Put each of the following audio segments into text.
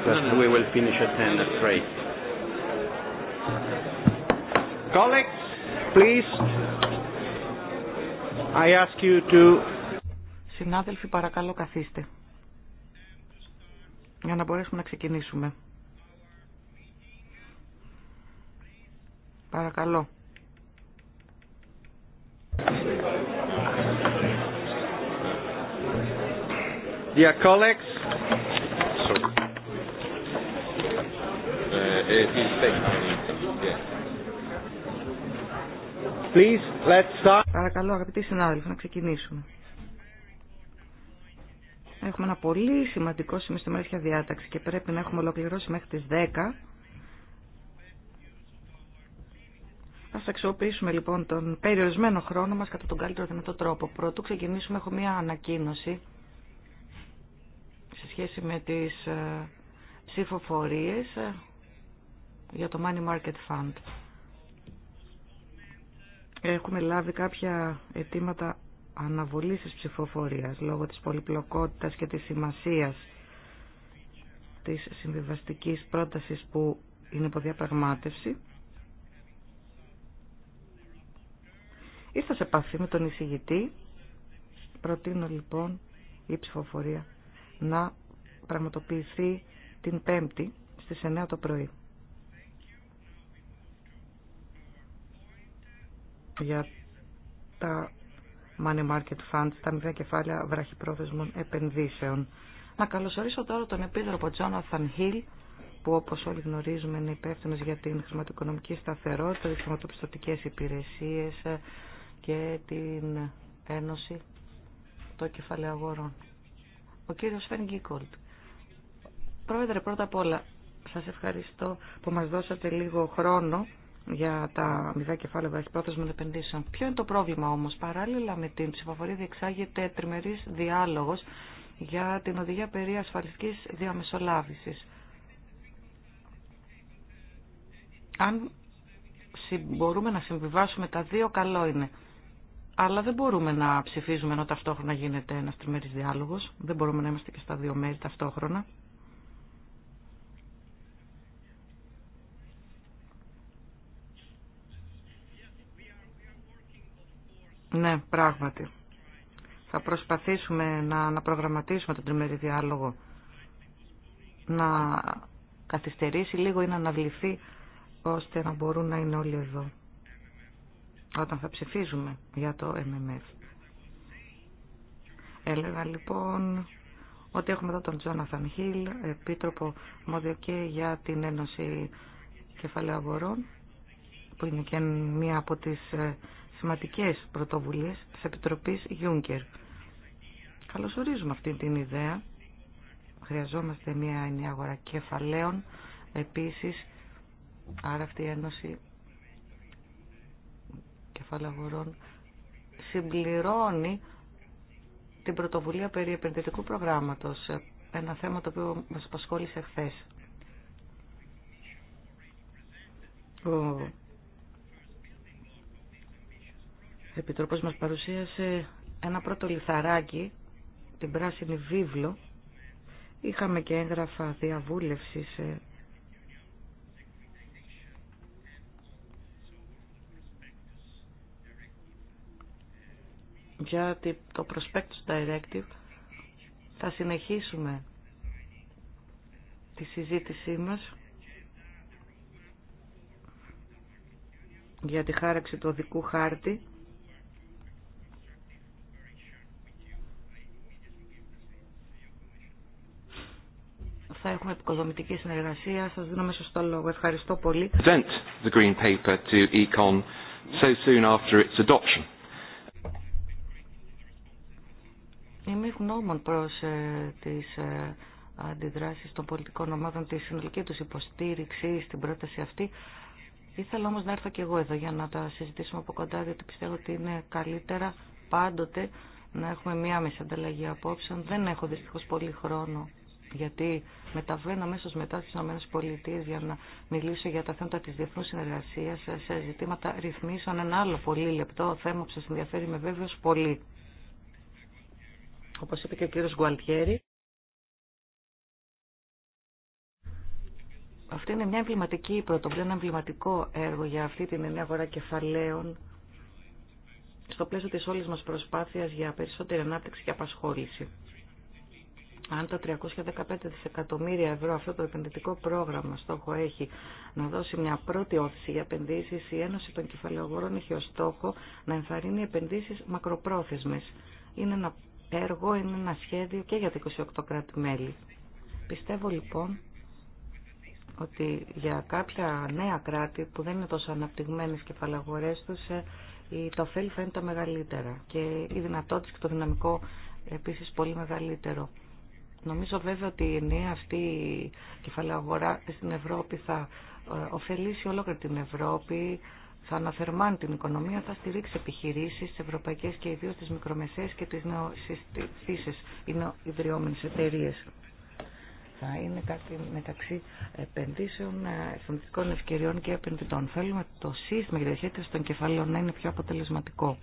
because we will finish at 10 at 3. Colleagues, please, I ask you to... Συνάδελφοι, παρακαλώ καθίστε. Για να μπορέσουμε να ξεκινήσουμε. Παρακαλώ. Dear colleagues, Ε, ε, ε. Please, let's start. Παρακαλώ αγαπητοί συνάδελφοι να ξεκινήσουμε. Έχουμε ένα πολύ σημαντικό σημείο στη μερίσια διάταξη και πρέπει να έχουμε ολοκληρώσει μέχρι τις 10. Ας αξιοποιήσουμε λοιπόν τον περιορισμένο χρόνο μας κατά τον καλύτερο δυνατό τρόπο. Πρωτού ξεκινήσουμε έχω μία ανακοίνωση σε σχέση με τις ψηφοφορίες για το Money Market Fund. Έχουμε λάβει κάποια αιτήματα αναβολής της ψηφοφορίας λόγω της πολυπλοκότητας και της σημασίας της συμβιβαστικής πρότασης που είναι διαπραγμάτευση Ήρθα σε επαφή με τον εισηγητή. Προτείνω λοιπόν η ψηφοφορία να πραγματοποιηθεί την Πέμπτη στις 9 το πρωί. για τα money market funds, τα μηδέα κεφάλαια βραχυπρόθεσμων επενδύσεων. Να καλωσορίσω τώρα τον Επίδροπο Τζόναθαν Χιλ, που όπως όλοι γνωρίζουμε είναι υπεύθυνο για την χρηματοοικονομική σταθερότητα, τι χρηματοπιστωτικές υπηρεσίε και την Ένωση των Κεφαλαίων Ο κύριος Φεν Γκίκολτ. Πρόεδρε, πρώτα απ' όλα, Σα ευχαριστώ που μα δώσατε λίγο χρόνο για τα μηδά κεφάλαια των επενδύσεων. Ποιο είναι το πρόβλημα όμω, Παράλληλα με την ψηφοφορία διεξάγεται τριμερή διάλογος για την οδηγία περί ασφαλιστικής διαμεσολάβησης. Αν μπορούμε να συμβιβάσουμε τα δύο καλό είναι. Αλλά δεν μπορούμε να ψηφίζουμε ενώ ταυτόχρονα γίνεται ένα τριμερή διάλογο. Δεν μπορούμε να είμαστε και στα δύο μέρη ταυτόχρονα. Ναι, πράγματι. Θα προσπαθήσουμε να προγραμματίσουμε τον τριμερή διάλογο. Να καθυστερήσει λίγο ή να αναβληθεί ώστε να μπορούν να είναι όλοι εδώ. Όταν θα ψηφίζουμε για το MMF. Έλεγα λοιπόν ότι έχουμε εδώ τον Τζόναθαν Χίλ, επίτροπο Μοδιοκέ για την Ένωση Κεφαλαίου Αγορών, που είναι και μία από τις ε, σημαντικές πρωτοβουλίες της Επιτροπής Juncker. Καλωσορίζουμε αυτή την ιδέα. Χρειαζόμαστε μια ενιαία αγορά κεφαλαίων επίσης, άρα αυτή η Ένωση κεφαλαγορών συμπληρώνει την πρωτοβουλία περί επενδυτικού προγράμματος, ένα θέμα το οποίο μας απασχόλησε χθε. Ο Επιτροπός μας παρουσίασε ένα πρώτο λιθαράκι, την πράσινη βίβλο. Είχαμε και έγγραφα διαβούλευσης ε. για το Prospectus Directive θα συνεχίσουμε τη συζήτησή μας για τη χάραξη του οδικού χάρτη θα έχουμε επικοδομητική συνεργασία. Σας δίνω μέσα στο λόγο. Ευχαριστώ πολύ. Είμαι ευγνώμων προς ε, τις ε, αντιδράσεις των πολιτικών ομάδων τη συνολική τους υποστήριξη στην πρόταση αυτή. Ήθελα όμως να έρθω και εγώ εδώ για να τα συζητήσουμε από κοντά, διότι πιστεύω ότι είναι καλύτερα πάντοτε να έχουμε μία μεσανταλλαγή απόψεων. Δεν έχω δυστυχώς πολύ χρόνο γιατί μεταβαίνω αμέσω μετά στι ΗΠΑ για να μιλήσω για τα θέματα τη διεθνού συνεργασία σε ζητήματα ρυθμίσεων. Ένα άλλο πολύ λεπτό θέμα που σα ενδιαφέρει με βέβαιο πολύ. Όπω είπε και ο κύριο Γκουαλτιέρη, αυτή είναι μια εμβληματική πρωτοβουλία, ένα εμβληματικό έργο για αυτή την νέα αγορά κεφαλαίων στο πλαίσιο της όλης μας προσπάθειας για περισσότερη ανάπτυξη και απασχόληση. Αν τα 315 δισεκατομμύρια ευρώ αυτό το επενδυτικό πρόγραμμα στόχο έχει να δώσει μια πρώτη όθηση για επενδύσει, η Ένωση των Κεφαλαιογόρων έχει ως στόχο να ενθαρρύνει επενδύσει μακροπρόθεσμε. Είναι ένα έργο, είναι ένα σχέδιο και για τα 28 κράτη-μέλη. Πιστεύω λοιπόν ότι για κάποια νέα κράτη που δεν είναι τόσο αναπτυγμένες κεφαλαγορές του, ε, τα ωφέλη φαίνεται τα μεγαλύτερα και η δυνατότητα και το δυναμικό επίση πολύ μεγαλύτερο. Νομίζω βέβαια ότι η νέα αυτή η κεφαλαία αγορά στην Ευρώπη θα ε, ωφελήσει ολόκληρη την Ευρώπη, θα αναθερμάνει την οικονομία, θα στηρίξει επιχειρήσει, τι ευρωπαϊκέ και ιδίω τι μικρομεσαίε και τι νεοσυστήσει, οι νεοειδριόμενε εταιρείε. Θα είναι κάτι μεταξύ επενδύσεων, εθνικών ευκαιριών και επενδυτών. Θέλουμε το σύστημα για διαχείριση των κεφαλαίων να είναι πιο αποτελεσματικό.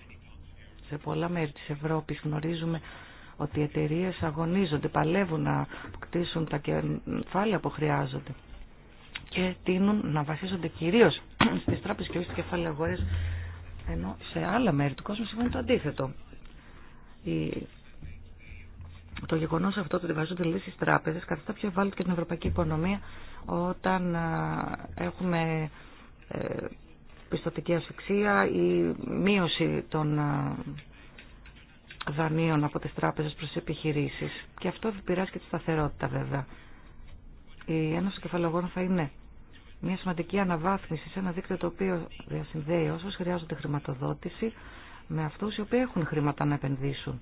Σε πολλά μέρη τη Ευρώπη γνωρίζουμε ότι οι εταιρείε αγωνίζονται, παλεύουν να κτίσουν τα κεφάλαια που χρειάζονται και τείνουν να βασίζονται κυρίως στις τράπεζες και όχι στις κεφάλαια αγορές ενώ σε άλλα μέρη του κόσμου συμβαίνει το αντίθετο. Η... Το γεγονός αυτό ότι βασίζονται λύσεις στις τράπεζες καθιστά πιο ευάλωτη και την ευρωπαϊκή οικονομία όταν έχουμε ε, πιστοτική ασφυξία ή μείωση των δανείων από τις τράπεζες προς τις επιχειρήσεις. Και αυτό επηρεάζει και τη σταθερότητα βέβαια. Η Ένωση Κεφαλαγών θα είναι μια σημαντική αναβάθμιση σε ένα δίκτυο το οποίο διασυνδέει όσους χρειάζονται χρηματοδότηση με αυτούς οι οποίοι έχουν χρήματα να επενδύσουν.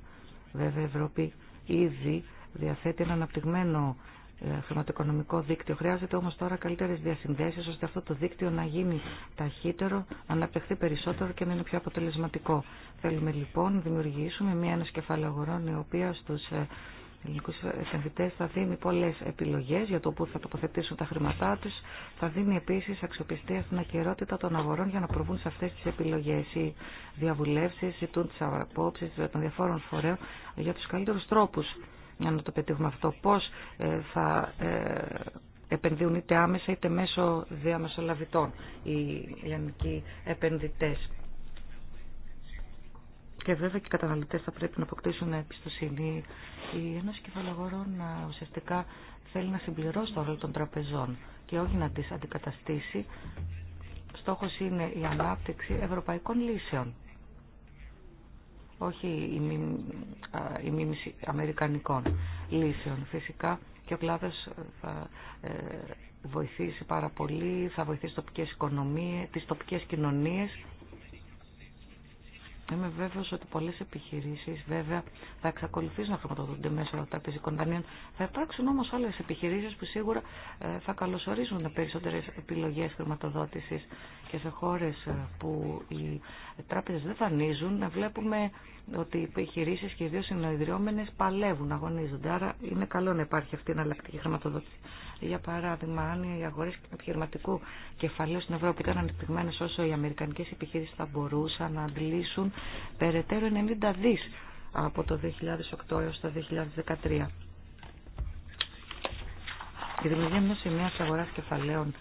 Βέβαια η Ευρώπη ήδη διαθέτει ένα αναπτυγμένο ε, χρηματοοικονομικό δίκτυο. Χρειάζεται όμως τώρα καλύτερες διασυνδέσεις ώστε αυτό το δίκτυο να γίνει ταχύτερο, να αναπτυχθεί περισσότερο και να είναι πιο αποτελεσματικό. Θέλουμε λοιπόν να δημιουργήσουμε μια κεφάλαιο αγορών η οποία στους ε, ελληνικού επενδυτέ θα δίνει πολλέ επιλογέ για το πού θα τοποθετήσουν τα χρήματά του. Θα δίνει επίση αξιοπιστία στην ακαιρότητα των αγορών για να προβούν σε αυτέ τι επιλογέ. Οι διαβουλεύσει ζητούν τι απόψει των διαφόρων φορέων για του καλύτερου τρόπου για να το πετύχουμε αυτό. Πώς ε, θα ε, επενδύουν είτε άμεσα είτε μέσω διαμεσολαβητών οι ελληνικοί επενδυτές. Και βέβαια και οι καταναλωτές θα πρέπει να αποκτήσουν εμπιστοσύνη. Η Ένωση Κεφαλαγορών ε, ουσιαστικά θέλει να συμπληρώσει το ρόλο των τραπεζών και όχι να τις αντικαταστήσει. Στόχος είναι η ανάπτυξη ευρωπαϊκών λύσεων όχι η, η μίμηση αμερικανικών λύσεων. Φυσικά και ο κλάδος ε, θα ε, βοηθήσει πάρα πολύ, θα βοηθήσει τοπικές οικονομίες, τις τοπικές κοινωνίες. Είμαι βέβαιος ότι πολλές επιχειρήσεις βέβαια θα εξακολουθήσουν να χρηματοδοτούνται μέσω τα δανείων. Θα υπάρξουν όμως άλλες επιχειρήσεις που σίγουρα ε, θα καλωσορίζουν περισσότερες επιλογές χρηματοδότησης και σε χώρες που οι τράπεζες δεν δανείζουν βλέπουμε ότι οι επιχειρήσεις και οι δύο παλεύουν, αγωνίζονται. Άρα είναι καλό να υπάρχει αυτή η εναλλακτική χρηματοδότηση. Για παράδειγμα, αν οι αγορέ επιχειρηματικού κεφαλαίου στην Ευρώπη ήταν ανεπτυγμένε όσο οι αμερικανικέ επιχειρήσει θα μπορούσαν να αντλήσουν περαιτέρω 90 δι από το 2008 έως το 2013. Η δημιουργία μια σημεία αγοράς κεφαλαίων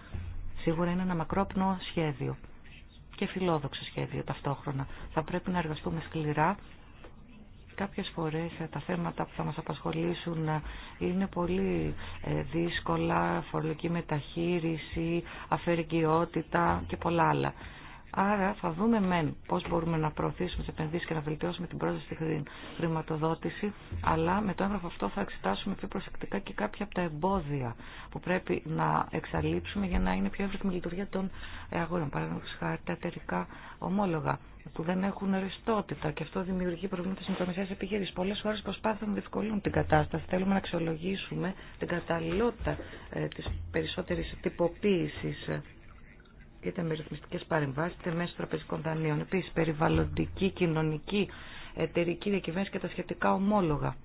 Σίγουρα είναι ένα μακρόπνο σχέδιο και φιλόδοξο σχέδιο ταυτόχρονα. Θα πρέπει να εργαστούμε σκληρά. Κάποιες φορές ε, τα θέματα που θα μας απασχολήσουν ε, είναι πολύ ε, δύσκολα, φορολογική μεταχείριση, αφαιρεγγιότητα και πολλά άλλα. Άρα θα δούμε μεν πώ μπορούμε να προωθήσουμε τι επενδύσει και να βελτιώσουμε την πρόσβαση στη χρηματοδότηση, αλλά με το έγγραφο αυτό θα εξετάσουμε πιο προσεκτικά και κάποια από τα εμπόδια που πρέπει να εξαλείψουμε για να είναι πιο εύρυθμη η λειτουργία των αγορών. Παραδείγματο χάρη τα εταιρικά ομόλογα που δεν έχουν οριστότητα και αυτό δημιουργεί προβλήματα στι μικρομεσαίε επιχειρήσει. Πολλέ φορέ προσπάθησαν να διευκολύνουν την κατάσταση. Θέλουμε να αξιολογήσουμε την καταλληλότητα ε, τη περισσότερη τυποποίηση ε, είτε με ρυθμιστικέ παρεμβάσει είτε μέσω τραπεζικών δανείων. Επίση, περιβαλλοντική, κοινωνική, εταιρική διακυβέρνηση και τα σχετικά ομόλογα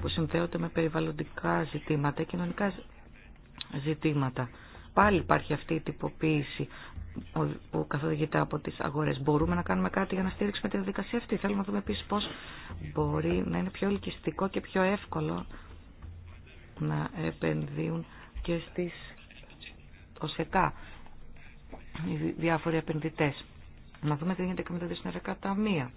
που συνδέονται με περιβαλλοντικά ζητήματα, κοινωνικά ζητήματα. Πάλι υπάρχει αυτή η τυποποίηση που καθοδηγείται από τις αγορές. Μπορούμε να κάνουμε κάτι για να στήριξουμε τη διαδικασία αυτή. Θέλουμε να δούμε επίσης πώς μπορεί να είναι πιο ελκυστικό και πιο εύκολο να επενδύουν και στις οσεκά οι διάφοροι επενδυτέ. Να δούμε τι γίνεται και με τα δυσυνεργά ταμεία.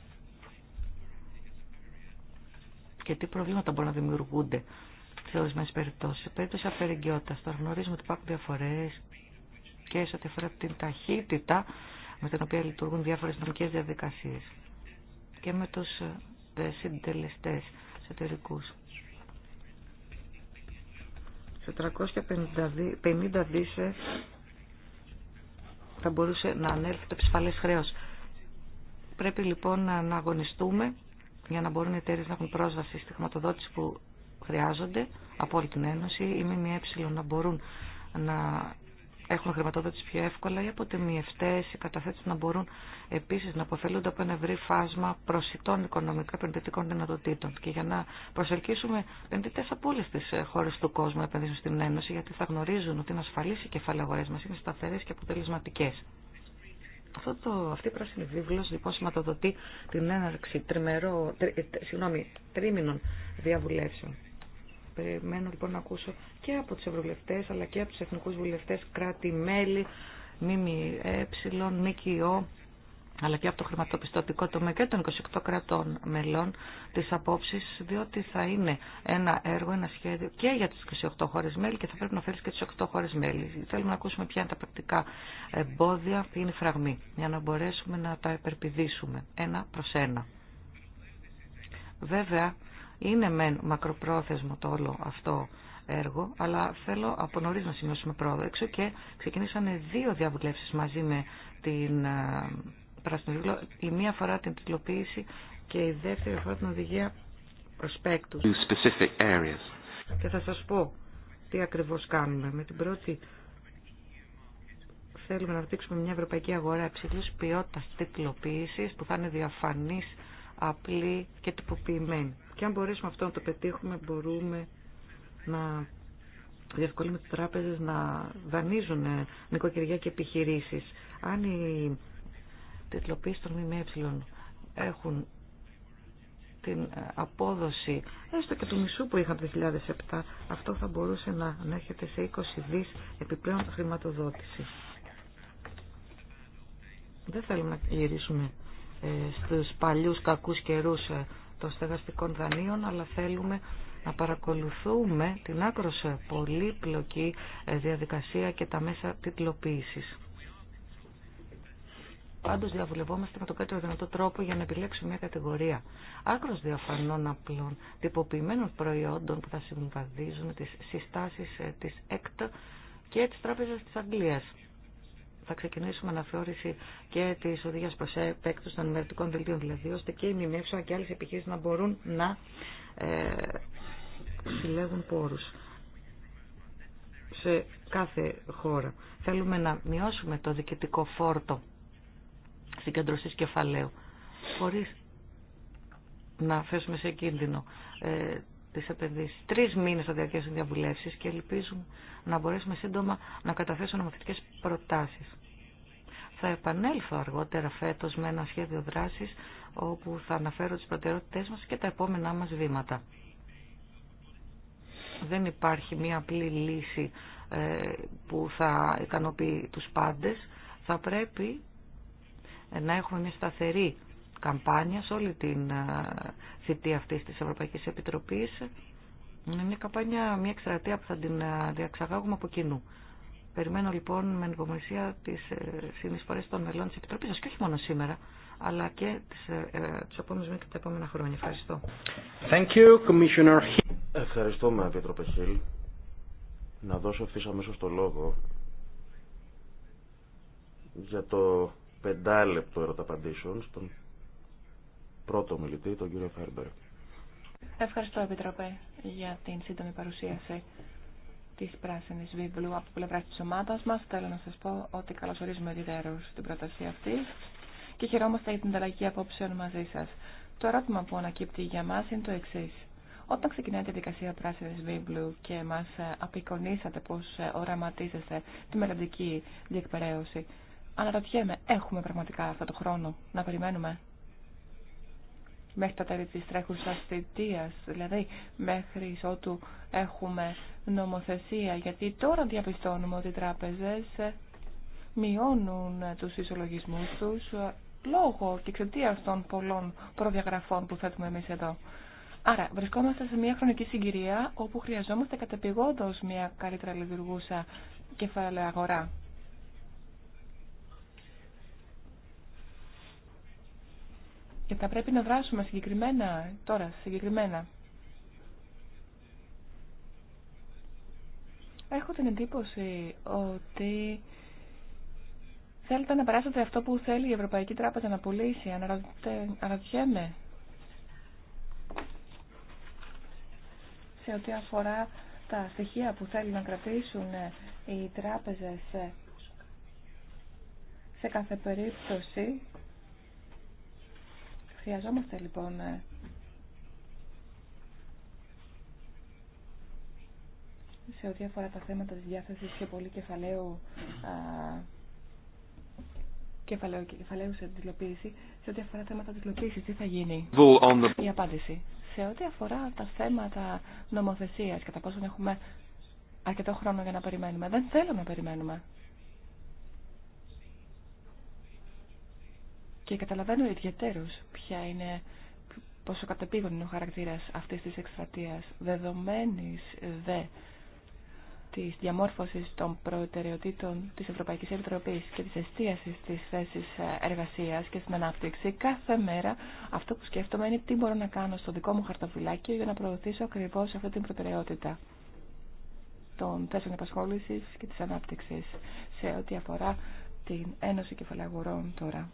Και τι προβλήματα μπορούν να δημιουργούνται σε ορισμένε περιπτώσει. Σε περίπτωση απεργιότητα, τώρα γνωρίζουμε ότι υπάρχουν διαφορέ και σε ό,τι αφορά την ταχύτητα με την οποία λειτουργούν διάφορε νομικέ διαδικασίε. Και με του ε, συντελεστέ εσωτερικού. 450 δίσε θα μπορούσε να ανέλθει το ψηφαλές χρέος. Πρέπει λοιπόν να αγωνιστούμε για να μπορούν οι εταιρείε να έχουν πρόσβαση στη χρηματοδότηση που χρειάζονται από όλη την Ένωση. ή με μία ε να μπορούν να έχουν χρηματοδότηση πιο εύκολα, ή αποτεμιευτέ, οι καταθέτες να μπορούν επίσης να αποφελούνται από ένα ευρύ φάσμα προσιτών οικονομικά επενδυτικών δυνατοτήτων και για να προσελκύσουμε επενδυτές από όλες τις ε, χώρες του κόσμου να επενδύσουν στην Ένωση γιατί θα γνωρίζουν ότι είναι ασφαλείς οι αγορές μας, είναι σταθερές και αποτελεσματικές. Αυτό το, αυτή η πράσινη βίβλο λοιπόν σηματοδοτεί την έναρξη τριμερό, τρι, ε, συγγνώμη, τρίμηνων διαβουλεύσεων Περιμένω λοιπόν να ακούσω και από τους ευρωβουλευτές αλλά και από τους εθνικούς βουλευτές, κράτη-μέλη, ΜΜΕ, ΜΚΟ αλλά και από το χρηματοπιστωτικό τομέα και των 28 κρατών μελών τις απόψεις, διότι θα είναι ένα έργο, ένα σχέδιο και για τις 28 χώρες μέλη και θα πρέπει να φέρεις και τις 8 χώρες μέλη. Θέλουμε να ακούσουμε ποια είναι τα πρακτικά εμπόδια, ποια είναι η φραγμή, για να μπορέσουμε να τα επερπηδήσουμε ένα προς ένα. Βέβαια, είναι μεν μακροπρόθεσμο το όλο αυτό έργο, αλλά θέλω από νωρί να σημειώσουμε πρόοδο έξω και ξεκινήσανε δύο διαβουλεύσεις μαζί με την ε, Πράσινη Η μία αφορά την τυπλοποίηση και η δεύτερη αφορά την οδηγία προσπέκτου. Και θα σας πω τι ακριβώς κάνουμε. Με την πρώτη θέλουμε να δείξουμε μια ευρωπαϊκή αγορά υψηλής ποιότητας τυπλοποίηση που θα είναι διαφανής απλή και τυποποιημένη. Και αν μπορέσουμε αυτό να το πετύχουμε, μπορούμε να διευκολύνουμε τις τράπεζες να δανείζουν ε, νοικοκυριά και επιχειρήσεις. Αν οι τετλοποίησεις των ΜΜΕ έχουν την ε, απόδοση έστω και του μισού που είχαν το 2007, αυτό θα μπορούσε να έρχεται σε 20 δις επιπλέον χρηματοδότηση. Δεν θέλουμε να γυρίσουμε ε, στους παλιούς κακούς καιρούς ε, των στεγαστικών δανείων, αλλά θέλουμε να παρακολουθούμε την άκρος ε, πολύπλοκη διαδικασία και τα μέσα τιτλοποίησης. Πάντως διαβουλευόμαστε με το καλύτερο δυνατό τρόπο για να επιλέξουμε μια κατηγορία άκρος διαφανών απλών τυποποιημένων προϊόντων που θα συμβαδίζουν τις συστάσεις της ΕΚΤ και της Τράπεζας της Αγγλίας θα ξεκινήσουμε αναθεώρηση και τη οδηγία προ επέκταση των ενημερωτικών δελτίων, δηλαδή ώστε και οι ΜΜΕ και άλλε επιχείρησει να μπορούν να ε, συλλέγουν πόρου σε κάθε χώρα. Θέλουμε να μειώσουμε το διοικητικό φόρτο συγκεντρωσή κεφαλαίου, χωρίς να αφήσουμε σε κίνδυνο ε, τις επενδύσει. Τρεις μήνες θα διαρκέσουν διαβουλεύσει και ελπίζουμε να μπορέσουμε σύντομα να καταθέσουμε νομοθετικέ προτάσεις. Θα επανέλθω αργότερα φέτος με ένα σχέδιο δράση όπου θα αναφέρω τις προτεραιότητέ μας και τα επόμενά μας βήματα. Δεν υπάρχει μία απλή λύση ε, που θα ικανοποιεί τους πάντες. Θα πρέπει να έχουμε μια σταθερή σε όλη την ε, θητεία αυτή τη Ευρωπαϊκή Επιτροπή, Είναι μια καμπάνια, μια εκστρατεία που θα την ε, διαξαγάγουμε από κοινού. Περιμένω λοιπόν με ανυπομονησία τι ε, συνεισφορέ των μελών τη Επιτροπή σα και όχι μόνο σήμερα, αλλά και του επόμενου μέρε και τα επόμενα χρόνια. Ευχαριστώ. Thank you, Commissioner. Ευχαριστούμε, Επίτροπε Χιλ. Να δώσω ευθύ αμέσω το λόγο για το πεντάλεπτο ερωταπαντήσεων στον πρώτο μιλητή, τον κύριο Φέρμπερ. Ευχαριστώ, Επιτροπέ, για την σύντομη παρουσίαση τη πράσινη βίβλου από πλευρά τη ομάδα μα. Θέλω να σα πω ότι καλωσορίζουμε ιδιαίτερω την πρόταση αυτή και χαιρόμαστε για την ανταλλαγή απόψεων μαζί σα. Το ερώτημα που ανακύπτει για μα είναι το εξή. Όταν ξεκινάει τη δικασία πράσινη βίβλου και μα απεικονίσατε πώ οραματίζεστε τη μελλοντική διεκπαιρέωση, αναρωτιέμαι, έχουμε πραγματικά αυτό το χρόνο να περιμένουμε μέχρι τα τέλη της τρέχουσας θητείας, δηλαδή μέχρι ότου έχουμε νομοθεσία, γιατί τώρα διαπιστώνουμε ότι οι τράπεζες μειώνουν τους ισολογισμούς τους ε, λόγω και εξαιτία των πολλών προδιαγραφών που θέτουμε εμείς εδώ. Άρα βρισκόμαστε σε μια χρονική συγκυρία όπου χρειαζόμαστε κατεπηγόντως μια καλύτερα λειτουργούσα κεφαλαία αγορά. Και θα πρέπει να δράσουμε συγκεκριμένα, τώρα συγκεκριμένα. Έχω την εντύπωση ότι θέλετε να περάσετε αυτό που θέλει η Ευρωπαϊκή Τράπεζα να πουλήσει. Αναρωτιέμαι σε ό,τι αφορά τα στοιχεία που θέλουν να κρατήσουν οι τράπεζες σε κάθε περίπτωση Χρειαζόμαστε λοιπόν ε, σε ό,τι αφορά τα θέματα της διάθεσης και πολύ κεφαλαίου κεφαλαίου σε αντιλοποίηση, σε ό,τι αφορά θέματα αντιλοποίησης, τι θα γίνει. Η απάντηση. Σε ό,τι αφορά τα θέματα νομοθεσίας, κατά πόσον έχουμε αρκετό χρόνο για να περιμένουμε. Δεν θέλω να περιμένουμε. Και καταλαβαίνω ιδιαίτερως ποια είναι, πόσο κατεπίγον είναι ο χαρακτήρας αυτής της εκστρατείας, δεδομένης δε της διαμόρφωσης των προτεραιοτήτων της Ευρωπαϊκής Επιτροπής και της εστίασης της θέσης ε, εργασίας και στην ανάπτυξη, κάθε μέρα αυτό που σκέφτομαι είναι τι μπορώ να κάνω στο δικό μου χαρτοφυλάκιο για να προωθήσω ακριβώς αυτή την προτεραιότητα των θέσεων επασχόληση και της ανάπτυξης σε ό,τι αφορά την Ένωση Κεφαλαγορών τώρα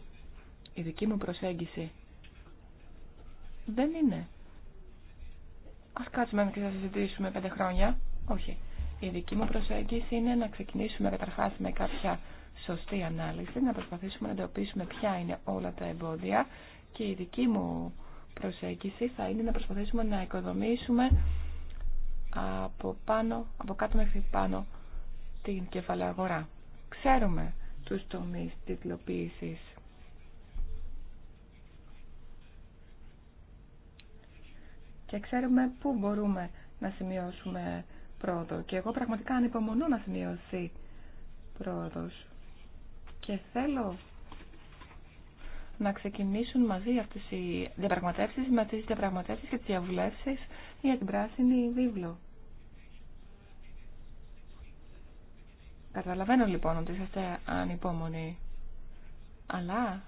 η δική μου προσέγγιση δεν είναι. Ας κάτσουμε και θα συζητήσουμε πέντε χρόνια. Όχι. Η δική μου προσέγγιση είναι να ξεκινήσουμε καταρχάς με κάποια σωστή ανάλυση, να προσπαθήσουμε να εντοπίσουμε ποια είναι όλα τα εμπόδια και η δική μου προσέγγιση θα είναι να προσπαθήσουμε να οικοδομήσουμε από, πάνω, από κάτω μέχρι πάνω την κεφαλαία αγορά. Ξέρουμε τους τομείς τιτλοποίησης και ξέρουμε πού μπορούμε να σημειώσουμε πρόοδο. Και εγώ πραγματικά ανυπομονώ να σημειωθεί πρόοδος. Και θέλω να ξεκινήσουν μαζί αυτές οι διαπραγματεύσεις με τις διαπραγματεύσεις και τις διαβουλεύσεις για την πράσινη βίβλο. Καταλαβαίνω λοιπόν ότι είσαστε ανυπόμονοι. Αλλά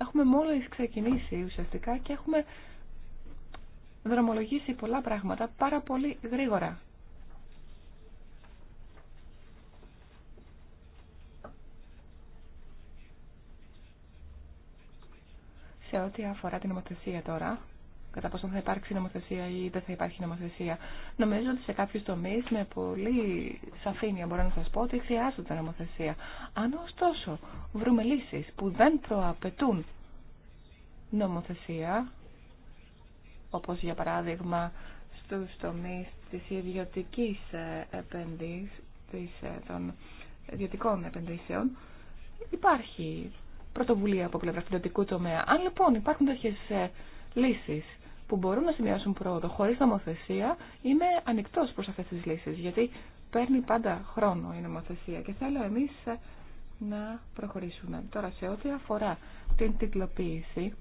έχουμε μόλις ξεκινήσει ουσιαστικά και έχουμε δρομολογήσει πολλά πράγματα πάρα πολύ γρήγορα. Σε ό,τι αφορά την νομοθεσία τώρα, κατά πόσο θα υπάρξει νομοθεσία ή δεν θα υπάρχει νομοθεσία, νομίζω ότι σε κάποιους τομείς με πολύ σαφήνεια μπορώ να σας πω ότι χρειάζονται νομοθεσία. Αν ωστόσο βρούμε λύσεις που δεν προαπαιτούν νομοθεσία, όπως για παράδειγμα στους τομείς της ιδιωτικής επενδύσης, ε, των ιδιωτικών επενδύσεων, υπάρχει πρωτοβουλία από πλευρά του ιδιωτικού τομέα. Αν λοιπόν υπάρχουν τέτοιες ε, λύσεις που μπορούν να σημειώσουν πρόοδο χωρίς νομοθεσία, είμαι ανοιχτός προς αυτές τις λύσεις, γιατί παίρνει πάντα χρόνο η νομοθεσία και θέλω εμείς ε, να προχωρήσουμε. Τώρα σε ό,τι αφορά την τυπλοποίηση,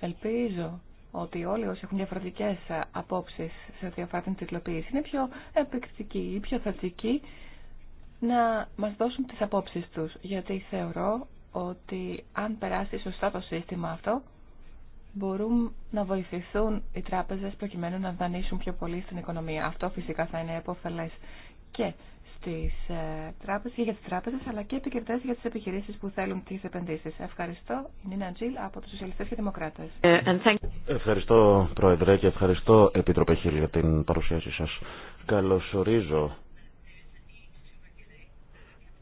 Ελπίζω ότι όλοι όσοι έχουν διαφορετικέ απόψει σε ό,τι αφορά την τυπλοποίηση είναι πιο επεκτικοί ή πιο θετικοί να μας δώσουν τις απόψεις τους, γιατί θεωρώ ότι αν περάσει σωστά το σύστημα αυτό, μπορούν να βοηθηθούν οι τράπεζες προκειμένου να δανείσουν πιο πολύ στην οικονομία. Αυτό φυσικά θα είναι επωφελές και τις ε, τράπεζες, για τις τράπεζες αλλά και επικριτές για τις επιχειρήσεις που θέλουν τις επενδύσεις. Ευχαριστώ. Η Νίνα Τζιλ από τους Σοσιαλιστές και Δημοκράτες. Ε, ευχαριστώ Πρόεδρε και ευχαριστώ Επίτροπε Χίλ για την παρουσίασή σας. Καλωσορίζω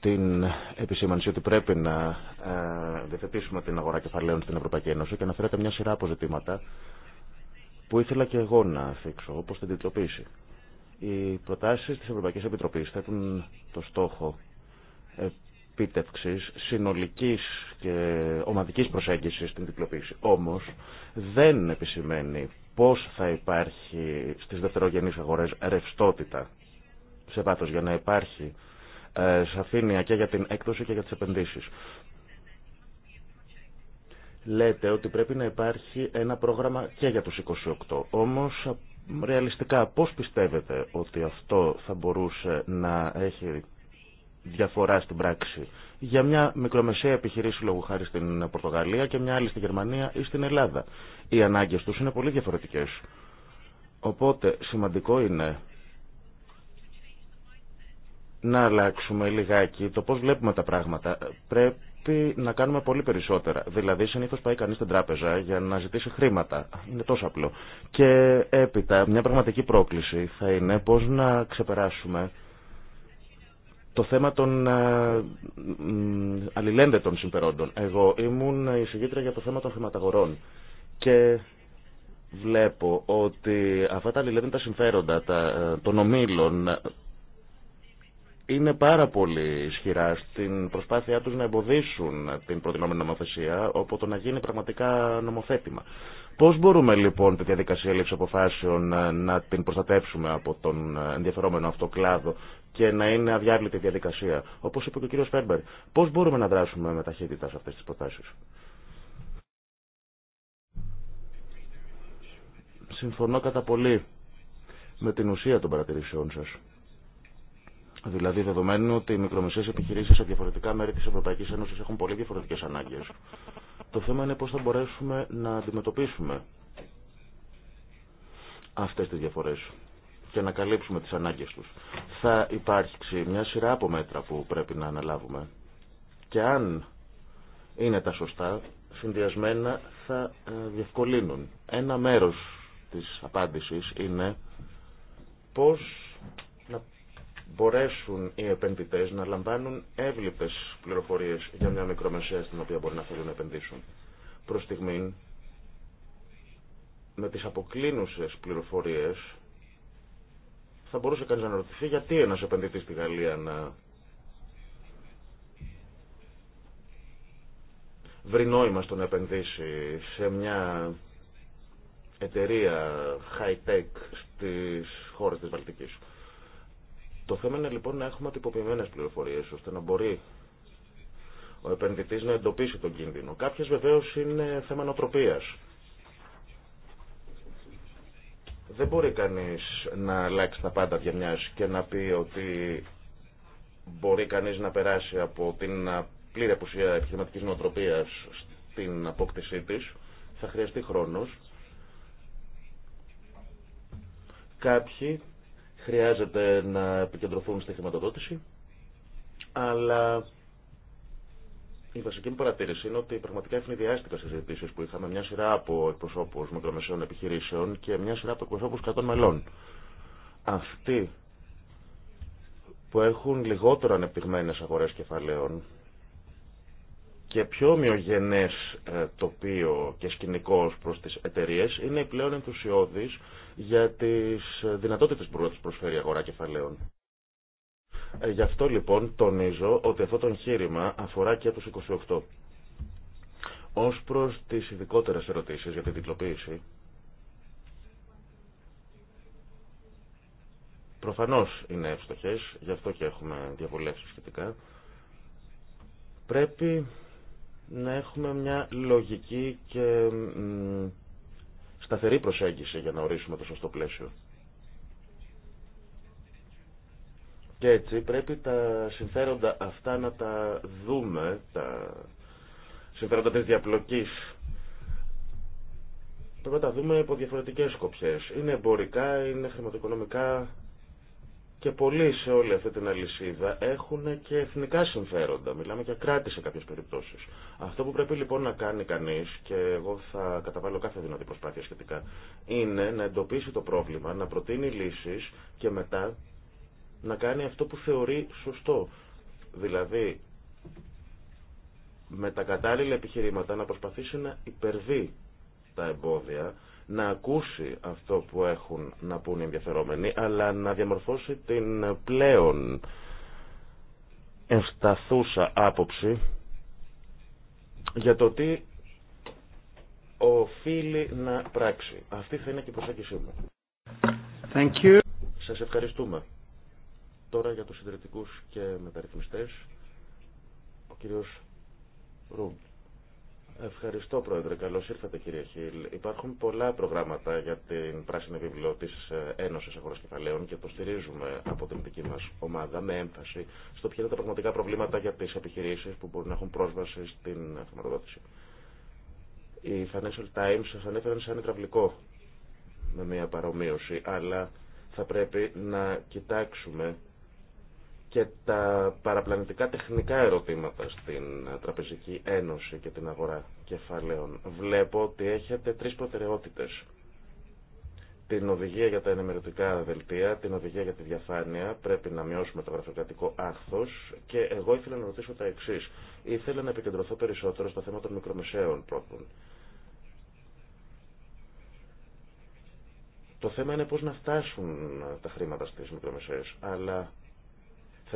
την επισήμανση ότι πρέπει να ε, διαθετήσουμε την αγορά κεφαλαίων στην Ευρωπαϊκή Ένωση και να αναφέρατε μια σειρά από ζητήματα που ήθελα και εγώ να θίξω, όπως την τιτλοποίηση. Οι προτάσεις της Ευρωπαϊκής Επιτροπής έχουν το στόχο επίτευξης συνολικής και ομαδικής προσέγγισης στην διπλοποίηση. Όμως δεν επισημαίνει πώς θα υπάρχει στις δευτερογενείς αγορές ρευστότητα σε βάθος για να υπάρχει ε, σαφήνεια και για την έκδοση και για τις επενδύσεις. Λέτε ότι πρέπει να υπάρχει ένα πρόγραμμα και για τους 28. Όμως Ρεαλιστικά, πώς πιστεύετε ότι αυτό θα μπορούσε να έχει διαφορά στην πράξη για μια μικρομεσαία επιχειρήση λόγω χάρη στην Πορτογαλία και μια άλλη στη Γερμανία ή στην Ελλάδα. Οι ανάγκες τους είναι πολύ διαφορετικές. Οπότε σημαντικό είναι να αλλάξουμε λιγάκι το πώς βλέπουμε τα πράγματα. Πρέπει πρέπει να κάνουμε πολύ περισσότερα. Δηλαδή, συνήθω πάει κανεί στην τράπεζα για να ζητήσει χρήματα. Είναι τόσο απλό. Και έπειτα, μια πραγματική πρόκληση θα είναι πώ να ξεπεράσουμε το θέμα των ε, αλληλένδετων συμπερόντων. Εγώ ήμουν εισηγήτρια για το θέμα των χρηματαγορών. Και βλέπω ότι αυτά τα αλληλένδετα συμφέροντα τα, ε, των είναι πάρα πολύ ισχυρά στην προσπάθειά τους να εμποδίσουν την προτινόμενη νομοθεσία από το να γίνει πραγματικά νομοθέτημα. Πώς μπορούμε λοιπόν τη διαδικασία λήψη αποφάσεων ε, να την προστατεύσουμε από τον ε, ενδιαφερόμενο αυτό κλάδο και να είναι αδιάβλητη διαδικασία, όπως είπε και ο κύριος Φέρμπερ. Πώς μπορούμε να δράσουμε με ταχύτητα σε αυτές τις προτάσεις. Συμφωνώ κατά πολύ με την ουσία των παρατηρήσεών σας. Δηλαδή, δεδομένου ότι οι μικρομεσαίε επιχειρήσει σε διαφορετικά μέρη της Ευρωπαϊκής Ένωσης έχουν πολύ διαφορετικές ανάγκες, το θέμα είναι πώς θα μπορέσουμε να αντιμετωπίσουμε αυτές τις διαφορές και να καλύψουμε τις ανάγκες τους. Θα υπάρξει μια σειρά από μέτρα που πρέπει να αναλάβουμε. Και αν είναι τα σωστά, συνδυασμένα θα ε, διευκολύνουν. Ένα μέρο τη απάντηση είναι πώς μπορέσουν οι επενδυτές να λαμβάνουν εύληπτες πληροφορίες για μια μικρομεσαία στην οποία μπορεί να θέλουν να επενδύσουν. Προς στιγμή, με τις αποκλίνουσες πληροφορίες θα μπορούσε κανείς να ρωτηθεί γιατί ένας επενδυτής στη Γαλλία να βρει νόημα στο να επενδύσει σε μια εταιρεία high-tech στις χώρες της Βαλτικής. Το θέμα είναι λοιπόν να έχουμε τυποποιημένε πληροφορίε ώστε να μπορεί ο επενδυτή να εντοπίσει τον κίνδυνο. Κάποιες βεβαίως είναι θέμα νοοτροπία. Δεν μπορεί κανείς να αλλάξει τα πάντα για και να πει ότι μπορεί κανείς να περάσει από την πλήρη απουσία επιχειρηματική νοοτροπία στην απόκτησή τη. Θα χρειαστεί χρόνο. Κάποιοι Χρειάζεται να επικεντρωθούν στη χρηματοδότηση, αλλά η βασική μου παρατήρηση είναι ότι πραγματικά ευνηδιάστηκα συζητήσει που είχαμε μια σειρά από εκπροσώπου μικρομεσαίων επιχειρήσεων και μια σειρά από εκπροσώπου κρατών μελών. Αυτοί που έχουν λιγότερο ανεπτυγμένε αγορέ κεφαλαίων και πιο ομοιογενές ε, τοπίο και σκηνικό προς τις εταιρείε είναι οι πλέον ενθουσιώδης για τις ε, δυνατότητες που τους προσφέρει η αγορά κεφαλαίων. Ε, γι' αυτό λοιπόν τονίζω ότι αυτό το εγχείρημα αφορά και τους 28. Ως προς τις ειδικότερε ερωτήσεις για την τυπλοποίηση, προφανώς είναι εύστοχες, γι' αυτό και έχουμε διαβολεύσει σχετικά, πρέπει να έχουμε μια λογική και σταθερή προσέγγιση για να ορίσουμε το σωστό πλαίσιο. Και έτσι πρέπει τα συμφέροντα αυτά να τα δούμε, τα συμφέροντα της διαπλοκής. Πρέπει να τα δούμε από διαφορετικές σκοπιές. Είναι εμπορικά, είναι χρηματοοικονομικά, και πολλοί σε όλη αυτή την αλυσίδα έχουν και εθνικά συμφέροντα. Μιλάμε για κράτη σε κάποιε περιπτώσει. Αυτό που πρέπει λοιπόν να κάνει κανεί, και εγώ θα καταβάλω κάθε δυνατή προσπάθεια σχετικά, είναι να εντοπίσει το πρόβλημα, να προτείνει λύσει και μετά να κάνει αυτό που θεωρεί σωστό. Δηλαδή, με τα κατάλληλα επιχειρήματα να προσπαθήσει να υπερβεί τα εμπόδια να ακούσει αυτό που έχουν να πούν οι ενδιαφερόμενοι, αλλά να διαμορφώσει την πλέον ευσταθούσα άποψη για το τι οφείλει να πράξει. Αυτή θα είναι και η προσέγγιση μου. Thank Σας ευχαριστούμε. Τώρα για τους συντηρητικούς και μεταρρυθμιστές, ο κύριος Ρούμπ. Ευχαριστώ, Πρόεδρε. Καλώ ήρθατε, κύριε Χιλ. Υπάρχουν πολλά προγράμματα για την πράσινη βιβλίο τη ε, Ένωση Αγορά Κεφαλαίων και το στηρίζουμε από την δική μα ομάδα με έμφαση στο ποια είναι τα πραγματικά προβλήματα για τι επιχειρήσει που μπορούν να έχουν πρόσβαση στην χρηματοδότηση. Οι Financial Times σα ανέφεραν σαν υδραυλικό με μια παρομοίωση, αλλά θα πρέπει να κοιτάξουμε και τα παραπλανητικά τεχνικά ερωτήματα στην Τραπεζική Ένωση και την αγορά κεφαλαίων. Βλέπω ότι έχετε τρεις προτεραιότητες. Την οδηγία για τα ενημερωτικά δελτία, την οδηγία για τη διαφάνεια, πρέπει να μειώσουμε το γραφειοκρατικό άχθο και εγώ ήθελα να ρωτήσω τα εξή. Ήθελα να επικεντρωθώ περισσότερο στο θέμα των μικρομεσαίων πρώτων. Το θέμα είναι πώς να φτάσουν τα χρήματα στις μικρομεσαίες, αλλά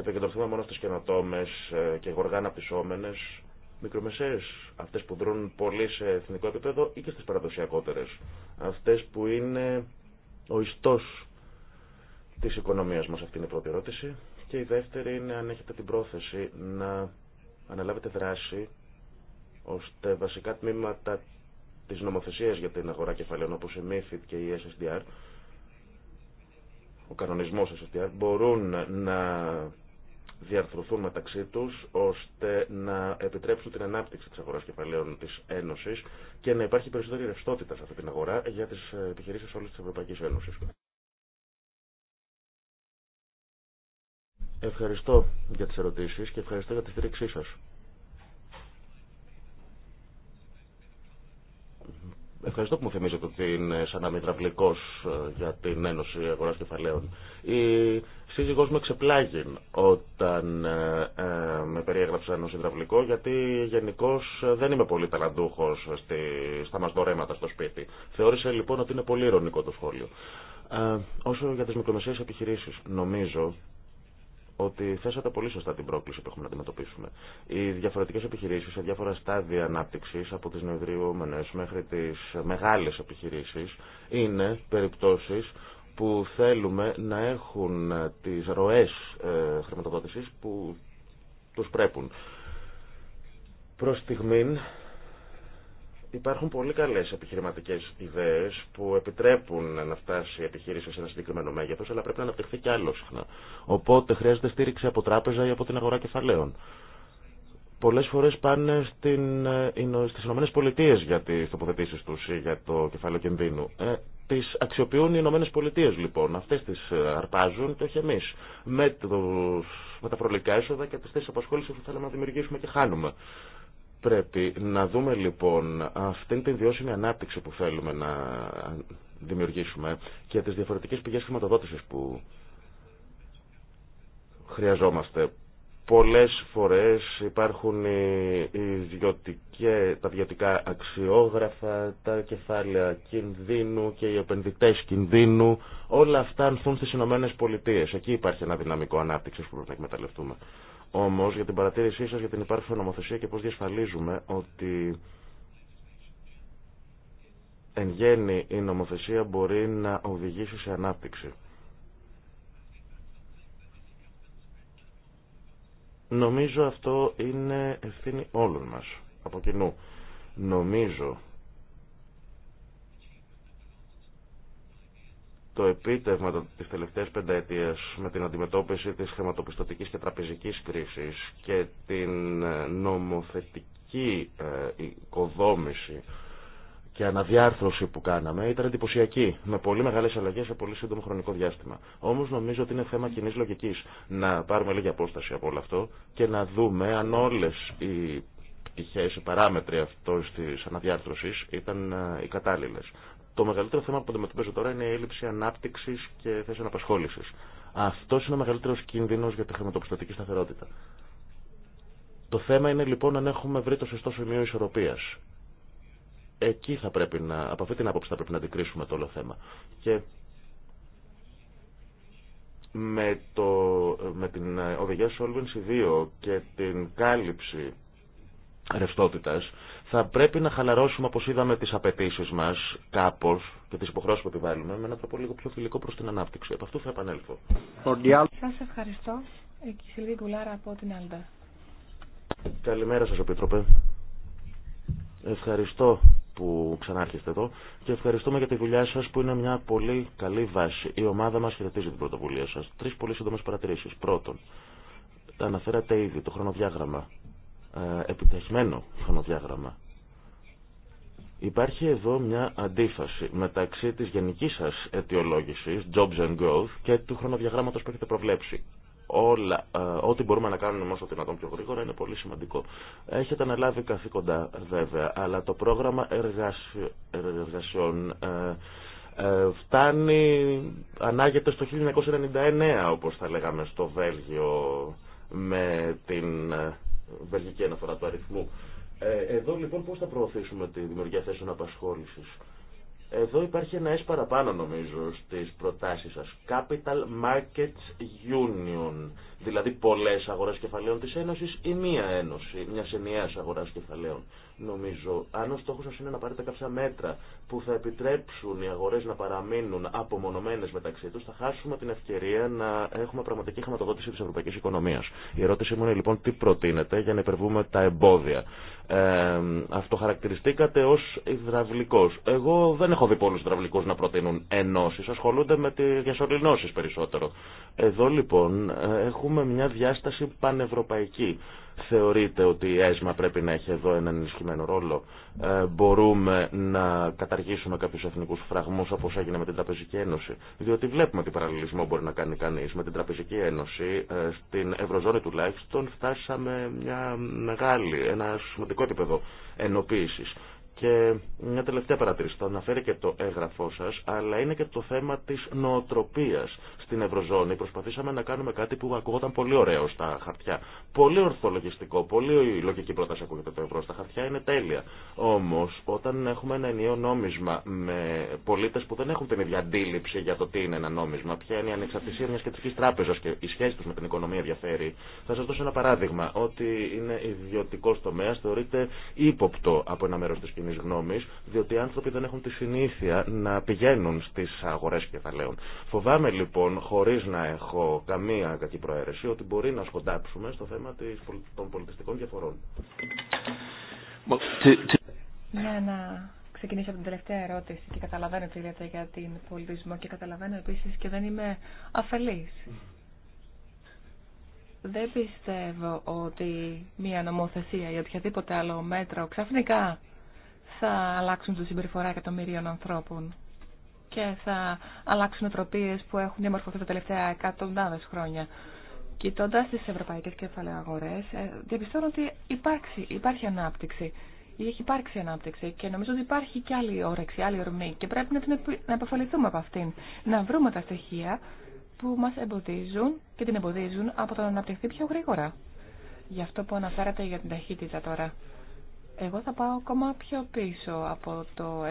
θα επικεντρωθούμε μόνο στι καινοτόμε ε, και γοργά αναπτυσσόμενε μικρομεσαίες, αυτές που δρούν πολύ σε εθνικό επίπεδο ή και στις παραδοσιακότερες, αυτές που είναι ο ιστό της οικονομίας μας, αυτή είναι η πρώτη ερώτηση. Και η δεύτερη είναι αν έχετε την πρόθεση να αναλάβετε δράση ώστε βασικά τμήματα τη νομοθεσία για την αγορά κεφαλαίων όπω η MIFID και η SSDR, ο κανονισμός SSDR, μπορούν να διαρθρωθούν μεταξύ του, ώστε να επιτρέψουν την ανάπτυξη της αγοράς κεφαλαίων τη Ένωση και να υπάρχει περισσότερη ρευστότητα σε αυτή την αγορά για τις ε, επιχειρήσει όλη τη Ευρωπαϊκή Ένωση. Ευχαριστώ για τις ερωτήσεις και ευχαριστώ για τη στήριξή σα. Ευχαριστώ που μου θυμίζετε ότι είναι σαν να μην ε, για την Ένωση Αγορά Κεφαλαίων. Η σύζυγός με ξεπλάγει όταν ε, ε, με περιέγραψε ένα συντραυλικό γιατί γενικώ δεν είμαι πολύ ταλαντούχο στα δωρέματα στο σπίτι. Θεώρησε λοιπόν ότι είναι πολύ ειρωνικό το σχόλιο. όσο για τις μικρομεσαίες επιχειρήσει, νομίζω ότι θέσατε πολύ σωστά την πρόκληση που έχουμε να αντιμετωπίσουμε. Οι διαφορετικέ επιχειρήσει σε διάφορα στάδια ανάπτυξη, από τι νεοδριούμενε μέχρι τι μεγάλε επιχειρήσει, είναι περιπτώσει που θέλουμε να έχουν τις ροές ε, χρηματοδότησης που τους πρέπουν. Προ στιγμήν Υπάρχουν πολύ καλέ επιχειρηματικέ ιδέε που επιτρέπουν να φτάσει η επιχείρηση σε ένα συγκεκριμένο μέγεθο, αλλά πρέπει να αναπτυχθεί κι άλλο συχνά. Οπότε χρειάζεται στήριξη από τράπεζα ή από την αγορά κεφαλαίων. Πολλέ φορέ πάνε ε, στι ΗΠΑ για τι τοποθετήσει του ή για το κεφάλαιο κινδύνου. Ε, τι αξιοποιούν οι ΗΠΑ λοιπόν. Αυτέ τι ε, αρπάζουν και όχι εμεί. Με, με τα προλικά έσοδα και τι θέσει απασχόληση που θέλουμε να δημιουργήσουμε και χάνουμε. Πρέπει να δούμε λοιπόν αυτή την βιώσιμη ανάπτυξη που θέλουμε να δημιουργήσουμε και τις διαφορετικές πηγές χρηματοδότησης που χρειαζόμαστε. Πολλές φορές υπάρχουν οι, τα ιδιωτικά αξιόγραφα, τα κεφάλαια κινδύνου και οι επενδυτές κινδύνου. Όλα αυτά ανθούν στις Ηνωμένες Πολιτείες. Εκεί υπάρχει ένα δυναμικό ανάπτυξης που πρέπει να εκμεταλλευτούμε. Όμω για την παρατήρησή σα για την υπάρχουσα νομοθεσία και πώ διασφαλίζουμε ότι εν γέννη η νομοθεσία μπορεί να οδηγήσει σε ανάπτυξη. Νομίζω αυτό είναι ευθύνη όλων μας, από κοινού. Νομίζω το επίτευγμα της τελευταίας πενταετίας με την αντιμετώπιση της χρηματοπιστωτική και τραπεζικής κρίσης και την ε, νομοθετική ε, οικοδόμηση και αναδιάρθρωση που κάναμε ήταν εντυπωσιακή, με πολύ μεγάλες αλλαγές σε πολύ σύντομο χρονικό διάστημα. Όμως νομίζω ότι είναι θέμα κοινή λογική να πάρουμε λίγη απόσταση από όλο αυτό και να δούμε αν όλε οι πτυχέ, οι παράμετροι αυτή τη αναδιάρθρωση ήταν ε, οι κατάλληλε. Το μεγαλύτερο θέμα που αντιμετωπίζω τώρα είναι η έλλειψη ανάπτυξη και θέσεων απασχόληση. Αυτό είναι ο μεγαλύτερο κίνδυνο για τη χρηματοπιστωτική σταθερότητα. Το θέμα είναι λοιπόν αν έχουμε βρει το σωστό σημείο ισορροπία. Εκεί θα πρέπει να, από αυτή την άποψη θα πρέπει να αντικρίσουμε το όλο θέμα. Και με, το, με την οδηγία Solvency 2 και την κάλυψη ρευστότητας, θα πρέπει να χαλαρώσουμε, όπω είδαμε, τι απαιτήσει μα κάπω και τι υποχρεώσει που επιβάλλουμε με έναν τρόπο λίγο πιο φιλικό προ την ανάπτυξη. Από αυτού θα επανέλθω. Σα ευχαριστώ. Η Σιλβή Γκουλάρα από την Άλντα. Καλημέρα σας, Επίτροπε. Ευχαριστώ που ξανάρχεστε εδώ και ευχαριστούμε για τη δουλειά σα, που είναι μια πολύ καλή βάση. Η ομάδα μα χαιρετίζει την πρωτοβουλία σα. Τρει πολύ σύντομε παρατηρήσει. Πρώτον, τα αναφέρατε ήδη το χρονοδιάγραμμα ε, επιτεχμένο χρονοδιάγραμμα. Υπάρχει εδώ μια αντίφαση μεταξύ της γενικής σας αιτιολόγησης, jobs and growth, και του χρονοδιαγράμματος που έχετε προβλέψει. Όλα, ε, ό,τι μπορούμε να κάνουμε όσο δυνατόν πιο γρήγορα είναι πολύ σημαντικό. Έχετε αναλάβει καθήκοντα βέβαια, αλλά το πρόγραμμα εργασιών ε, φτάνει, ανάγεται στο 1999 όπως θα λέγαμε στο Βέλγιο με την βελγική αναφορά του αριθμού. Ε, εδώ λοιπόν πώς θα προωθήσουμε τη δημιουργία θέσεων απασχόλησης. Εδώ υπάρχει ένα S παραπάνω νομίζω στις προτάσεις σας. Capital Markets Union, δηλαδή πολλές αγορές κεφαλαίων της Ένωσης ή μία ένωση, μια ενιαίας αγοράς κεφαλαίων. Νομίζω, αν ο στόχος σας είναι να πάρετε κάποια μέτρα που θα επιτρέψουν οι αγορές να παραμείνουν απομονωμένες μεταξύ τους, θα χάσουμε την ευκαιρία να έχουμε πραγματική χρηματοδότηση της ευρωπαϊκής οικονομίας. Η ερώτησή μου είναι λοιπόν τι προτείνετε για να υπερβούμε τα εμπόδια ε, αυτοχαρακτηριστήκατε ως υδραυλικός. Εγώ δεν έχω δει πολλούς υδραυλικούς να προτείνουν ενώσεις, ασχολούνται με τις διασωληνώσεις περισσότερο. Εδώ λοιπόν ε, έχουμε μια διάσταση πανευρωπαϊκή Θεωρείτε ότι η ΕΣΜΑ πρέπει να έχει εδώ έναν ενισχυμένο ρόλο. Ε, μπορούμε να καταργήσουμε κάποιου εθνικού φραγμού όπω έγινε με την Τραπεζική Ένωση. Διότι βλέπουμε τι παραλληλισμό μπορεί να κάνει κανεί. Με την Τραπεζική Ένωση, ε, στην Ευρωζώνη τουλάχιστον, φτάσαμε μια μεγάλη, ένα σημαντικό επίπεδο ενοποίηση. Και μια τελευταία παρατήρηση. Το αναφέρει και το έγγραφό σα, αλλά είναι και το θέμα τη νοοτροπία στην Ευρωζώνη προσπαθήσαμε να κάνουμε κάτι που ακούγονταν πολύ ωραίο στα χαρτιά. Πολύ ορθολογιστικό, πολύ λογική πρόταση ακούγεται το ευρώ. Στα χαρτιά είναι τέλεια. Όμω, όταν έχουμε ένα ενιαίο νόμισμα με πολίτε που δεν έχουν την ίδια αντίληψη για το τι είναι ένα νόμισμα, ποια είναι η ανεξαρτησία μια κεντρική τράπεζα και η σχέση του με την οικονομία διαφέρει, θα σα δώσω ένα παράδειγμα. Ότι είναι ιδιωτικό τομέα θεωρείται ύποπτο από ένα μέρο τη κοινή γνώμη, διότι οι άνθρωποι δεν έχουν τη συνήθεια να πηγαίνουν στι αγορέ κεφαλαίων. Φοβάμαι λοιπόν χωρίς να έχω καμία κακή προαίρεση, ότι μπορεί να σκοντάψουμε στο θέμα των πολιτιστικών διαφορών. Ναι, να ξεκινήσω από την τελευταία ερώτηση και καταλαβαίνω τι λέτε για την πολιτισμό και καταλαβαίνω επίσης και δεν είμαι αφελής. Δεν πιστεύω ότι μία νομοθεσία ή οποιαδήποτε άλλο μέτρο ξαφνικά θα αλλάξουν τη συμπεριφορά εκατομμυρίων ανθρώπων και θα αλλάξουν οτροπίες που έχουν διαμορφωθεί τα τελευταία εκατοντάδες χρόνια. Κοιτώντα τι ευρωπαϊκέ κεφαλαίε αγορέ, ε, διαπιστώνω ότι υπάρξει, υπάρχει ανάπτυξη. Ή έχει υπάρξει ανάπτυξη και νομίζω ότι υπάρχει και άλλη όρεξη, άλλη ορμή και πρέπει να, την, να επαφαληθούμε από αυτήν. Να βρούμε τα στοιχεία που μας εμποδίζουν και την εμποδίζουν από το να αναπτυχθεί πιο γρήγορα. Γι' αυτό που αναφέρατε για την ταχύτητα τώρα. Εγώ θα πάω ακόμα πιο πίσω από το 99,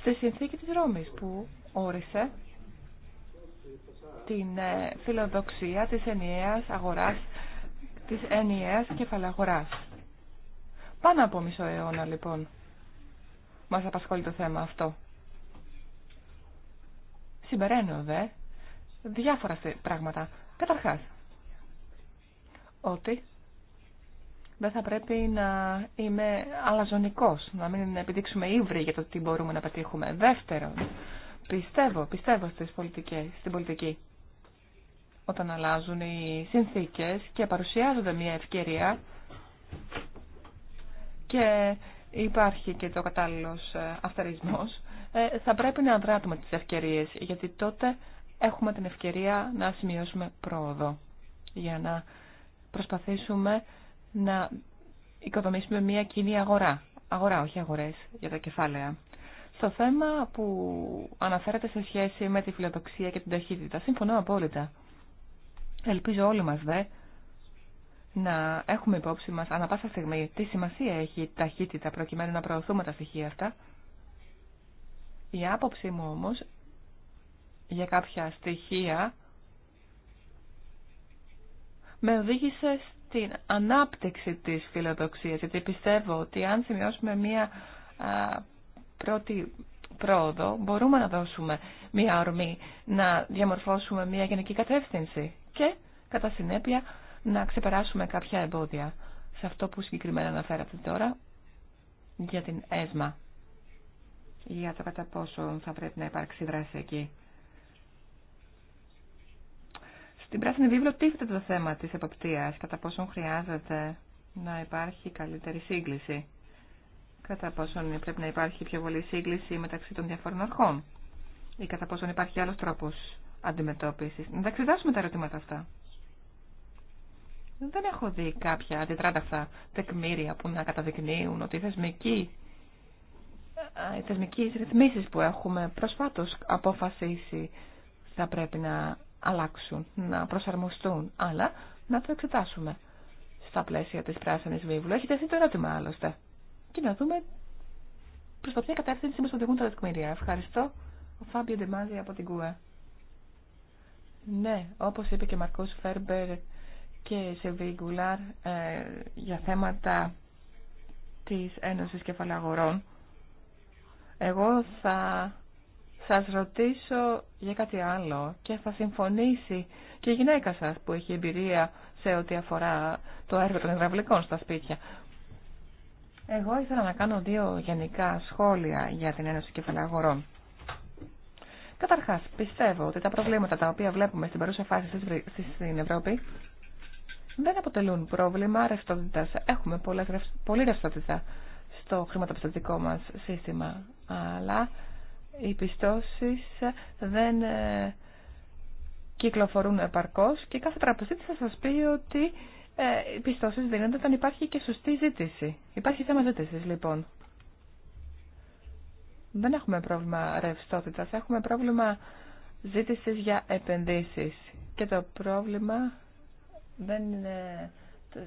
στη συνθήκη της Ρώμης που όρισε την ε, φιλοδοξία της ενιαίας αγοράς, της ενιαίας κεφαλαγοράς. Πάνω από μισό αιώνα λοιπόν μας απασχολεί το θέμα αυτό. Συμπεραίνω δε διάφορα πράγματα. Καταρχάς, ότι δεν θα πρέπει να είμαι αλαζονικός, να μην επιδείξουμε ύβρι για το τι μπορούμε να πετύχουμε. Δεύτερον, πιστεύω, πιστεύω στις πολιτικές, στην πολιτική. Όταν αλλάζουν οι συνθήκες και παρουσιάζονται μια ευκαιρία και υπάρχει και το κατάλληλος ε, αυταρισμός, ε, θα πρέπει να αντράτουμε τις ευκαιρίες, γιατί τότε έχουμε την ευκαιρία να σημειώσουμε πρόοδο για να προσπαθήσουμε να οικοδομήσουμε μια κοινή αγορά. Αγορά, όχι αγορές για τα κεφάλαια. Στο θέμα που αναφέρεται σε σχέση με τη φιλοδοξία και την ταχύτητα, συμφωνώ απόλυτα. Ελπίζω όλοι μας δε να έχουμε υπόψη μας ανά πάσα στιγμή τι σημασία έχει η ταχύτητα προκειμένου να προωθούμε τα στοιχεία αυτά. Η άποψή μου όμως για κάποια στοιχεία με οδήγησε την ανάπτυξη της φιλοδοξίας, γιατί πιστεύω ότι αν σημειώσουμε μία πρώτη πρόοδο, μπορούμε να δώσουμε μία ορμή, να διαμορφώσουμε μία γενική κατεύθυνση και κατά συνέπεια να ξεπεράσουμε κάποια εμπόδια σε αυτό που συγκεκριμένα αναφέρατε τώρα για την ΕΣΜΑ για το κατά πόσο θα πρέπει να υπάρξει δράση εκεί. Στην πράσινη βίβλο τίθεται το θέμα της εποπτείας, κατά πόσον χρειάζεται να υπάρχει καλύτερη σύγκληση, κατά πόσον πρέπει να υπάρχει πιο πολύ σύγκληση μεταξύ των διαφορών αρχών ή κατά πόσον υπάρχει άλλος τρόπος αντιμετώπισης. Να ταξιδάσουμε τα ερωτήματα αυτά. Δεν έχω δει κάποια αντιτράταχτα τεκμήρια που να καταδεικνύουν ότι οι θεσμικοί οι θεσμικοί ρυθμίσεις που έχουμε προσφάτως αποφασίσει θα πρέπει να αλλάξουν, να προσαρμοστούν, αλλά να το εξετάσουμε στα πλαίσια της πράσινης βίβλου. Έχετε αυτή το ερώτημα άλλωστε. Και να δούμε προς ποια κατεύθυνση μας οδηγούν τα δεκμήρια. Ευχαριστώ. Ο Φάμπιο Ντεμάζη από την ΚΟΕ. Ναι, όπως είπε και ο Μαρκός Φέρμπερ και σε Βίγκουλαρ ε, για θέματα της Ένωσης Κεφαλαγορών, εγώ θα σας ρωτήσω για κάτι άλλο και θα συμφωνήσει και η γυναίκα σας που έχει εμπειρία σε ό,τι αφορά το έργο των υδραυλικών στα σπίτια. Εγώ ήθελα να κάνω δύο γενικά σχόλια για την Ένωση Κεφαλαγορών. Καταρχάς, πιστεύω ότι τα προβλήματα τα οποία βλέπουμε στην παρούσα φάση στην Ευρώπη δεν αποτελούν πρόβλημα ρευστότητα. Έχουμε πολλή ρευστότητα στο χρηματοπιστωτικό μας σύστημα, αλλά οι πιστώσεις δεν ε, κυκλοφορούν επαρκώς και κάθε τραπεζίτη θα σας πει ότι ε, οι πιστώσεις δίνονται όταν υπάρχει και σωστή ζήτηση. Υπάρχει θέμα ζήτηση, λοιπόν. Δεν έχουμε πρόβλημα ρευστότητας, έχουμε πρόβλημα ζήτησης για επενδύσεις. Και το πρόβλημα δεν είναι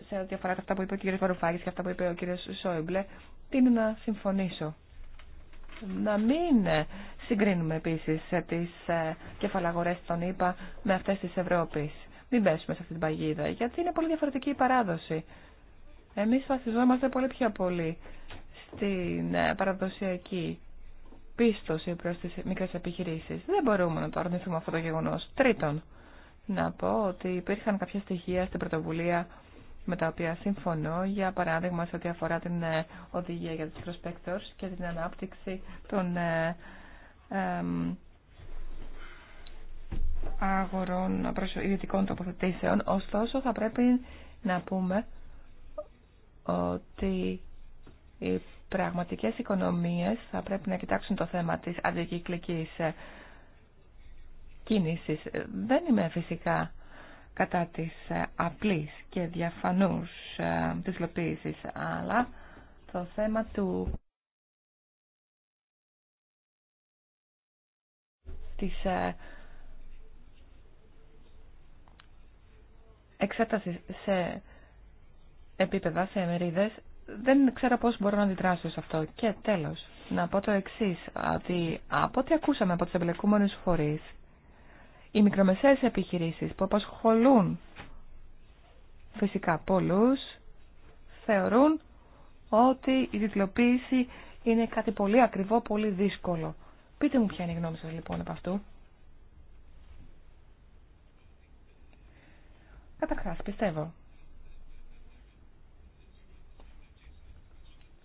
σε ό,τι αφορά αυτά που είπε ο κ. Βαρουφάκης και αυτά που είπε ο κ. Σόιμπλε, τι είναι να συμφωνήσω να μην ε, συγκρίνουμε επίσης ε, τις ε, κεφαλαγορές των ΗΠΑ με αυτές της Ευρώπης. Μην πέσουμε σε αυτή την παγίδα, γιατί είναι πολύ διαφορετική η παράδοση. Εμείς βασιζόμαστε πολύ πιο πολύ στην παραδοσιακή πίστοση προς τις μικρές επιχειρήσεις. Δεν μπορούμε να το αρνηθούμε αυτό το γεγονός. Τρίτον, να πω ότι υπήρχαν κάποια στοιχεία στην πρωτοβουλία με τα οποία συμφωνώ, για παράδειγμα σε ό,τι αφορά την ε, οδηγία για τους προσπέκτορς και την ανάπτυξη των ε, αγορών ιδιωτικών τοποθετήσεων. Ωστόσο, θα πρέπει να πούμε ότι οι πραγματικές οικονομίες θα πρέπει να κοιτάξουν το θέμα της αντικυκλικής ε, κίνησης. Δεν είμαι φυσικά κατά της ε, απλής και διαφανούς δυσλοποίησης, ε, αλλά το θέμα του της ε, εξέτασης σε επίπεδα, σε μερίδες, δεν ξέρω πώς μπορώ να αντιδράσω σε αυτό. Και τέλος, να πω το εξής, ότι από ό,τι ακούσαμε από τους εμπλεκούμενους φορείς, οι μικρομεσαίες επιχειρήσεις που απασχολούν φυσικά πολλούς θεωρούν ότι η διπλοποίηση είναι κάτι πολύ ακριβό, πολύ δύσκολο. Πείτε μου ποια είναι η γνώμη σας λοιπόν από αυτού. Καταρχάς πιστεύω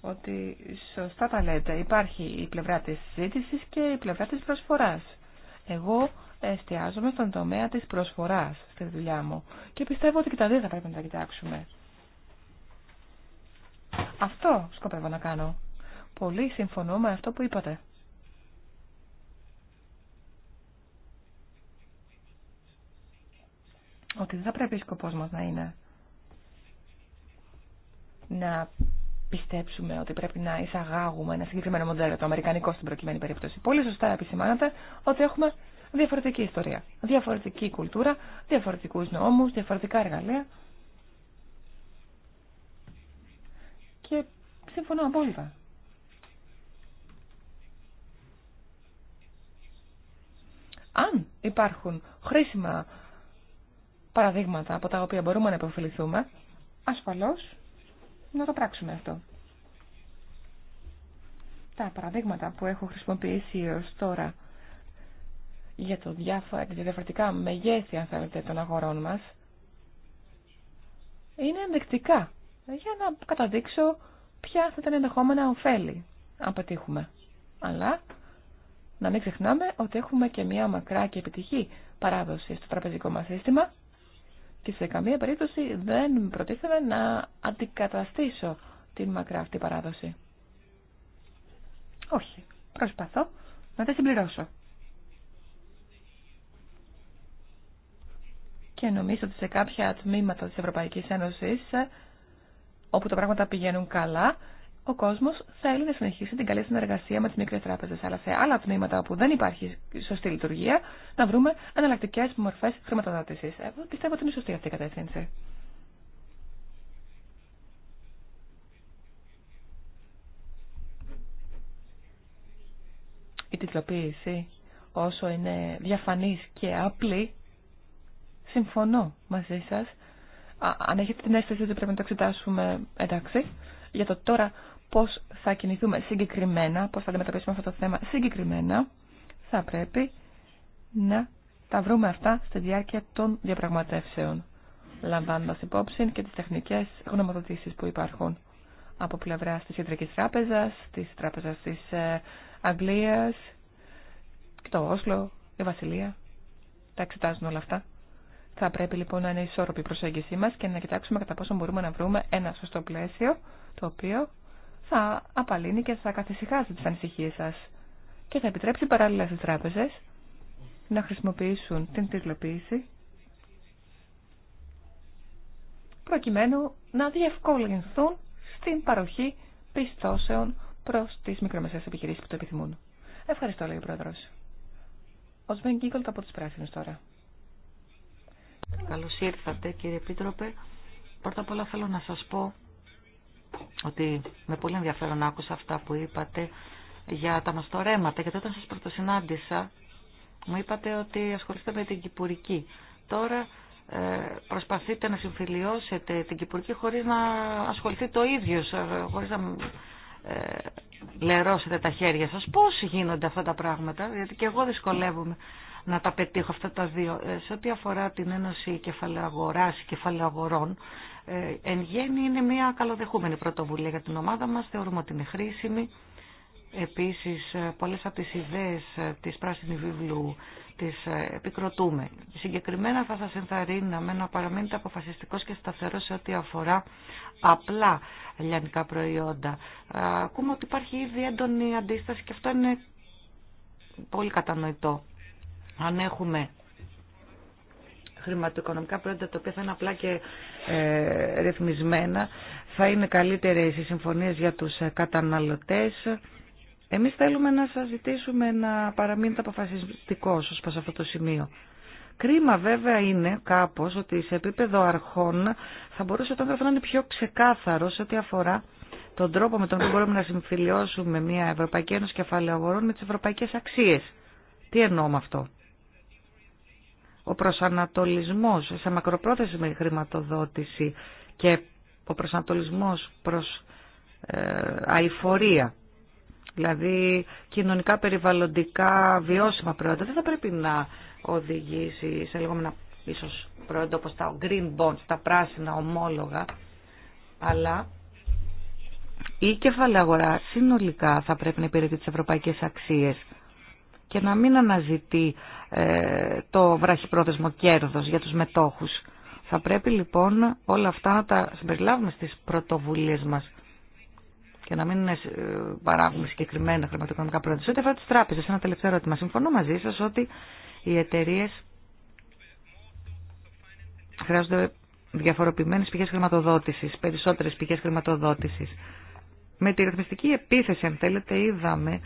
ότι σωστά τα λέτε. Υπάρχει η πλευρά της ζήτησης και η πλευρά της προσφοράς. Εγώ εστιάζομαι στον τομέα της προσφοράς στη δουλειά μου και πιστεύω ότι και τα δύο θα πρέπει να τα κοιτάξουμε. Αυτό σκοπεύω να κάνω. Πολύ συμφωνώ με αυτό που είπατε. Ότι δεν θα πρέπει σκοπός μας να είναι να πιστέψουμε ότι πρέπει να εισαγάγουμε ένα συγκεκριμένο μοντέλο, το αμερικανικό στην προκειμένη περίπτωση. Πολύ σωστά επισημάνατε ότι έχουμε διαφορετική ιστορία, διαφορετική κουλτούρα, διαφορετικούς νόμους, διαφορετικά εργαλεία. Και συμφωνώ απόλυτα. Αν υπάρχουν χρήσιμα παραδείγματα από τα οποία μπορούμε να επωφεληθούμε, ασφαλώς να το πράξουμε αυτό. Τα παραδείγματα που έχω χρησιμοποιήσει έως τώρα για, το διάφορα, διαφορετικά μεγέθη, αν θέλετε, των αγορών μας, είναι ενδεικτικά για να καταδείξω ποια θα ήταν ενδεχόμενα ωφέλη, αν πετύχουμε. Αλλά να μην ξεχνάμε ότι έχουμε και μια μακρά και επιτυχή παράδοση στο τραπεζικό μας σύστημα και σε καμία περίπτωση δεν προτίθεμαι να αντικαταστήσω την μακρά αυτή παράδοση. Όχι. Προσπαθώ να τα συμπληρώσω. Και νομίζω ότι σε κάποια τμήματα της Ευρωπαϊκής Ένωσης, όπου τα πράγματα πηγαίνουν καλά, ο κόσμο θέλει να συνεχίσει την καλή συνεργασία με τι μικρέ τράπεζε. Αλλά σε άλλα τμήματα όπου δεν υπάρχει σωστή λειτουργία, να βρούμε εναλλακτικέ μορφέ χρηματοδότηση. Εγώ πιστεύω ότι είναι σωστή αυτή η κατεύθυνση. Η τυπλοποίηση, όσο είναι διαφανής και απλή, συμφωνώ μαζί σας. Αν έχετε την αίσθηση ότι πρέπει να το εξετάσουμε, εντάξει, για το τώρα πώς θα κινηθούμε συγκεκριμένα, πώς θα αντιμετωπίσουμε αυτό το θέμα συγκεκριμένα, θα πρέπει να τα βρούμε αυτά στη διάρκεια των διαπραγματεύσεων, λαμβάνοντας υπόψη και τις τεχνικές γνωμοδοτήσεις που υπάρχουν από πλευρά της Κεντρικής Τράπεζας, της Τράπεζας της ε, Αγγλίας και το Όσλο, η Βασιλεία. Τα εξετάζουν όλα αυτά. Θα πρέπει λοιπόν να είναι ισόρροπη η προσέγγιση μας και να κοιτάξουμε κατά πόσο μπορούμε να βρούμε ένα σωστό πλαίσιο το οποίο θα απαλύνει και θα καθησυχάσει τις ανησυχίες σας και θα επιτρέψει παράλληλα στις τράπεζες να χρησιμοποιήσουν την τυπλοποίηση προκειμένου να διευκολυνθούν στην παροχή πιστώσεων προς τις μικρομεσαίες επιχειρήσεις που το επιθυμούν. Ευχαριστώ, λέει ο Πρόεδρος. Ο Σβέν Γκίγκολτ από τους Πράσινους τώρα. Καλώς ήρθατε, κύριε Επίτροπε. Πρώτα απ' όλα θέλω να σας πω ότι με πολύ ενδιαφέρον άκουσα αυτά που είπατε για τα μαστορέματα, γιατί όταν σας πρωτοσυνάντησα μου είπατε ότι ασχολείστε με την Κυπουρική. Τώρα ε, προσπαθείτε να συμφιλιώσετε την Κυπουρική χωρίς να ασχοληθεί το ίδιο, ε, χωρίς να ε, λερώσετε τα χέρια σας. Πώς γίνονται αυτά τα πράγματα, γιατί και εγώ δυσκολεύομαι να τα πετύχω αυτά τα δύο. Σε ό,τι αφορά την Ένωση Κεφαλαίου και ε, εν γέννη είναι μια καλοδεχούμενη πρωτοβουλία για την ομάδα μας, θεωρούμε ότι είναι χρήσιμη. Επίσης, ε, πολλές από τις ιδέες ε, της Πράσινη Βίβλου τις επικροτούμε. Συγκεκριμένα θα σας ενθαρρύναμε να παραμείνετε αποφασιστικός και σταθερός σε ό,τι αφορά απλά λιανικά προϊόντα. Ακούμε ότι υπάρχει ήδη έντονη αντίσταση και αυτό είναι πολύ κατανοητό. Αν έχουμε χρηματοοικονομικά προϊόντα τα οποία θα είναι απλά και ε, ρυθμισμένα. Θα είναι καλύτερες οι συμφωνίες για τους ε, καταναλωτές. Εμείς θέλουμε να σας ζητήσουμε να παραμείνετε αποφασιστικός ως προς αυτό το σημείο. Κρίμα βέβαια είναι κάπως ότι σε επίπεδο αρχών θα μπορούσε το να είναι πιο ξεκάθαρο σε ό,τι αφορά τον τρόπο με τον οποίο μπορούμε να συμφιλειώσουμε μια Ευρωπαϊκή Ένωση Κεφαλαίου Αγορών με τις ευρωπαϊκές αξίες. Τι εννοώ με αυτό ο προσανατολισμός σε μακροπρόθεσμη χρηματοδότηση και ο προσανατολισμός προς ε, αηφορία, δηλαδή κοινωνικά περιβαλλοντικά βιώσιμα προϊόντα, δεν θα πρέπει να οδηγήσει σε λεγόμενα ίσως προϊόντα όπως τα green bonds, τα πράσινα ομόλογα, αλλά η κεφαλαία αγορά συνολικά θα πρέπει να υπηρετεί τις ευρωπαϊκές αξίες και να μην αναζητεί ε, το βραχυπρόθεσμο κέρδος για τους μετόχους. Θα πρέπει λοιπόν όλα αυτά να τα συμπεριλάβουμε στις πρωτοβουλίες μας και να μην ε, παράγουμε συγκεκριμένα χρηματοοικονομικά προϊόντα. Σε ό,τι αφορά τι ένα τελευταίο ερώτημα. Συμφωνώ μαζί σα ότι οι εταιρείε χρειάζονται διαφοροποιημένες πηγές χρηματοδότησης, περισσότερες πηγές χρηματοδότησης. Με τη ρυθμιστική επίθεση, αν θέλετε, είδαμε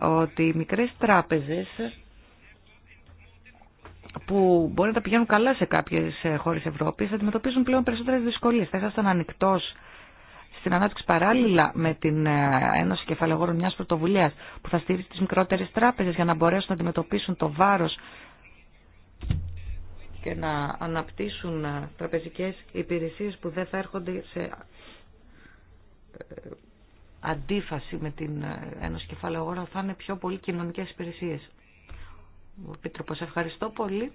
ότι οι μικρές τράπεζες που μπορεί να τα πηγαίνουν καλά σε κάποιες ε, χώρες Ευρώπης αντιμετωπίζουν πλέον περισσότερες δυσκολίες. Θα ήσασταν ανοιχτό στην ανάπτυξη παράλληλα με την ε, Ένωση Κεφαλαιογόρων μιας πρωτοβουλίας που θα στηρίζει τις μικρότερες τράπεζες για να μπορέσουν να αντιμετωπίσουν το βάρος και να αναπτύσσουν ε, τραπεζικές υπηρεσίες που δεν θα έρχονται σε αντίφαση με την ε, Ένωση Κεφάλαιο θα είναι πιο πολύ κοινωνικές υπηρεσίες. Ο Επίτροπος, ευχαριστώ πολύ.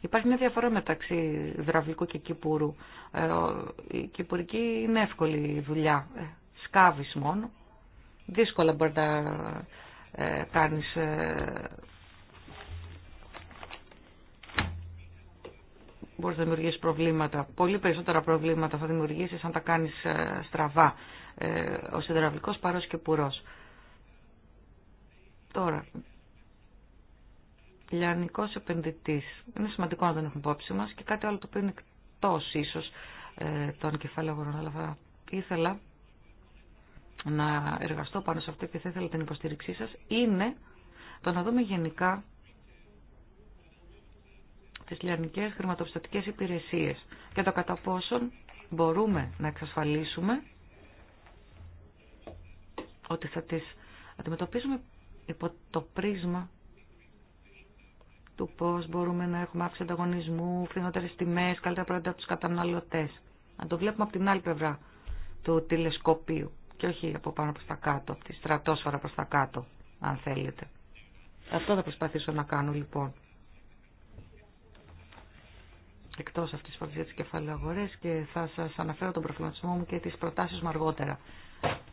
Υπάρχει μια διαφορά μεταξύ υδραυλικού και κυπουρού. Ε, η κυπουρική είναι εύκολη δουλειά. Ε, σκάβεις μόνο. Δύσκολα μπορεί να κάνεις μπορεί να δημιουργήσει προβλήματα. Πολύ περισσότερα προβλήματα θα δημιουργήσει αν τα κάνεις ε, στραβά. Ε, ο παρός και πουρός. Τώρα, λιανικός επενδυτής. Είναι σημαντικό να τον έχουμε υπόψη μας και κάτι άλλο το οποίο είναι εκτός ίσως ε, των κεφάλαιων αγορών, αλλά θα ήθελα να εργαστώ πάνω σε αυτό και θα ήθελα την υποστήριξή σας, είναι το να δούμε γενικά τις λιανικές χρηματοπιστωτικές υπηρεσίες και το κατά πόσον μπορούμε να εξασφαλίσουμε ότι θα τις αντιμετωπίσουμε υπό το πρίσμα του πώς μπορούμε να έχουμε αύξηση ανταγωνισμού, φθηνότερε τιμές, καλύτερα προϊόντα από τους καταναλωτές. Να το βλέπουμε από την άλλη πλευρά του τηλεσκοπίου και όχι από πάνω προς τα κάτω, από τη στρατόσφαιρα προς τα κάτω, αν θέλετε. Αυτό θα προσπαθήσω να κάνω λοιπόν εκτός αυτής της παρουσίας της και θα σας αναφέρω τον προβληματισμό μου και τις προτάσεις μου αργότερα,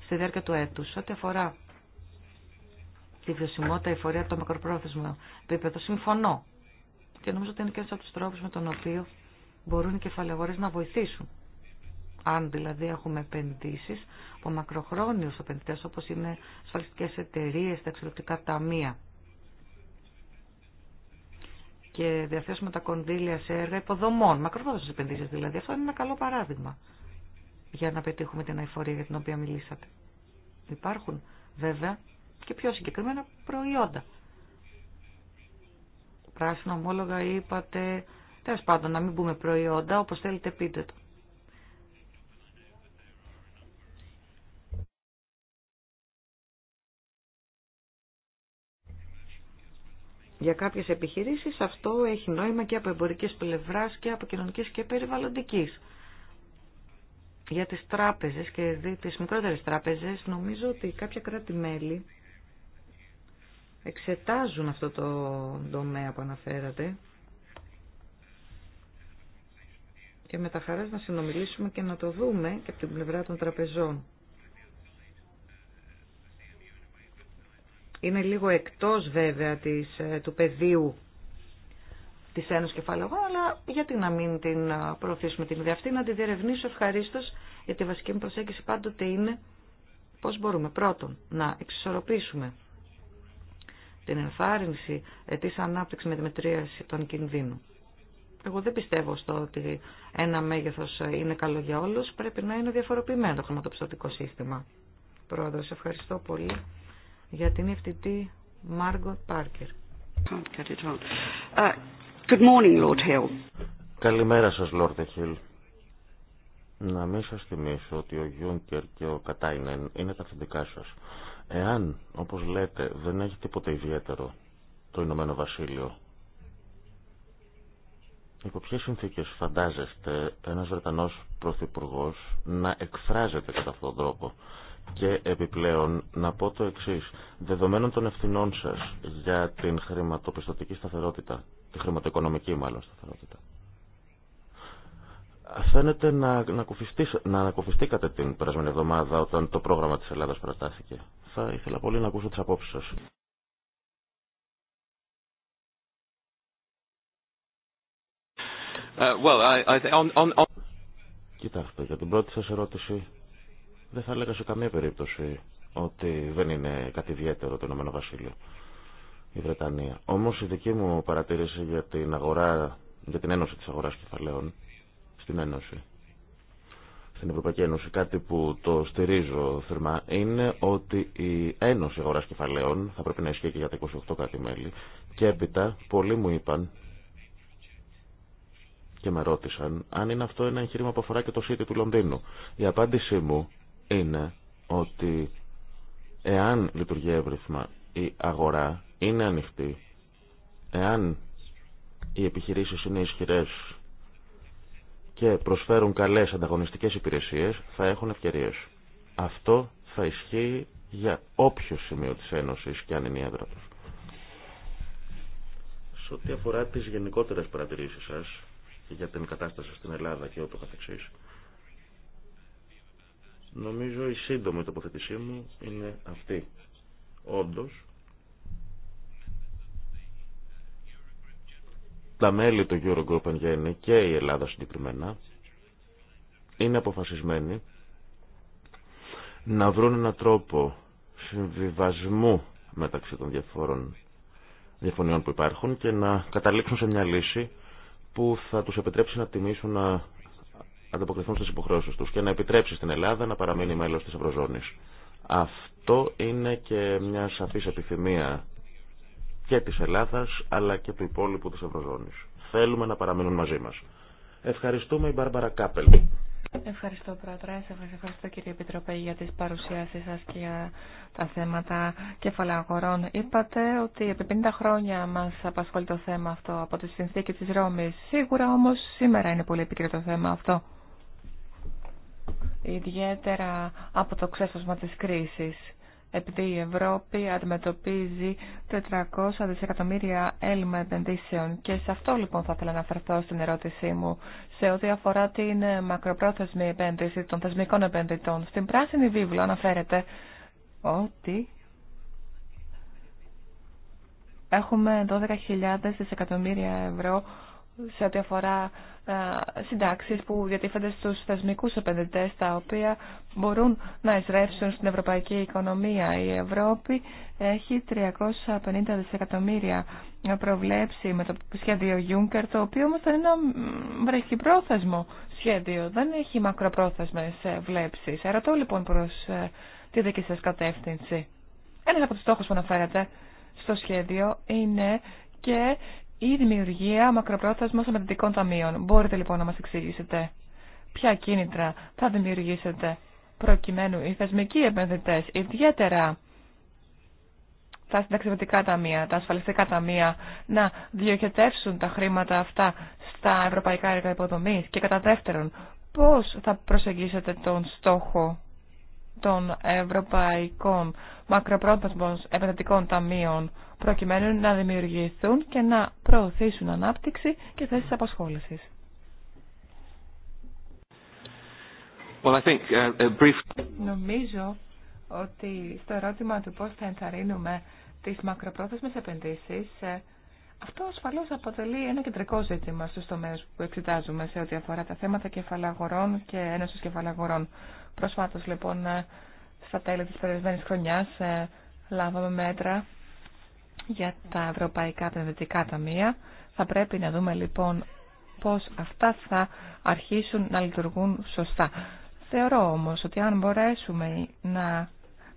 στη διάρκεια του έτους. Ό,τι αφορά τη βιωσιμότητα, η φορεία, το μακροπρόθεσμο επίπεδο, συμφωνώ. Και νομίζω ότι είναι και ένας από τους τρόπους με τον οποίο μπορούν οι κεφαλαιογορές να βοηθήσουν. Αν δηλαδή έχουμε επενδύσει από μακροχρόνιου επενδυτέ όπω είναι ασφαλιστικέ εταιρείε, τα εξωτερικά ταμεία, και διαθέσουμε τα κονδύλια σε έργα υποδομών, μακροπρόθεσμε επενδύσει. δηλαδή. Αυτό είναι ένα καλό παράδειγμα για να πετύχουμε την αηφορία για την οποία μιλήσατε. Υπάρχουν βέβαια και πιο συγκεκριμένα προϊόντα. Πράσινα ομόλογα είπατε, τέλο πάντων να μην πούμε προϊόντα, όπω θέλετε πείτε το. για κάποιες επιχειρήσεις αυτό έχει νόημα και από εμπορικής πλευράς και από κοινωνικής και περιβαλλοντικής. Για τις τράπεζες και τις μικρότερες τράπεζες νομίζω ότι κάποια κράτη-μέλη εξετάζουν αυτό το τομέα που αναφέρατε και με τα χαράς να συνομιλήσουμε και να το δούμε και από την πλευρά των τραπεζών. Είναι λίγο εκτός βέβαια της, ε, του πεδίου της Ένωσης Κεφαλαίου, αλλά γιατί να μην την ε, προωθήσουμε την ιδέα αυτή, να τη διερευνήσω ευχαρίστω, γιατί η βασική μου προσέγγιση πάντοτε είναι πώς μπορούμε πρώτον να εξισορροπήσουμε την ενθάρρυνση ε, της ανάπτυξης με τη μετρίαση των κινδύνων. Εγώ δεν πιστεύω στο ότι ένα μέγεθος είναι καλό για όλους, πρέπει να είναι διαφοροποιημένο το χρηματοπιστωτικό σύστημα. Πρόεδρος, ευχαριστώ πολύ για την ευθυντή Μάργο Πάρκερ. Uh, Καλημέρα σας, Λόρδε Χιλ. Να μην σας θυμίσω ότι ο Γιούνκερ και ο Κατάινεν είναι τα σας. Εάν, όπως λέτε, δεν έχει τίποτε ιδιαίτερο το Ηνωμένο Βασίλειο, υπό ποιε συνθήκες φαντάζεστε ένας Βρετανός Πρωθυπουργός να εκφράζεται κατά αυτόν τον τρόπο. Και επιπλέον να πω το εξή. Δεδομένων των ευθυνών σα για την χρηματοπιστωτική σταθερότητα, τη χρηματοοικονομική μάλλον σταθερότητα, φαίνεται να, να, να ανακουφιστήκατε την περασμένη εβδομάδα όταν το πρόγραμμα της Ελλάδας προτάθηκε. Θα ήθελα πολύ να ακούσω τι απόψει σα. Uh, ε, well, I, on, on... Κοιτάξτε, για την πρώτη σα ερώτηση δεν θα έλεγα σε καμία περίπτωση ότι δεν είναι κάτι ιδιαίτερο το Ηνωμένο Βασίλειο η Βρετανία. Όμως η δική μου παρατήρηση για την αγορά, για την Ένωση της Αγοράς Κεφαλαίων στην Ένωση, στην Ευρωπαϊκή Ένωση, κάτι που το στηρίζω θερμά, είναι ότι η Ένωση Αγοράς Κεφαλαίων θα πρέπει να ισχύει και για τα 28 κάτι μέλη και έπειτα πολλοί μου είπαν και με ρώτησαν αν είναι αυτό ένα εγχείρημα που αφορά και το City του Λονδίνου. Η απάντησή μου είναι ότι εάν λειτουργεί εύρυθμα η αγορά είναι ανοιχτή, εάν οι επιχειρήσεις είναι ισχυρές και προσφέρουν καλές ανταγωνιστικές υπηρεσίες, θα έχουν ευκαιρίες. Αυτό θα ισχύει για όποιο σημείο της Ένωσης και αν είναι η έδρα τους. Σε ό,τι αφορά τις γενικότερες παρατηρήσεις σας για την κατάσταση στην Ελλάδα και ούτω καθεξής, Νομίζω η σύντομη τοποθετησή μου είναι αυτή. Όντως, τα μέλη του Eurogroup εν γέννη και η Ελλάδα συγκεκριμένα είναι αποφασισμένοι να βρουν έναν τρόπο συμβιβασμού μεταξύ των διαφόρων διαφωνιών που υπάρχουν και να καταλήξουν σε μια λύση που θα τους επιτρέψει να τιμήσουν να ανταποκριθούν στι υποχρεώσει του και να επιτρέψει στην Ελλάδα να παραμείνει μέλο τη Ευρωζώνη. Αυτό είναι και μια σαφή επιθυμία και τη Ελλάδα, αλλά και του υπόλοιπου τη Ευρωζώνη. Θέλουμε να παραμείνουν μαζί μα. Ευχαριστούμε η Μπάρμπαρα Κάπελ. Ευχαριστώ Πρόεδρε, ευχαριστώ κύριε Επιτροπέ για τις παρουσιάσεις σας και για τα θέματα κεφαλαίων αγορών. Είπατε ότι επί 50 χρόνια μας απασχολεί το θέμα αυτό από τη συνθήκη της Ρώμης. Σίγουρα όμως σήμερα είναι πολύ επικριτό θέμα αυτό ιδιαίτερα από το ξέσπασμα της κρίσης επειδή η Ευρώπη αντιμετωπίζει 400 δισεκατομμύρια έλλειμμα επενδύσεων. Και σε αυτό λοιπόν θα ήθελα να αφαιρθώ στην ερώτησή μου σε ό,τι αφορά την μακροπρόθεσμη επένδυση των θεσμικών επενδυτών. Στην πράσινη βίβλο αναφέρεται ότι έχουμε 12.000 δισεκατομμύρια ευρώ σε ό,τι αφορά ε, συντάξει που διατίθενται στου θεσμικού επενδυτέ, τα οποία μπορούν να εισρέψουν στην ευρωπαϊκή οικονομία. Η Ευρώπη έχει 350 δισεκατομμύρια προβλέψει με το σχέδιο Juncker, το οποίο όμω είναι ένα βραχυπρόθεσμο σχέδιο, δεν έχει μακροπρόθεσμε ε, βλέψει. Ερωτώ λοιπόν προ ε, τη δική σα κατεύθυνση. Ένα από του στόχου που αναφέρατε στο σχέδιο είναι και ή δημιουργία μακροπρόθεσμων επενδυτικών ταμείων. Μπορείτε λοιπόν να μας εξηγήσετε ποια κίνητρα θα δημιουργήσετε προκειμένου οι θεσμικοί επενδυτές, ιδιαίτερα τα συνταξιδοτικά ταμεία, τα ασφαλιστικά ταμεία, να διοχετεύσουν τα χρήματα αυτά στα ευρωπαϊκά έργα και κατά δεύτερον, πώς θα προσεγγίσετε τον στόχο των ευρωπαϊκών μακροπρόθεσμων επενδυτικών ταμείων προκειμένου να δημιουργηθούν και να προωθήσουν ανάπτυξη και θέσεις απασχόλησης. Well, uh, Νομίζω ότι στο ερώτημα του πώς θα ενθαρρύνουμε τις μακροπρόθεσμες επενδύσεις, ε, αυτό ασφαλώς αποτελεί ένα κεντρικό ζήτημα στους τομέες που εξετάζουμε σε ό,τι αφορά τα θέματα κεφαλαγορών και ένωσης κεφαλαγορών. Προσφάτως λοιπόν ε, στα τέλη της περιορισμένης χρονιάς ε, λάβαμε μέτρα για τα ευρωπαϊκά επενδυτικά ταμεία. Θα πρέπει να δούμε λοιπόν πώς αυτά θα αρχίσουν να λειτουργούν σωστά. Θεωρώ όμως ότι αν μπορέσουμε να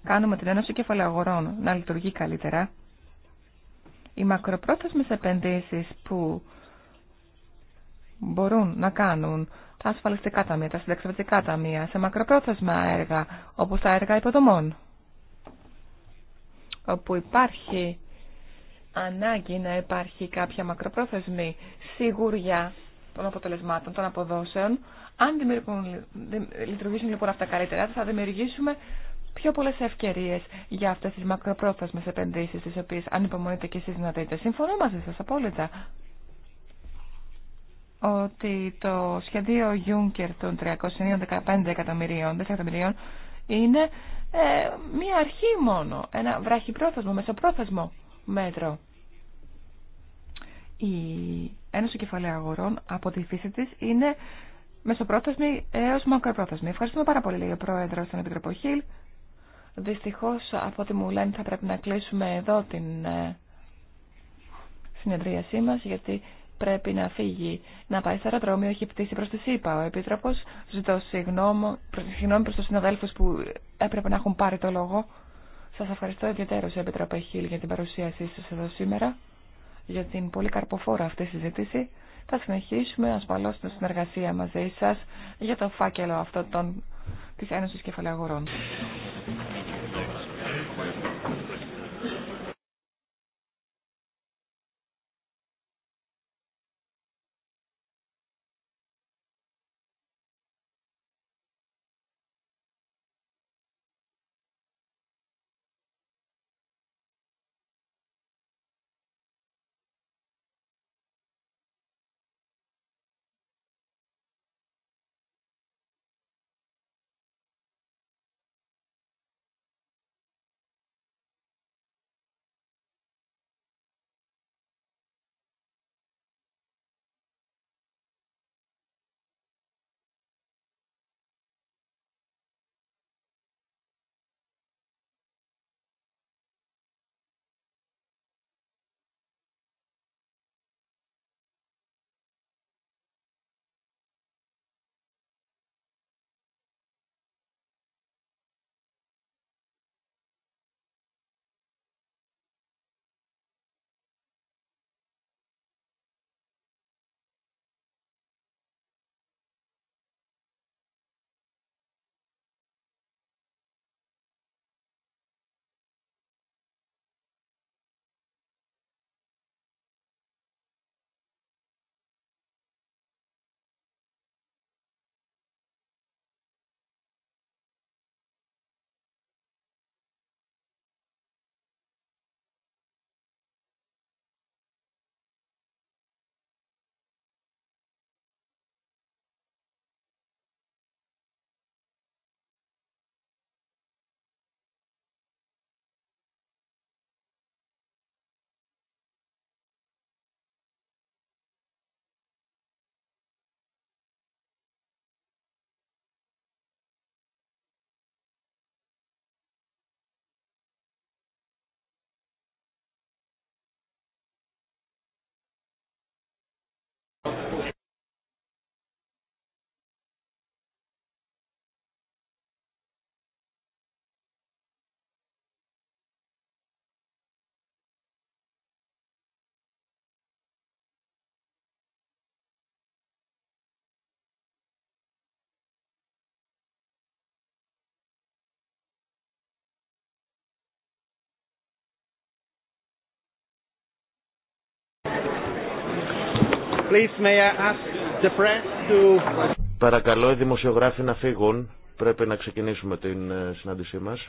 κάνουμε την Ένωση Αγορών να λειτουργεί καλύτερα, οι μακροπρόθεσμες επενδύσεις που μπορούν να κάνουν τα ασφαλιστικά ταμεία, τα συνταξιβατικά ταμεία, σε μακροπρόθεσμα έργα, όπως τα έργα υποδομών, όπου υπάρχει ανάγκη να υπάρχει κάποια μακροπρόθεσμη σιγουριά των αποτελεσμάτων, των αποδόσεων. Αν λειτουργήσουν λοιπόν αυτά καλύτερα, θα δημιουργήσουμε πιο πολλέ ευκαιρίε για αυτέ τι μακροπρόθεσμε επενδύσει, τι οποίε ανυπομονείτε και εσεί να δείτε. Συμφωνώ μαζί σα απόλυτα ότι το σχεδίο Juncker των 315 εκατομμυρίων, είναι ε, μία αρχή μόνο, ένα βραχυπρόθεσμο, μεσοπρόθεσμο μέτρο. Η Ένωση Κεφαλαίου Αγορών από τη φύση της είναι μεσοπρόθεσμη έως μακροπρόθεσμη. Ευχαριστούμε πάρα πολύ, λέει ο Πρόεδρος στον Επιτροπό Χίλ. Δυστυχώς, από ό,τι μου λένε, θα πρέπει να κλείσουμε εδώ την ε, συνεδρίασή μας, γιατί πρέπει να φύγει, να πάει σε αεροδρόμιο, έχει πτήσει προς τη ΣΥΠΑ. Ο Επίτροπος ζητώ συγγνώμη, προ προς συναδέλφου που έπρεπε να έχουν πάρει το λόγο. Σας ευχαριστώ ιδιαίτερω Επιτροπέ Χίλ για την παρουσίασή σας εδώ σήμερα, για την πολύ καρποφόρα αυτή συζήτηση. Θα συνεχίσουμε ασφαλώ την συνεργασία μαζί σας για το φάκελο αυτό των, της Ένωσης Κεφαλαίου Αγορών. Παρακαλώ οι δημοσιογράφοι να φύγουν. Πρέπει να ξεκινήσουμε την ε, συνάντησή μας.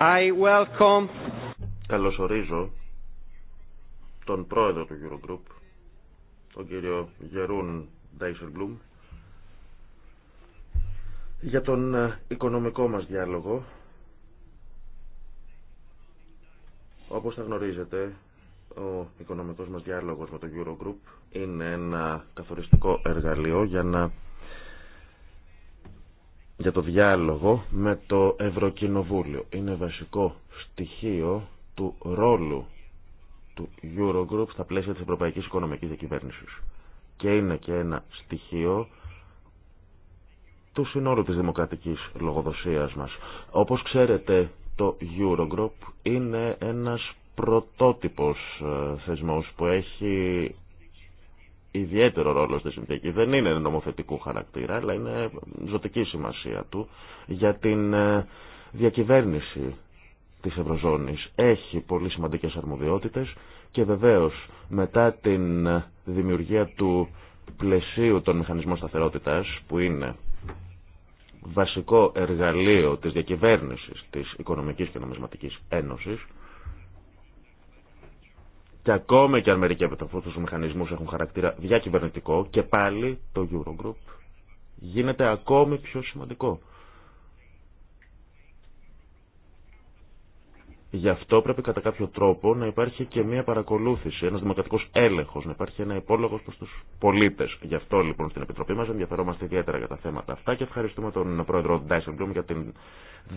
I welcome... Καλωσορίζω τον πρόεδρο του Eurogroup, τον κύριο Γερούν Ντάισελμπλουμ, για τον ε, οικονομικό μας διάλογο. Όπως θα γνωρίζετε, ο οικονομικός μας διάλογος με το Eurogroup είναι ένα καθοριστικό εργαλείο για να για το διάλογο με το Ευρωκοινοβούλιο. Είναι βασικό στοιχείο του ρόλου του Eurogroup στα πλαίσια της Ευρωπαϊκής Οικονομικής Διακυβέρνησης. Και είναι και ένα στοιχείο του συνόλου της δημοκρατικής λογοδοσίας μας. Όπως ξέρετε, το Eurogroup είναι ένας πρωτότυπος ε, θεσμός που έχει ιδιαίτερο ρόλο στη συνθήκη. Δεν είναι νομοθετικού χαρακτήρα, αλλά είναι ζωτική σημασία του για την ε, διακυβέρνηση της Ευρωζώνης. Έχει πολύ σημαντικές αρμοδιότητες και βεβαίως μετά την ε, δημιουργία του πλαισίου των μηχανισμών σταθερότητας που είναι βασικό εργαλείο της διακυβέρνησης της Οικονομικής και Νομισματικής Ένωσης και ακόμα και αν μερικοί από αυτού του μηχανισμού έχουν χαρακτήρα διακυβερνητικό και πάλι το Eurogroup γίνεται ακόμη πιο σημαντικό. Γι' αυτό πρέπει κατά κάποιο τρόπο να υπάρχει και μια παρακολούθηση, ένα δημοκρατικό έλεγχο, να υπάρχει ένα υπόλογο προ του πολίτε. Γι' αυτό λοιπόν στην Επιτροπή μα ενδιαφερόμαστε ιδιαίτερα για τα θέματα αυτά και ευχαριστούμε τον πρόεδρο Ντάισελμπλουμ για την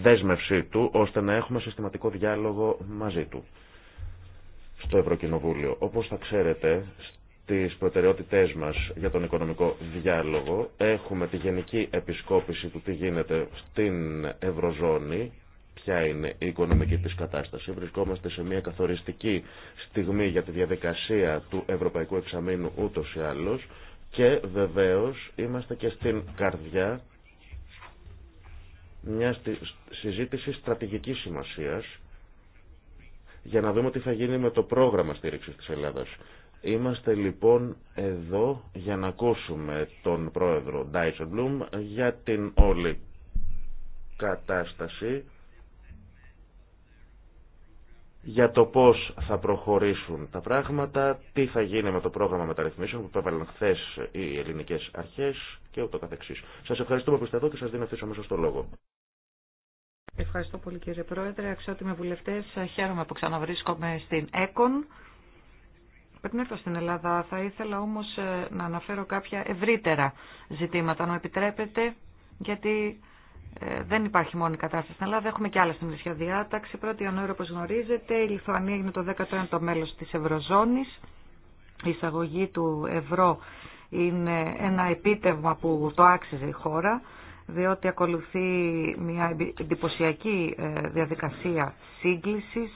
δέσμευσή του, ώστε να έχουμε συστηματικό διάλογο μαζί του στο Ευρωκοινοβούλιο. Όπως θα ξέρετε, στις προτεραιότητές μας για τον οικονομικό διάλογο. Έχουμε τη γενική επισκόπηση του τι γίνεται στην Ευρωζώνη, ποια είναι η οικονομική της κατάσταση. Βρισκόμαστε σε μια καθοριστική στιγμή για τη διαδικασία του Ευρωπαϊκού Εξαμήνου ούτως ή άλλως και βεβαίως είμαστε και στην καρδιά μια συζήτηση στρατηγικής σημασίας για να δούμε τι θα γίνει με το πρόγραμμα στήριξης της Ελλάδας. Είμαστε λοιπόν εδώ για να ακούσουμε τον πρόεδρο Μπλουμ για την όλη κατάσταση για το πώς θα προχωρήσουν τα πράγματα, τι θα γίνει με το πρόγραμμα μεταρρυθμίσεων που έβαλαν χθε οι ελληνικές αρχές και ούτω καθεξής. Σας ευχαριστούμε που είστε εδώ και σας δίνω αυτή αμέσως το λόγο. Ευχαριστώ πολύ κύριε Πρόεδρε. Αξιότιμοι βουλευτές, χαίρομαι που ξαναβρίσκομαι στην ΕΚΟΝ. Πριν έρθω στην Ελλάδα. Θα ήθελα όμως ε, να αναφέρω κάποια ευρύτερα ζητήματα, αν μου επιτρέπετε, γιατί ε, δεν υπάρχει μόνη κατάσταση στην Ελλάδα. Έχουμε και άλλα στην Ισια Διάταξη. 1η Ιανουαρίου, όπω γνωρίζετε, η Λιθουανία έγινε το 19ο μέλο τη Ευρωζώνη. Η εισαγωγή του ευρώ είναι ένα επίτευγμα που το άξιζε η χώρα διότι ακολουθεί μια εντυπωσιακή ε, διαδικασία σύγκλησης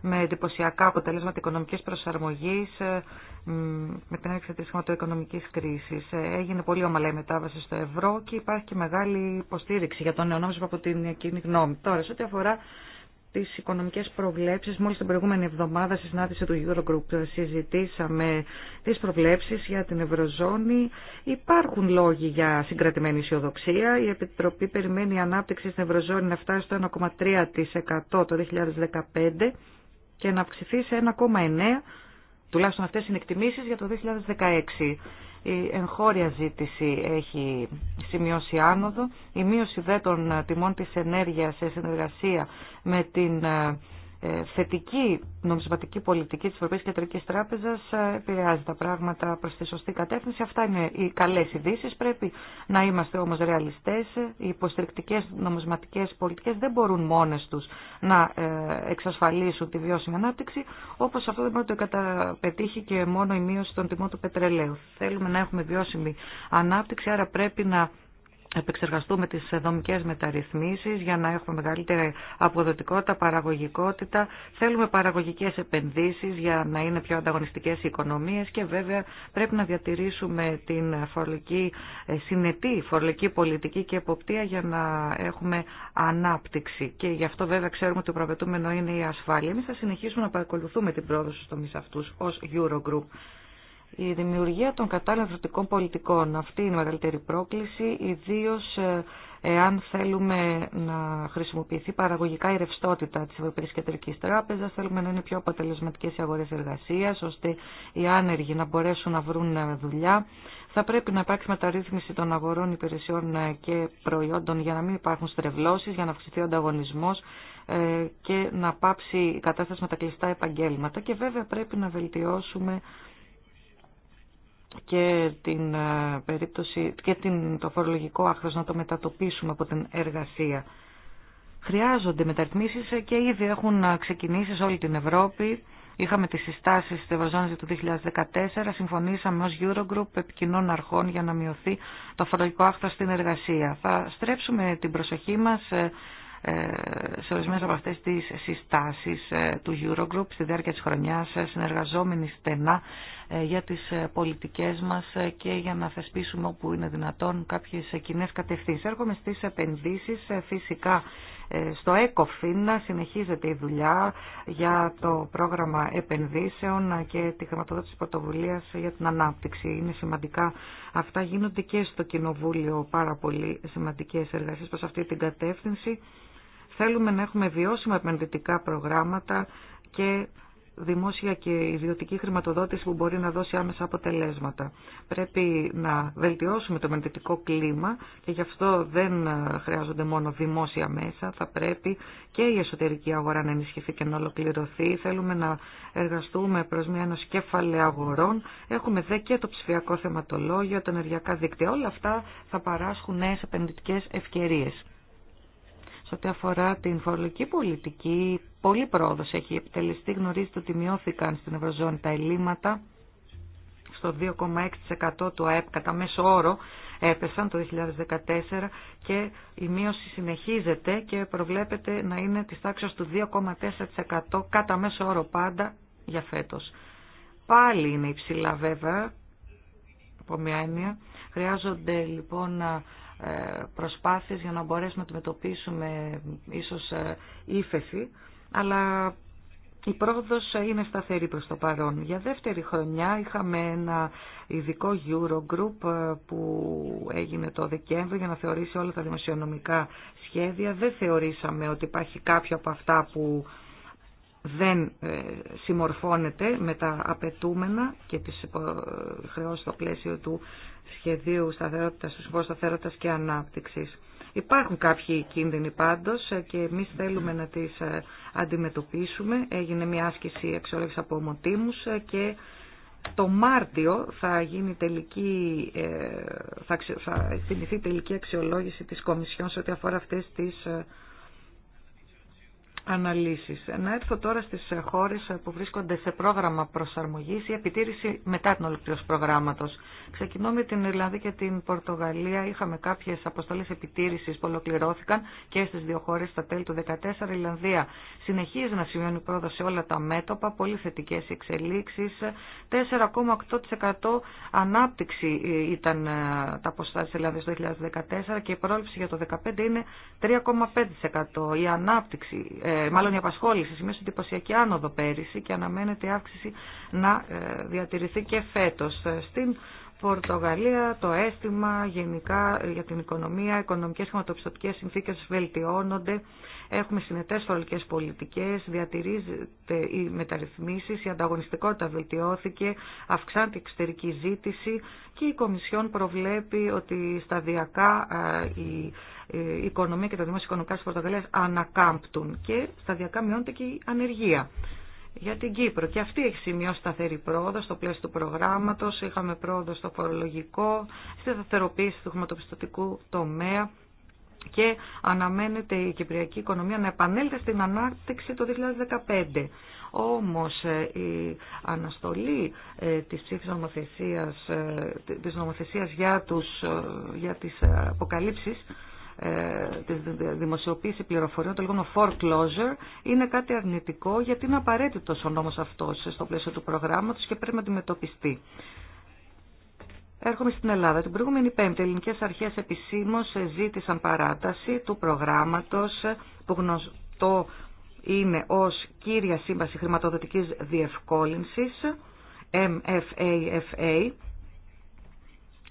με εντυπωσιακά αποτελέσματα οικονομικής προσαρμογής ε, με την έξοδο της χρηματοοικονομικής κρίσης. Ε, έγινε πολύ ομαλά η μετάβαση στο ευρώ και υπάρχει και μεγάλη υποστήριξη για τον νεονόμισμα από την κοινή γνώμη. Τώρα, σε ό,τι αφορά τις οικονομικές προβλέψεις. Μόλις την προηγούμενη εβδομάδα στη συνάντηση του Eurogroup συζητήσαμε τις προβλέψεις για την Ευρωζώνη. Υπάρχουν λόγοι για συγκρατημένη αισιοδοξία. Η Επιτροπή περιμένει η ανάπτυξη στην Ευρωζώνη να φτάσει στο 1,3% το 2015 και να αυξηθεί σε 1,9% τουλάχιστον αυτές είναι εκτιμήσεις για το 2016 η εγχώρια ζήτηση έχει σημειώσει άνοδο. Η μείωση δε των τιμών της ενέργειας σε συνεργασία με την ε, ε, θετική νομισματική πολιτική της Ευρωπαϊκής Κεντρικής Τράπεζας ε, επηρεάζει τα πράγματα προς τη σωστή κατεύθυνση. Αυτά είναι οι καλές ειδήσει. Πρέπει να είμαστε όμως ρεαλιστές. Οι υποστηρικτικές νομισματικές πολιτικές δεν μπορούν μόνες τους να ε, εξασφαλίσουν τη βιώσιμη ανάπτυξη, όπως αυτό δεν μπορεί να το καταπετύχει και μόνο η μείωση των τιμών του πετρελαίου. Θέλουμε να έχουμε βιώσιμη ανάπτυξη, άρα πρέπει να επεξεργαστούμε τις δομικές μεταρρυθμίσεις για να έχουμε μεγαλύτερη αποδοτικότητα, παραγωγικότητα. Θέλουμε παραγωγικές επενδύσεις για να είναι πιο ανταγωνιστικές οι οικονομίες και βέβαια πρέπει να διατηρήσουμε την φορολογική ε, συνετή, φορολογική πολιτική και εποπτεία για να έχουμε ανάπτυξη. Και γι' αυτό βέβαια ξέρουμε ότι το προαπαιτούμενο είναι η ασφάλεια. Εμείς θα συνεχίσουμε να παρακολουθούμε την πρόοδο στους τομείς αυτούς ως Eurogroup η δημιουργία των κατάλληλων δροτικών πολιτικών. Αυτή είναι η μεγαλύτερη πρόκληση, ιδίως ε, εάν θέλουμε να χρησιμοποιηθεί παραγωγικά η ρευστότητα της Ευρωπαϊκής Κεντρικής Τράπεζας, θέλουμε να είναι πιο αποτελεσματικές οι αγορές εργασίας, ώστε οι άνεργοι να μπορέσουν να βρουν ε, δουλειά. Θα πρέπει να υπάρξει μεταρρύθμιση των αγορών υπηρεσιών ε, και προϊόντων για να μην υπάρχουν στρεβλώσεις, για να αυξηθεί ο ανταγωνισμό και να πάψει η κατάσταση με τα κλειστά επαγγέλματα. Και βέβαια πρέπει να βελτιώσουμε και, την ε, περίπτωση, και την, το φορολογικό άχρος να το μετατοπίσουμε από την εργασία. Χρειάζονται μεταρρυθμίσεις ε, και ήδη έχουν ε, ξεκινήσει σε όλη την Ευρώπη. Είχαμε τις συστάσεις της Ευρωζώνης του 2014, συμφωνήσαμε ως Eurogroup επικοινών αρχών για να μειωθεί το φορολογικό άχθρο στην εργασία. Θα στρέψουμε την προσοχή μας ε, σε ορισμένε από αυτέ τι συστάσει ε, του Eurogroup στη διάρκεια τη χρονιά, ε, συνεργαζόμενοι στενά για τι πολιτικέ μα και για να θεσπίσουμε όπου είναι δυνατόν κάποιε κοινέ κατευθύνσει. Έρχομαι στι επενδύσει, φυσικά στο ECOFIN συνεχίζεται η δουλειά για το πρόγραμμα επενδύσεων και τη χρηματοδότηση πρωτοβουλία για την ανάπτυξη. Είναι σημαντικά αυτά γίνονται και στο Κοινοβούλιο πάρα πολύ σημαντικέ εργασίε προ αυτή την κατεύθυνση. Θέλουμε να έχουμε βιώσιμα επενδυτικά προγράμματα και δημόσια και ιδιωτική χρηματοδότηση που μπορεί να δώσει άμεσα αποτελέσματα. Πρέπει να βελτιώσουμε το επενδυτικό κλίμα και γι' αυτό δεν χρειάζονται μόνο δημόσια μέσα. Θα πρέπει και η εσωτερική αγορά να ενισχυθεί και να ολοκληρωθεί. Θέλουμε να εργαστούμε προς μια ανασκέφαλη αγορών. Έχουμε δε και το ψηφιακό θεματολόγιο, τα ενεργειακά δίκτυα. Όλα αυτά θα παράσχουν νέες επενδυτικέ ευκαιρίες. Σε ό,τι αφορά την φορολογική πολιτική, πολύ πρόοδο έχει επιτελεστεί. Γνωρίζετε ότι μειώθηκαν στην Ευρωζώνη τα ελλείμματα στο 2,6% του ΑΕΠ κατά μέσο όρο έπεσαν το 2014 και η μείωση συνεχίζεται και προβλέπεται να είναι της τάξης του 2,4% κατά μέσο όρο πάντα για φέτος. Πάλι είναι υψηλά βέβαια, από μια έννοια. Χρειάζονται λοιπόν ε, προσπάθειες για να μπορέσουμε να αντιμετωπίσουμε ίσως ε, ύφεση, αλλά η πρόοδος είναι σταθερή προς το παρόν. Για δεύτερη χρονιά είχαμε ένα ειδικό Eurogroup ε, που έγινε το Δεκέμβριο για να θεωρήσει όλα τα δημοσιονομικά σχέδια. Δεν θεωρήσαμε ότι υπάρχει κάποιο από αυτά που δεν ε, συμμορφώνεται με τα απαιτούμενα και τις χρεώσεις στο πλαίσιο του σχεδίου σταθερότητας, του Σταθερότητας και Ανάπτυξης. Υπάρχουν κάποιοι κίνδυνοι πάντως ε, και εμείς θέλουμε να τις ε, αντιμετωπίσουμε. Έγινε μια άσκηση αξιολόγηση από ομοτήμους και το Μάρτιο θα γίνει τελική, θα, τελική αξιολόγηση της Κομισιόν σε ό,τι αφορά αυτές τις αναλύσεις. Να έρθω τώρα στις χώρες που βρίσκονται σε πρόγραμμα προσαρμογής ή επιτήρηση μετά την ολοκλήρωση προγράμματος. Ξεκινώ με την Ιρλανδία και την Πορτογαλία. Είχαμε κάποιες αποστολές επιτήρησης που ολοκληρώθηκαν και στις δύο χώρες στα τέλη του 2014. Η Ιρλανδία συνεχίζει να σημειώνει πρόοδο σε όλα τα μέτωπα, πολύ θετικέ εξελίξεις. 4,8% ανάπτυξη ήταν ε, τα ποσά της Ιρλανδίας το 2014 και η πρόληψη για το 2015 είναι 3,5%. Η ανάπτυξη ε, ε, μάλλον η απασχόληση σημείωσε εντυπωσιακή άνοδο πέρυσι και αναμένεται η αύξηση να ε, διατηρηθεί και φέτος. Ε, στην Πορτογαλία το αίσθημα γενικά για την οικονομία, οικονομικές χρηματοπιστωτικές συνθήκες βελτιώνονται, έχουμε συνετές φορολογικές πολιτικές, διατηρίζεται οι μεταρρυθμίση, η ανταγωνιστικότητα βελτιώθηκε, αυξάνεται η εξωτερική ζήτηση και η Κομισιόν προβλέπει ότι σταδιακά ε, η οικονομία και τα δημόσια οικονομικά της Πορτογαλίας ανακάμπτουν και σταδιακά μειώνεται και η ανεργία για την Κύπρο. Και αυτή έχει σημειώσει σταθερή πρόοδο στο πλαίσιο του προγράμματο. Είχαμε πρόοδο στο φορολογικό, στη σταθεροποίηση του χρηματοπιστωτικού τομέα και αναμένεται η κυπριακή οικονομία να επανέλθει στην ανάπτυξη το 2015. Όμως ε, η αναστολή ε, της ψήφης νομοθεσίας, ε, της νομοθεσίας για, τους, για τις αποκαλύψεις ε, τη δημοσιοποίηση πληροφοριών, το λεγόμενο foreclosure, είναι κάτι αρνητικό γιατί είναι απαραίτητο ο νόμο αυτός στο πλαίσιο του προγράμματος και πρέπει να αντιμετωπιστεί. Έρχομαι στην Ελλάδα. Την προηγούμενη Πέμπτη, οι ελληνικέ αρχέ επισήμω ζήτησαν παράταση του προγράμματο που γνωστό είναι ως κύρια σύμβαση χρηματοδοτική διευκόλυνση, MFAFA,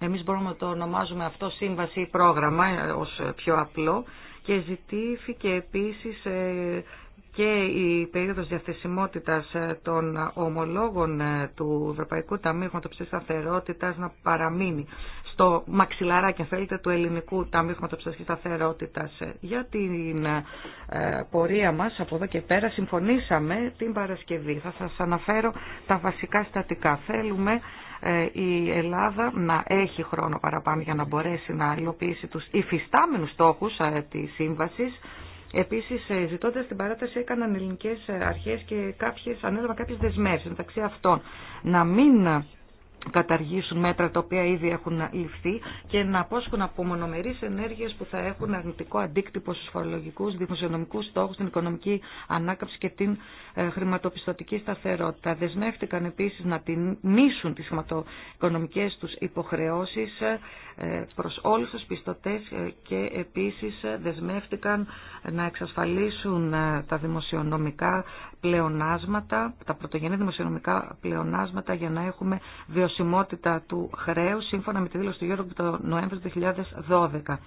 εμείς μπορούμε να το ονομάζουμε αυτό σύμβαση ή πρόγραμμα ε, ως πιο απλό και ζητήθηκε επίσης ε, και η περίοδος διαθεσιμότητας ε, των ομολόγων του Ευρωπαϊκού Ταμείου Χωματοψηφίας Σταθερότητας να παραμείνει στο μαξιλαράκι, αν θέλετε, του Ελληνικού Ταμείου Χωματοψηφίας σταθερότητα Για την πορεία μας από εδώ και πέρα συμφωνήσαμε την Παρασκευή. Θα σας αναφέρω τα βασικά στατικά. Θέλουμε ε, η Ελλάδα να έχει χρόνο παραπάνω για να μπορέσει να υλοποιήσει τους υφιστάμενους στόχους ε, της σύμβασης. Επίσης, ε, ζητώντας την παράταση, έκαναν ελληνικές αρχές και κάποιες, ανέλαβα κάποιες δεσμεύσεις μεταξύ αυτών. Να μην καταργήσουν μέτρα τα οποία ήδη έχουν ληφθεί και να απόσχουν από μονομερει ενέργειες που θα έχουν αρνητικό αντίκτυπο στους φορολογικούς, δημοσιονομικούς στόχου, την οικονομική ανάκαμψη και την ε, χρηματοπιστωτική σταθερότητα. Δεσμεύτηκαν επίσης να τιμήσουν τις χρηματοοικονομικές τους υποχρεώσεις ε, προς όλους τους πιστωτές ε, και επίσης δεσμεύτηκαν να εξασφαλίσουν τα δημοσιονομικά πλεονάσματα, τα πρωτογενή δημοσιονομικά πλεονάσματα για να έχουμε βιωσιμότητα του χρέου. σύμφωνα με τη δήλωση του Γιώργου το Νοέμβριο του 2012.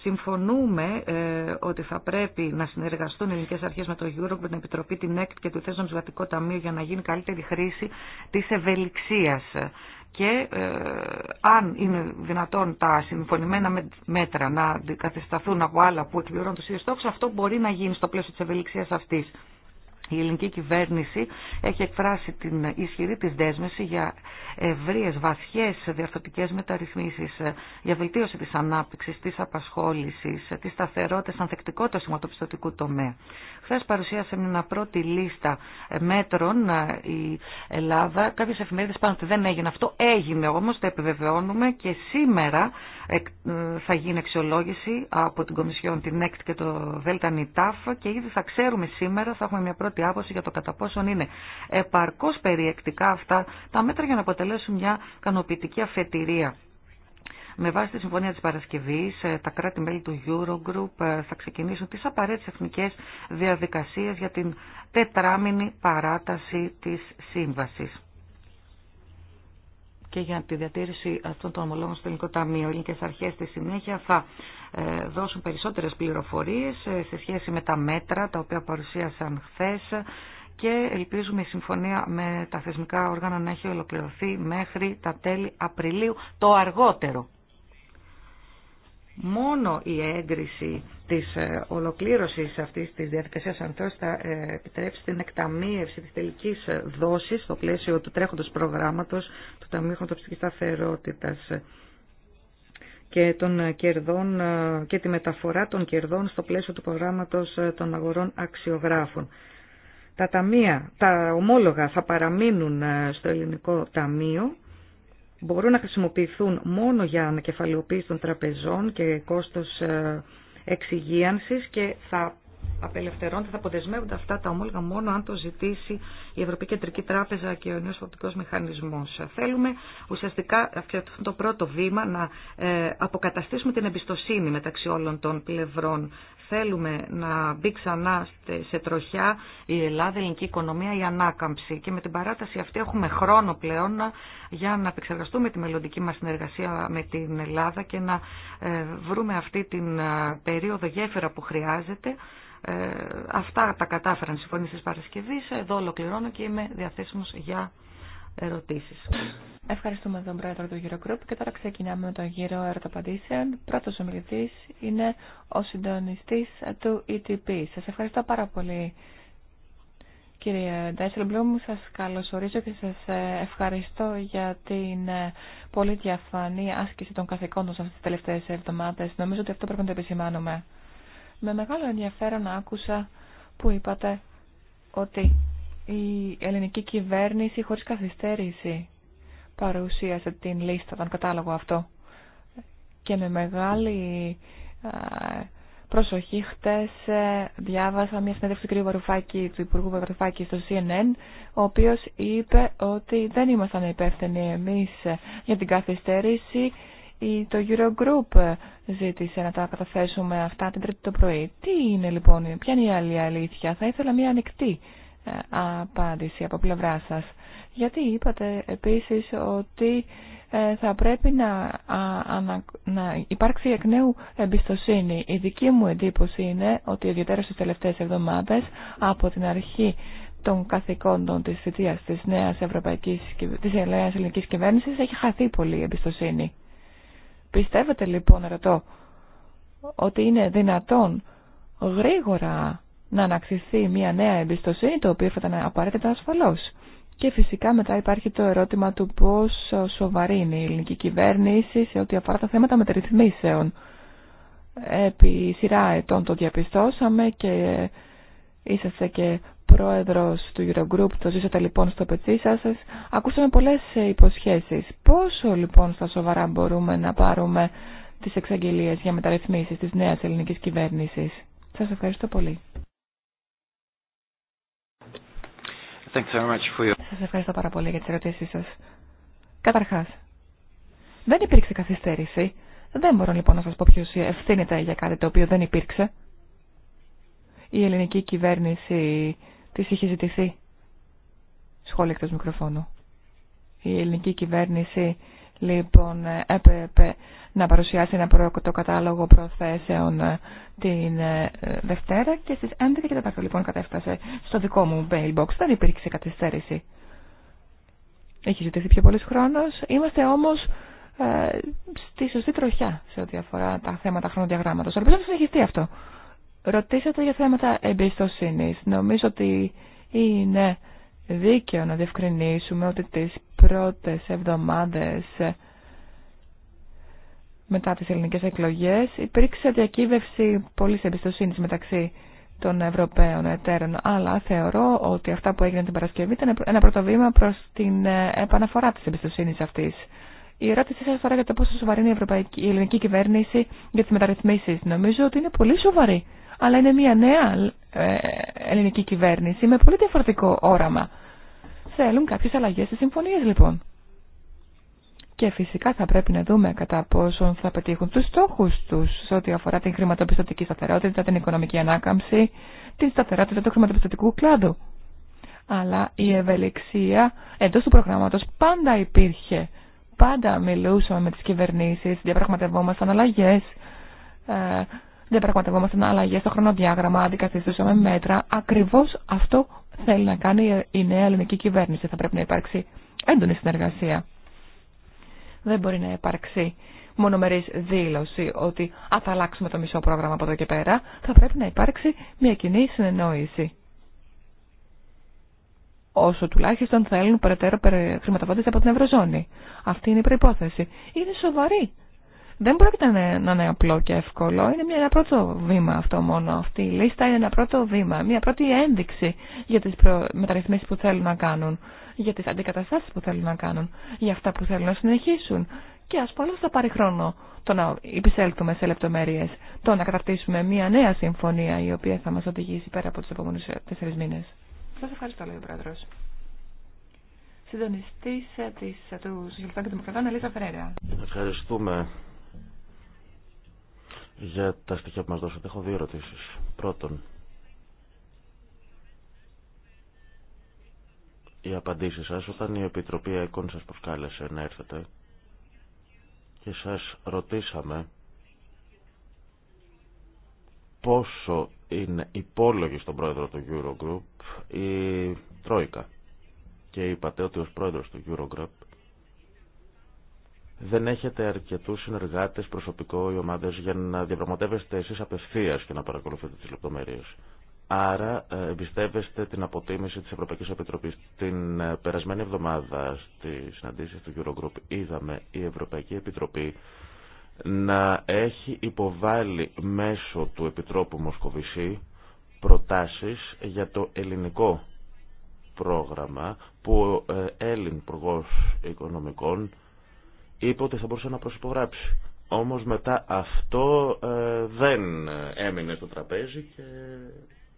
Συμφωνούμε ε, ότι θα πρέπει να συνεργαστούν οι ελληνικέ αρχέ με το Eurogroup, με την Επιτροπή, την ΕΚΤ και το Θέσιο Νομισματικό Ταμείο για να γίνει καλύτερη χρήση τη ευελιξία. Και ε, αν είναι δυνατόν τα συμφωνημένα μέτρα να αντικαθισταθούν από άλλα που εκπληρώνουν του ίδιου στόχου, αυτό μπορεί να γίνει στο πλαίσιο τη ευελιξία αυτή. Η ελληνική κυβέρνηση έχει εκφράσει την ισχυρή της δέσμευση για ευρείες βαθιές διαρθωτικές μεταρρυθμίσεις, για βελτίωση της ανάπτυξης, της απασχόλησης, της σταθερότητας, ανθεκτικότητας του σηματοπιστωτικού τομέα. Χθε παρουσίασε μια πρώτη λίστα μέτρων η Ελλάδα. Κάποιες εφημερίδες πάνω ότι δεν έγινε αυτό. Έγινε όμως, το επιβεβαιώνουμε και σήμερα θα γίνει αξιολόγηση από την Κομισιόν, την ΕΚΤ και το νιτάφ και ήδη θα ξέρουμε σήμερα, θα έχουμε μια πρώτη άποψη για το κατά πόσον είναι επαρκώς περιεκτικά αυτά τα μέτρα για να αποτελέσουν μια κανοποιητική αφετηρία. Με βάση τη Συμφωνία τη Παρασκευή, ε, τα κράτη-μέλη του Eurogroup ε, θα ξεκινήσουν τι απαραίτητε εθνικέ διαδικασίε για την τετράμινη παράταση τη σύμβαση και για τη διατήρηση αυτών των ομολόγων στο Ελληνικό Ταμείο. Οι ελληνικέ αρχέ στη συνέχεια θα ε, δώσουν περισσότερες πληροφορίες ε, σε σχέση με τα μέτρα τα οποία παρουσίασαν χθε και ελπίζουμε η συμφωνία με τα θεσμικά όργανα να έχει ολοκληρωθεί μέχρι τα τέλη Απριλίου το αργότερο μόνο η έγκριση της ε, ολοκλήρωσης αυτής της διαδικασίας ανθρώσης θα ε, επιτρέψει την εκταμείευση της τελικής ε, δόσης στο πλαίσιο του τρέχοντος προγράμματος του Ταμείου Χροντοψικής Σταθερότητας και, των κερδών, και τη μεταφορά των κερδών στο πλαίσιο του προγράμματος των αγορών αξιογράφων. Τα, ταμεία, τα ομόλογα θα παραμείνουν στο ελληνικό ταμείο μπορούν να χρησιμοποιηθούν μόνο για ανακεφαλαιοποίηση των τραπεζών και κόστος ε, εξυγίανσης και θα απελευθερώνται, θα αποδεσμεύονται αυτά τα ομόλογα μόνο αν το ζητήσει η Ευρωπαϊκή Κεντρική Τράπεζα και ο νέος φορτικός μηχανισμός. Θέλουμε ουσιαστικά αυτό το πρώτο βήμα να ε, αποκαταστήσουμε την εμπιστοσύνη μεταξύ όλων των πλευρών θέλουμε να μπει ξανά σε τροχιά η Ελλάδα, η ελληνική οικονομία, η ανάκαμψη. Και με την παράταση αυτή έχουμε χρόνο πλέον για να επεξεργαστούμε τη μελλοντική μας συνεργασία με την Ελλάδα και να ε, βρούμε αυτή την ε, περίοδο γέφυρα που χρειάζεται. Ε, αυτά τα κατάφεραν συμφωνήσεις Παρασκευής. Εδώ ολοκληρώνω και είμαι διαθέσιμος για Ευχαριστούμε τον πρόεδρο του Eurogroup και τώρα ξεκινάμε με τον γύρο ερωταπαντήσεων. Πρώτο ομιλητής είναι ο συντονιστή του ETP. Σα ευχαριστώ πάρα πολύ. Κύριε Ντέσσελμπλουμ. σας καλωσορίζω και σας ε, ευχαριστώ για την ε, πολύ διαφανή άσκηση των καθηκόντων σε αυτές τις τελευταίες εβδομάδες. Νομίζω ότι αυτό πρέπει να το επισημάνουμε. Με μεγάλο ενδιαφέρον άκουσα που είπατε ότι η ελληνική κυβέρνηση χωρίς καθυστέρηση παρουσίασε την λίστα, τον κατάλογο αυτό και με μεγάλη προσοχή χτες ε, διάβασα μια συνέντευξη του κ. Βαρουφάκη, του Υπουργού Βαρουφάκη στο CNN, ο οποίος είπε ότι δεν ήμασταν υπεύθυνοι εμείς για την καθυστέρηση. Το Eurogroup ζήτησε να τα καταθέσουμε αυτά την τρίτη το πρωί. Τι είναι λοιπόν, ποια είναι η άλλη αλήθεια. Θα ήθελα μια ανοιχτή απάντηση από πλευρά σας. Γιατί είπατε επίσης ότι ε, θα πρέπει να, υπάρξει εκ νέου εμπιστοσύνη. Η δική μου εντύπωση είναι ότι ιδιαίτερα στις τελευταίες εβδομάδες από την αρχή των καθηκόντων της θητείας της νέας, ευρωπαϊκής, της ελληνικής κυβέρνησης έχει χαθεί πολύ η εμπιστοσύνη. Πιστεύετε λοιπόν, ρωτώ, ότι είναι δυνατόν γρήγορα να αναξηθεί μια νέα εμπιστοσύνη, το οποίο θα ήταν απαραίτητα ασφαλώς. Και φυσικά μετά υπάρχει το ερώτημα του πώς σοβαρή είναι η ελληνική κυβέρνηση σε ό,τι αφορά τα θέματα μεταρρυθμίσεων. Επί σειρά ετών το διαπιστώσαμε και είσαστε και πρόεδρος του Eurogroup, το ζήσατε λοιπόν στο πετσί σας. Ακούσαμε πολλές υποσχέσεις. Πόσο λοιπόν στα σοβαρά μπορούμε να πάρουμε τις εξαγγελίες για μεταρρυθμίσεις της νέας ελληνικής κυβέρνησης. Σας ευχαριστώ πολύ. Σας ευχαριστώ πάρα πολύ για τις ερωτήσεις σας. Καταρχάς, δεν υπήρξε καθυστέρηση. Δεν μπορώ λοιπόν να σας πω ποιος ευθύνεται για κάτι το οποίο δεν υπήρξε. Η ελληνική κυβέρνηση της είχε ζητηθεί. Σχόλια εκτός μικροφώνου. Η ελληνική κυβέρνηση λοιπόν ε, έπρεπε να παρουσιάσει ένα κατάλογο προθέσεων ε, την ε, Δευτέρα και στις 11 και τα λοιπόν κατέφτασε στο δικό μου mailbox. Δεν υπήρξε καθυστέρηση. Έχει ζητηθεί πιο πολύ χρόνος. Είμαστε όμως στη σωστή τροχιά σε ό,τι αφορά τα θέματα χρονοδιαγράμματος. Ελπίζω να συνεχιστεί αυτό. Ρωτήσατε για θέματα εμπιστοσύνη. Νομίζω ότι είναι δίκαιο να διευκρινίσουμε ότι τις πρώτες εβδομάδες μετά τις ελληνικές εκλογές υπήρξε διακύβευση πολλή εμπιστοσύνη μεταξύ των Ευρωπαίων εταίρων, αλλά θεωρώ ότι αυτά που έγιναν την Παρασκευή ήταν ένα πρώτο βήμα προς την επαναφορά της εμπιστοσύνης αυτής. Η ερώτησή σα αφορά για το πόσο σοβαρή είναι η, Ευρωπαϊκή, η ελληνική κυβέρνηση για τι μεταρρυθμίσει. Νομίζω ότι είναι πολύ σοβαρή. Αλλά είναι μια νέα ε, ελληνική κυβέρνηση με πολύ διαφορετικό όραμα. Θέλουν κάποιε αλλαγέ στις συμφωνίες λοιπόν. Και φυσικά θα πρέπει να δούμε κατά πόσον θα πετύχουν τους στόχους τους σε ό,τι αφορά την χρηματοπιστωτική σταθερότητα, την οικονομική ανάκαμψη, την σταθερότητα του χρηματοπιστωτικού κλάδου. Αλλά η ευελιξία εντός του προγράμματος πάντα υπήρχε. Πάντα μιλούσαμε με τι κυβερνήσει, διαπραγματευόμασταν Ε, να αλλαγέ στο χρονοδιάγραμμα, αντικαθιστούσαμε μέτρα. Ακριβώ αυτό θέλει να κάνει η νέα ελληνική κυβέρνηση. Θα πρέπει να υπάρξει έντονη συνεργασία. Δεν μπορεί να υπάρξει μονομερή δήλωση ότι α, θα αλλάξουμε το μισό πρόγραμμα από εδώ και πέρα. Θα πρέπει να υπάρξει μια κοινή συνεννόηση. Όσο τουλάχιστον θέλουν περαιτέρω χρηματοδότηση από την Ευρωζώνη. Αυτή είναι η προπόθεση. Είναι σοβαρή δεν πρόκειται να είναι απλό και εύκολο. Είναι ένα πρώτο βήμα αυτό μόνο. Αυτή η λίστα είναι ένα πρώτο βήμα, μια πρώτη ένδειξη για τις προ... μεταρρυθμίσεις που θέλουν να κάνουν, για τις αντικαταστάσεις που θέλουν να κάνουν, για αυτά που θέλουν να συνεχίσουν. Και ασφαλώς θα πάρει χρόνο το να υπησέλθουμε σε λεπτομέρειες, το να καταρτήσουμε μια νέα συμφωνία η οποία θα μας οδηγήσει πέρα από τους επόμενους τέσσερις μήνες. Σας ευχαριστώ, λέει ο Πρόεδρος συντονιστή ε, ε, του Σοσιαλιστών και Δημοκρατών, Ελίζα Ευχαριστούμε, για τα στοιχεία που μας δώσατε. Έχω δύο ερωτήσεις. Πρώτον, οι απαντήσεις σας όταν η Επιτροπή ΕΚΟΝ σας προσκάλεσε να έρθετε και σας ρωτήσαμε πόσο είναι υπόλογη στον πρόεδρο του Eurogroup η Τρόικα. Και είπατε ότι ως πρόεδρος του Eurogroup δεν έχετε αρκετού συνεργάτε, προσωπικό ή ομάδε για να διαπραγματεύεστε εσεί απευθεία και να παρακολουθείτε τι λεπτομέρειε. Άρα ε, εμπιστεύεστε την αποτίμηση τη Ευρωπαϊκή Επιτροπή. Την ε, περασμένη εβδομάδα στι συναντήσει του Eurogroup είδαμε η Ευρωπαϊκή Επιτροπή να έχει υποβάλει μέσω του Επιτρόπου Μοσκοβισή προτάσει για το ελληνικό πρόγραμμα που ε, Έλλην Υπουργό Οικονομικών είπε ότι θα μπορούσε να προσυπογράψει. Όμω μετά αυτό ε, δεν έμεινε στο τραπέζι και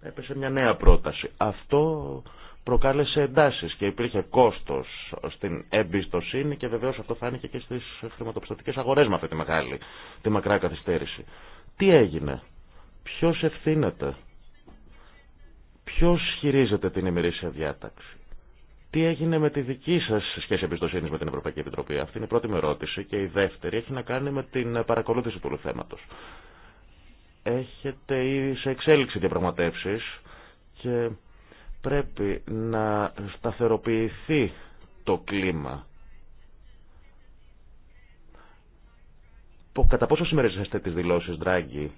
έπεσε μια νέα πρόταση. Αυτό προκάλεσε εντάσει και υπήρχε κόστος στην εμπιστοσύνη και βεβαίω αυτό φάνηκε και στις χρηματοπιστωτικές αγορές με αυτή τη μεγάλη, τη μακρά καθυστέρηση. Τι έγινε, Ποιο ευθύνεται, ποιο χειρίζεται την ημερήσια διάταξη, τι έγινε με τη δική σα σχέση εμπιστοσύνη με την Ευρωπαϊκή Επιτροπή, αυτή είναι η πρώτη μου ερώτηση. Και η δεύτερη έχει να κάνει με την παρακολούθηση του θέματο. Έχετε ήδη σε εξέλιξη διαπραγματεύσει και πρέπει να σταθεροποιηθεί το κλίμα. Κατά πόσο συμμερίζεστε τι δηλώσεις, Ντράγκη,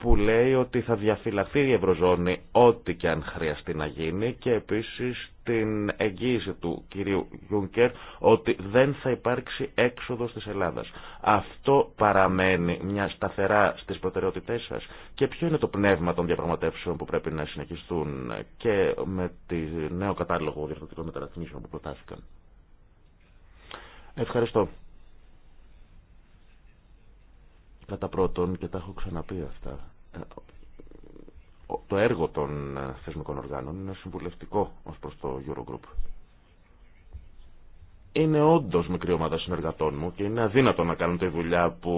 που λέει ότι θα διαφυλαχθεί η Ευρωζώνη ό,τι και αν χρειαστεί να γίνει και επίσης την εγγύηση του κυρίου Γιούνκερ ότι δεν θα υπάρξει έξοδος της Ελλάδας. Αυτό παραμένει μια σταθερά στις προτεραιότητές σας και ποιο είναι το πνεύμα των διαπραγματεύσεων που πρέπει να συνεχιστούν και με τη νέο κατάλογο διευθυντικών μεταρρυθμίσεων που προτάθηκαν. Ευχαριστώ. Κατά πρώτον, και τα έχω ξαναπεί αυτά, ε, το έργο των ε, θεσμικών οργάνων είναι συμβουλευτικό ως προς το Eurogroup. Είναι όντως μικρή ομάδα συνεργατών μου και είναι αδύνατο να κάνουν τη δουλειά που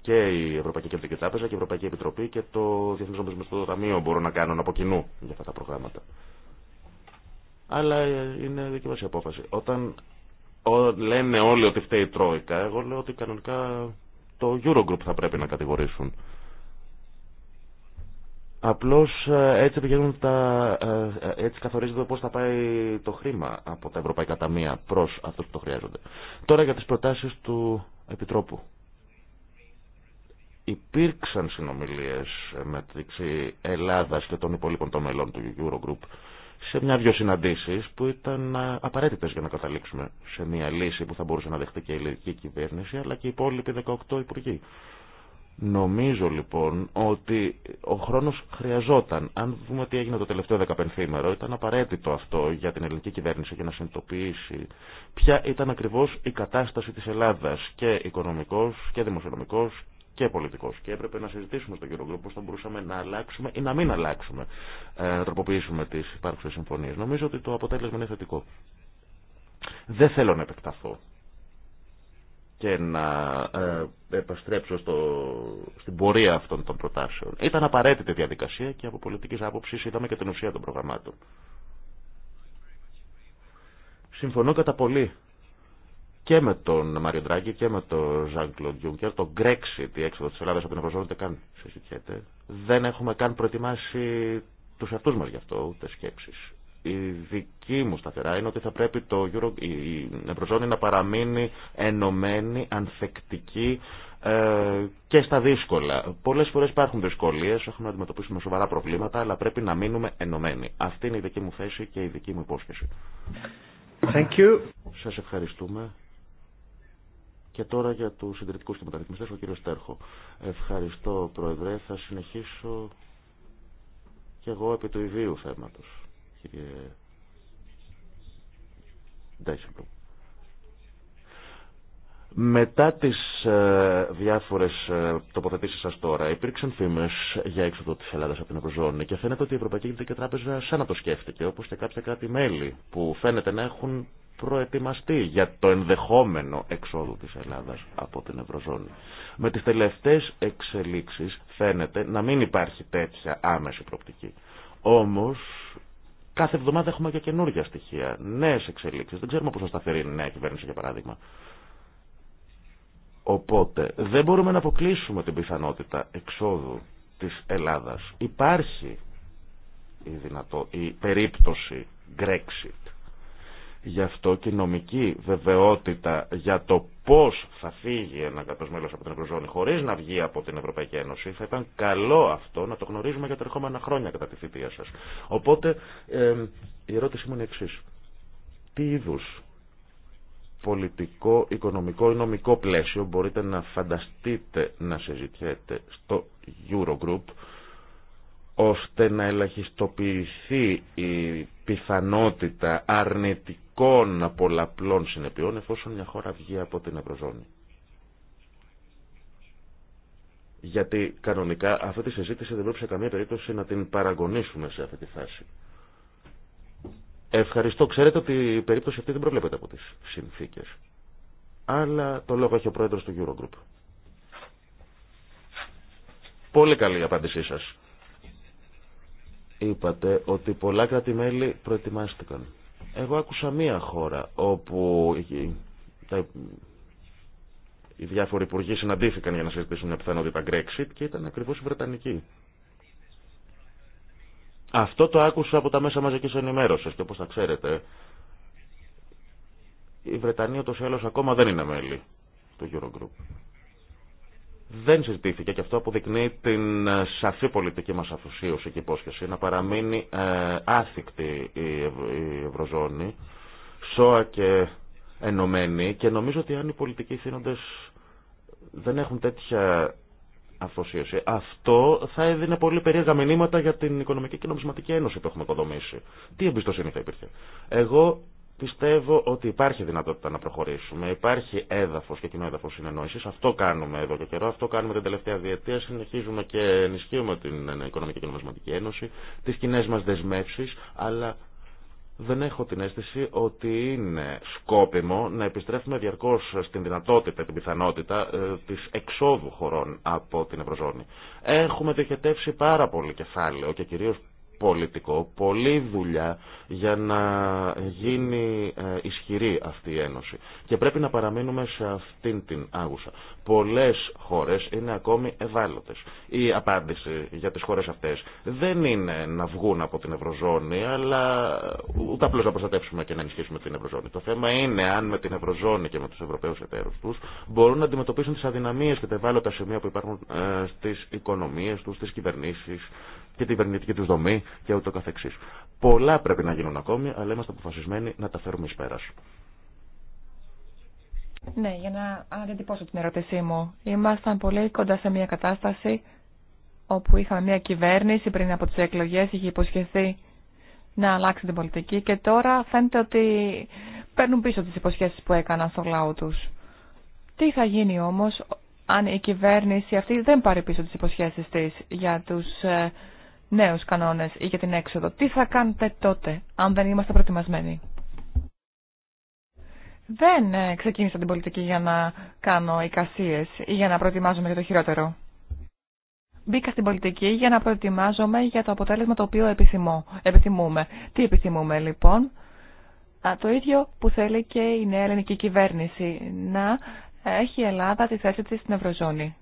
και η Ευρωπαϊκή Κεντρική Τράπεζα και η Ευρωπαϊκή Επιτροπή και το Διεθνές Νομισματικό Ταμείο μπορούν να κάνουν από κοινού για αυτά τα προγράμματα. Αλλά ε, είναι δική μας η απόφαση. Όταν λένε όλοι ότι φταίει η Τρόικα, εγώ λέω ότι κανονικά το Eurogroup θα πρέπει να κατηγορήσουν. Απλώς ε, έτσι, πηγαίνουν τα, ε, ε, έτσι καθορίζεται πώς θα πάει το χρήμα από τα ευρωπαϊκά ταμεία προς αυτούς που το χρειάζονται. Τώρα για τις προτάσεις του Επιτρόπου. Υπήρξαν συνομιλίες μεταξύ Ελλάδας και των υπολείπων των μελών του Eurogroup σε μια-δυο συναντήσεις που ήταν ε, απαραίτητες για να καταλήξουμε σε μια λύση που θα μπορούσε να δεχτεί και η ελληνική κυβέρνηση αλλά και οι υπόλοιποι 18 υπουργοί. Νομίζω λοιπόν ότι ο χρόνος χρειαζόταν. Αν δούμε τι έγινε το τελευταίο 15ήμερο, ήταν απαραίτητο αυτό για την ελληνική κυβέρνηση για να συνειδητοποιήσει ποια ήταν ακριβώς η κατάσταση της Ελλάδας και οικονομικός και δημοσιονομικός και πολιτικό. Και έπρεπε να συζητήσουμε στον κύριο Γκρουπ πώ θα μπορούσαμε να αλλάξουμε ή να μην αλλάξουμε, ε, να τροποποιήσουμε τι υπάρχουσε συμφωνίε. Νομίζω ότι το αποτέλεσμα είναι θετικό. Δεν θέλω να επεκταθώ και να ε, επαστρέψω στο, στην πορεία αυτών των προτάσεων. Ήταν απαραίτητη διαδικασία και από πολιτική άποψη είδαμε και την ουσία των προγραμμάτων. Συμφωνώ κατά πολύ και με τον Μάριο Ντράγκη και με τον Ζαν Κλοντ Γιούγκερ, το Brexit, η έξοδο τη Ελλάδα από την Ευρωζώνη, καν συζητιέται. Δεν έχουμε καν προετοιμάσει του εαυτού μα γι' αυτό, ούτε σκέψει. Η δική μου σταθερά είναι ότι θα πρέπει το Euro, η Ευρωζώνη να παραμείνει ενωμένη, ανθεκτική ε, και στα δύσκολα. Πολλέ φορέ υπάρχουν δυσκολίε, έχουμε να αντιμετωπίσουμε σοβαρά προβλήματα, αλλά πρέπει να μείνουμε ενωμένοι. Αυτή είναι η δική μου θέση και η δική μου υπόσχεση. Thank you. Σας ευχαριστούμε. Και τώρα για του συντηρητικού και μεταρρυθμιστέ, ο κύριος Στέρχο. Ευχαριστώ, Πρόεδρε. Θα συνεχίσω και εγώ επί του ιδίου θέματος, κύριε Μετά τις ε, διάφορες ε, τοποθετήσεις σας τώρα υπήρξαν φήμες για έξοδο της Ελλάδας από την Ευρωζώνη και φαίνεται ότι η Ευρωπαϊκή Κεντρική Τράπεζα σαν να το σκέφτηκε όπως και κάποια κράτη-μέλη που φαίνεται να έχουν προετοιμαστεί για το ενδεχόμενο εξόδου της Ελλάδας από την Ευρωζώνη. Με τις τελευταίες εξελίξεις φαίνεται να μην υπάρχει τέτοια άμεση προοπτική. Όμως κάθε εβδομάδα έχουμε και καινούργια στοιχεία, νέες εξελίξεις. Δεν ξέρουμε πώς θα σταθερεί η νέα κυβέρνηση για παράδειγμα. Οπότε δεν μπορούμε να αποκλείσουμε την πιθανότητα εξόδου της Ελλάδας. Υπάρχει η, δυνατό, η περίπτωση Brexit Γι' αυτό και νομική βεβαιότητα για το πώ θα φύγει ένα μέλος μέλο από την Ευρωζώνη χωρί να βγει από την Ευρωπαϊκή Ένωση, θα ήταν καλό αυτό να το γνωρίζουμε για τα ερχόμενα χρόνια κατά τη θητεία σα. Οπότε ε, η ερώτησή μου είναι εξή. Τι είδου πολιτικό, οικονομικό ή νομικό πλαίσιο μπορείτε να φανταστείτε να συζητιέτε στο Eurogroup ώστε να ελαχιστοποιηθεί η πιθανότητα αρνητικών πολλαπλών συνεπειών εφόσον μια χώρα βγει από την Ευρωζώνη. Γιατί κανονικά αυτή τη συζήτηση δεν πρέπει σε καμία περίπτωση να την παραγωνίσουμε σε αυτή τη φάση. Ευχαριστώ. Ξέρετε ότι η περίπτωση αυτή δεν προβλέπεται από τις συνθήκες. Αλλά το λόγο έχει ο πρόεδρος του Eurogroup. Πολύ καλή απάντησή σας είπατε ότι πολλά κράτη-μέλη προετοιμάστηκαν. Εγώ άκουσα μία χώρα όπου οι διάφοροι υπουργοί συναντήθηκαν για να συζητήσουν μια πιθανότητα Brexit και ήταν ακριβώς η Βρετανική. Αυτό το άκουσα από τα μέσα μαζικής ενημέρωσης και όπως θα ξέρετε η Βρετανία το ή ακόμα δεν είναι μέλη του Eurogroup δεν συζητήθηκε και αυτό αποδεικνύει την ε, σαφή πολιτική μας αφοσίωση και υπόσχεση να παραμείνει ε, άθικτη η Ευρωζώνη, σώα και ενωμένη και νομίζω ότι αν οι πολιτικοί θύνοντες δεν έχουν τέτοια αφοσίωση, αυτό θα έδινε πολύ περίεργα μηνύματα για την Οικονομική και Νομισματική Ένωση που έχουμε οικοδομήσει. Τι εμπιστοσύνη θα υπήρχε. Εγώ Πιστεύω ότι υπάρχει δυνατότητα να προχωρήσουμε. Υπάρχει έδαφο και κοινό έδαφο συνεννόηση. Αυτό κάνουμε εδώ και καιρό. Αυτό κάνουμε την τελευταία διετία. Συνεχίζουμε και ενισχύουμε την Οικονομική και Νομισματική Ένωση, τι κοινέ μα δεσμεύσει. Αλλά δεν έχω την αίσθηση ότι είναι σκόπιμο να επιστρέφουμε διαρκώ στην δυνατότητα, την πιθανότητα ε, τη εξόδου χωρών από την Ευρωζώνη. Έχουμε διοικητεύσει πάρα πολύ κεφάλαιο και κυρίω πολιτικό, πολλή δουλειά για να γίνει ε, ισχυρή αυτή η Ένωση. Και πρέπει να παραμείνουμε σε αυτήν την άγουσα. Πολλές χώρες είναι ακόμη ευάλωτες. Η απάντηση για τις χώρες αυτές δεν είναι να βγουν από την Ευρωζώνη, αλλά ε, ούτε απλώς να προστατεύσουμε και να ενισχύσουμε την Ευρωζώνη. Το θέμα είναι αν με την Ευρωζώνη και με τους Ευρωπαίους εταίρους τους μπορούν να αντιμετωπίσουν τις αδυναμίες και τα ευάλωτα σημεία που υπάρχουν ε, στις οικονομίες τους, στις κυβερνήσεις, και την κυβερνητική του δομή και ούτω καθεξής. Πολλά πρέπει να γίνουν ακόμη, αλλά είμαστε αποφασισμένοι να τα φέρουμε εις πέρας. Ναι, για να αντιτυπώσω την ερώτησή μου. Ήμασταν πολύ κοντά σε μια κατάσταση όπου είχαμε μια κυβέρνηση πριν από τις εκλογές, είχε υποσχεθεί να αλλάξει την πολιτική και τώρα φαίνεται ότι παίρνουν πίσω τις υποσχέσεις που έκαναν στο λαό τους. Τι θα γίνει όμως αν η κυβέρνηση αυτή δεν πάρει πίσω τις υποσχέσεις της για τους ε, νέους κανόνες ή για την έξοδο. Τι θα κάνετε τότε, αν δεν είμαστε προετοιμασμένοι. Δεν ε, ξεκίνησα την πολιτική για να κάνω εικασίες ή για να προετοιμάζομαι για το χειρότερο. Μπήκα στην πολιτική για να προετοιμάζομαι για το αποτέλεσμα το οποίο επιθυμώ, επιθυμούμε. Τι επιθυμούμε λοιπόν. το ίδιο που θέλει και η νέα ελληνική κυβέρνηση. Να έχει η Ελλάδα τη θέση της στην Ευρωζώνη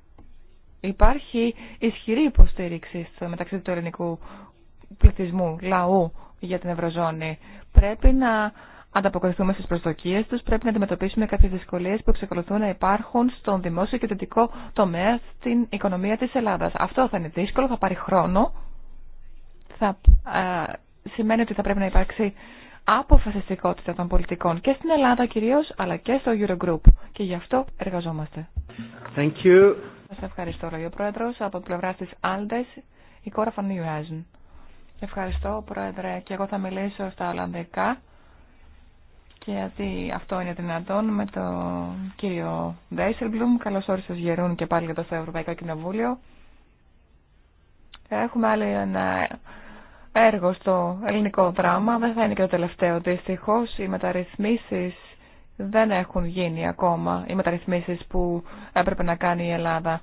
υπάρχει ισχυρή υποστήριξη στο μεταξύ του ελληνικού πληθυσμού, λαού για την Ευρωζώνη. Πρέπει να ανταποκριθούμε στις προσδοκίες τους, πρέπει να αντιμετωπίσουμε κάποιες δυσκολίες που εξακολουθούν να υπάρχουν στον δημόσιο και ειδικό τομέα στην οικονομία της Ελλάδας. Αυτό θα είναι δύσκολο, θα πάρει χρόνο. Θα, ε, σημαίνει ότι θα πρέπει να υπάρξει αποφασιστικότητα των πολιτικών και στην Ελλάδα κυρίως, αλλά και στο Eurogroup. Και γι' αυτό εργαζόμαστε. Thank you. Σας ευχαριστώ, Ρόγιο Πρόεδρος. Από πλευρά της Άλντες, η κόρα φανιουάζουν. Ευχαριστώ, Πρόεδρε, και εγώ θα μιλήσω στα Ολλανδικά. Και γιατί αυτό είναι δυνατόν με τον κύριο Ντέισελμπλουμ. Καλώ όρισε, Γερούν, και πάλι εδώ στο Ευρωπαϊκό Κοινοβούλιο. Έχουμε άλλο ένα έργο στο ελληνικό δράμα. Δεν θα είναι και το τελευταίο, δυστυχώ. Οι μεταρρυθμίσει δεν έχουν γίνει ακόμα οι μεταρρυθμίσεις που έπρεπε να κάνει η Ελλάδα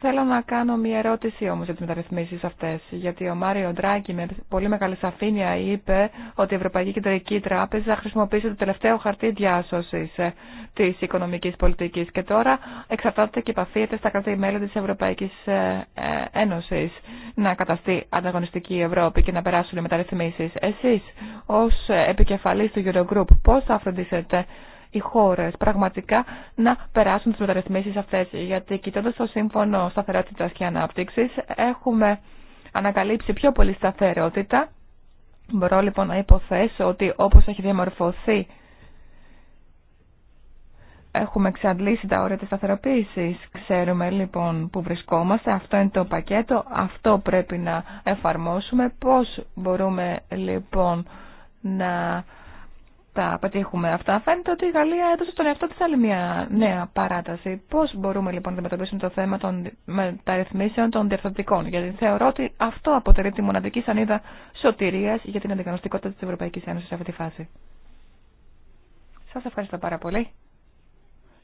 Θέλω να κάνω μια ερώτηση όμως για τις μεταρρυθμίσεις αυτές, γιατί ο Μάριο Ντράγκη με πολύ μεγάλη σαφήνεια είπε ότι η Ευρωπαϊκή Κεντρική Τράπεζα χρησιμοποίησε το τελευταίο χαρτί διάσωσης ε, της οικονομικής πολιτικής και τώρα εξαρτάται και επαφίεται στα κρατή μέλη της Ευρωπαϊκής ε, ε, Ένωσης να καταστεί ανταγωνιστική η Ευρώπη και να περάσουν οι μεταρρυθμίσεις. Εσείς ως επικεφαλής του Eurogroup πώς θα φροντίσετε οι χώρε πραγματικά να περάσουν τις μεταρρυθμίσει αυτέ. Γιατί κοιτώντα το Σύμφωνο σταθερότητα και ανάπτυξη, έχουμε ανακαλύψει πιο πολύ σταθερότητα. Μπορώ λοιπόν να υποθέσω ότι όπως έχει διαμορφωθεί έχουμε εξαντλήσει τα όρια της σταθεροποίησης. Ξέρουμε λοιπόν που βρισκόμαστε, αυτό είναι το πακέτο, αυτό πρέπει να εφαρμόσουμε. Πώς μπορούμε λοιπόν να τα πετύχουμε αυτά. Φαίνεται ότι η Γαλλία έδωσε στον εαυτό τη άλλη μια νέα παράταση. Πώ μπορούμε λοιπόν να αντιμετωπίσουμε το θέμα των μεταρρυθμίσεων των διαρθρωτικών, Γιατί θεωρώ ότι αυτό αποτελεί τη μοναδική σανίδα σωτηρίας για την αντικανοστικότητα τη Ευρωπαϊκή Ένωση σε αυτή τη φάση. Σα ευχαριστώ πάρα πολύ.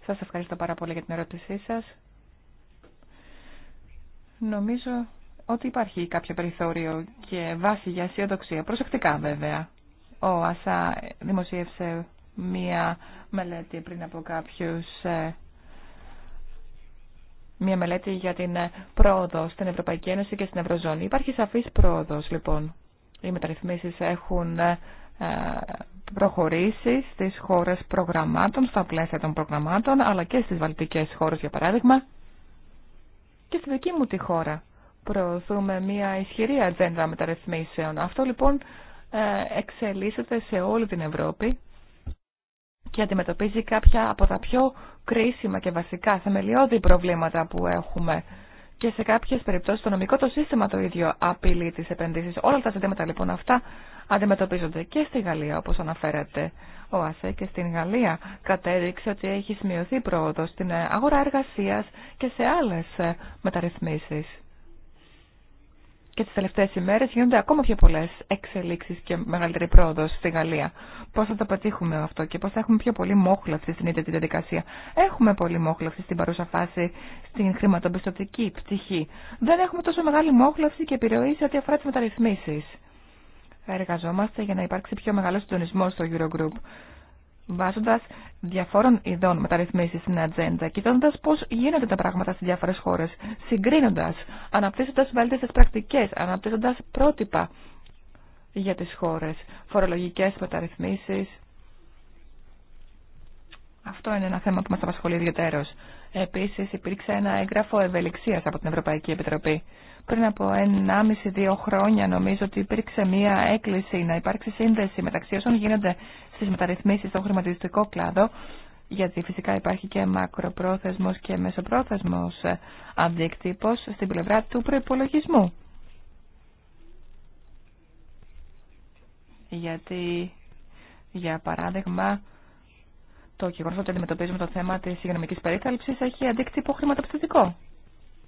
Σα ευχαριστώ πάρα πολύ για την ερώτησή σα. Νομίζω ότι υπάρχει κάποιο περιθώριο και βάση για αισιοδοξία. Προσεκτικά βέβαια ο ΑΣΑ δημοσίευσε μία μελέτη πριν από κάποιους ε, μια μελέτη για την ε, πρόοδο στην Ευρωπαϊκή Ένωση και στην Ευρωζώνη. Υπάρχει σαφής πρόοδος λοιπόν. Οι μεταρρυθμίσεις έχουν ε, προχωρήσει στις χώρες προγραμμάτων, στα πλαίσια των προγραμμάτων, αλλά και στις βαλτικές χώρες για παράδειγμα. Και στη δική μου τη χώρα προωθούμε μια ισχυρή ατζέντα μεταρρυθμίσεων. Αυτό λοιπόν ε, εξελίσσεται σε όλη την Ευρώπη και αντιμετωπίζει κάποια από τα πιο κρίσιμα και βασικά θεμελιώδη προβλήματα που έχουμε. Και σε κάποιες περιπτώσεις το νομικό το σύστημα το ίδιο απειλεί τις επενδύσεις. Όλα τα ζητήματα λοιπόν αυτά αντιμετωπίζονται και στη Γαλλία όπως αναφέρεται Ο ΑΣΕ και στην Γαλλία κατέδειξε ότι έχει σημειωθεί πρόοδος στην αγορά εργασίας και σε άλλες μεταρρυθμίσεις. Και τις τελευταίες ημέρες γίνονται ακόμα πιο πολλές εξελίξεις και μεγαλύτερη πρόοδος στη Γαλλία. Πώς θα το πετύχουμε αυτό και πώς θα έχουμε πιο πολύ μόχλευση στην ίδια τη διαδικασία. Έχουμε πολύ μόχλευση στην παρούσα φάση, στην χρηματοπιστωτική πτυχή. Δεν έχουμε τόσο μεγάλη μόχλευση και επιρροή σε ό,τι αφορά τις μεταρρυθμίσεις. Εργαζόμαστε για να υπάρξει πιο μεγάλο συντονισμό στο Eurogroup βάζοντα διαφόρων ειδών μεταρρυθμίσεις στην ατζέντα, κοιτώντα πώ γίνονται τα πράγματα στις διάφορες χώρες, συγκρίνοντας, αναπτύσσοντας βέλτιστες πρακτικές, αναπτύσσοντας πρότυπα για τις χώρες, φορολογικές μεταρρυθμίσεις. Αυτό είναι ένα θέμα που μας απασχολεί ιδιαίτερω. Επίσης υπήρξε ένα έγγραφο ευελιξία από την Ευρωπαϊκή Επιτροπή πριν από 1,5-2 χρόνια νομίζω ότι υπήρξε μία έκκληση να υπάρξει σύνδεση μεταξύ όσων γίνονται στις μεταρρυθμίσεις στο χρηματιστικό κλάδο, γιατί φυσικά υπάρχει και μακροπρόθεσμος και μεσοπρόθεσμος αντίκτυπος στην πλευρά του προϋπολογισμού. Γιατί, για παράδειγμα, το γεγονό ότι αντιμετωπίζουμε το θέμα τη υγειονομική περίθαλψη έχει αντίκτυπο χρηματοπιστωτικό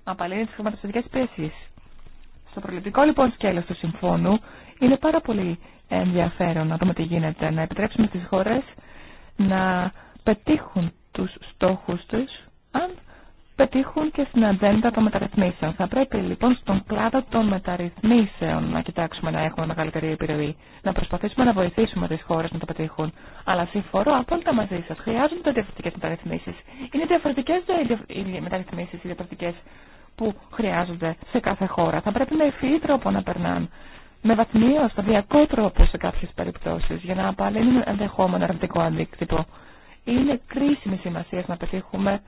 απαλύνει τι χρηματοπιστωτικές πιέσει. Στο προληπτικό λοιπόν σκέλο του συμφώνου είναι πάρα πολύ ενδιαφέρον να δούμε τι γίνεται, να επιτρέψουμε στι χώρε να πετύχουν του στόχου του αν πετύχουν και στην ατζέντα των μεταρρυθμίσεων. Θα πρέπει λοιπόν στον κλάδο των μεταρρυθμίσεων να κοιτάξουμε να έχουμε μεγαλύτερη επιρροή, να προσπαθήσουμε να βοηθήσουμε τι χώρε να το πετύχουν. Αλλά συμφορώ απόλυτα μαζί σα, χρειάζονται διαφορετικέ μεταρρυθμίσει. Είναι διαφορετικέ οι μεταρρυθμίσει οι διαφορετικέ που χρειάζονται σε κάθε χώρα. Θα πρέπει με ευφυή τρόπο να περνάνε. Με βαθμίο, σταδιακό τρόπο σε κάποιε περιπτώσει, για να απαλύνουν ενδεχόμενο αρνητικό αντίκτυπο. Είναι κρίσιμη σημασία να πετύχουμε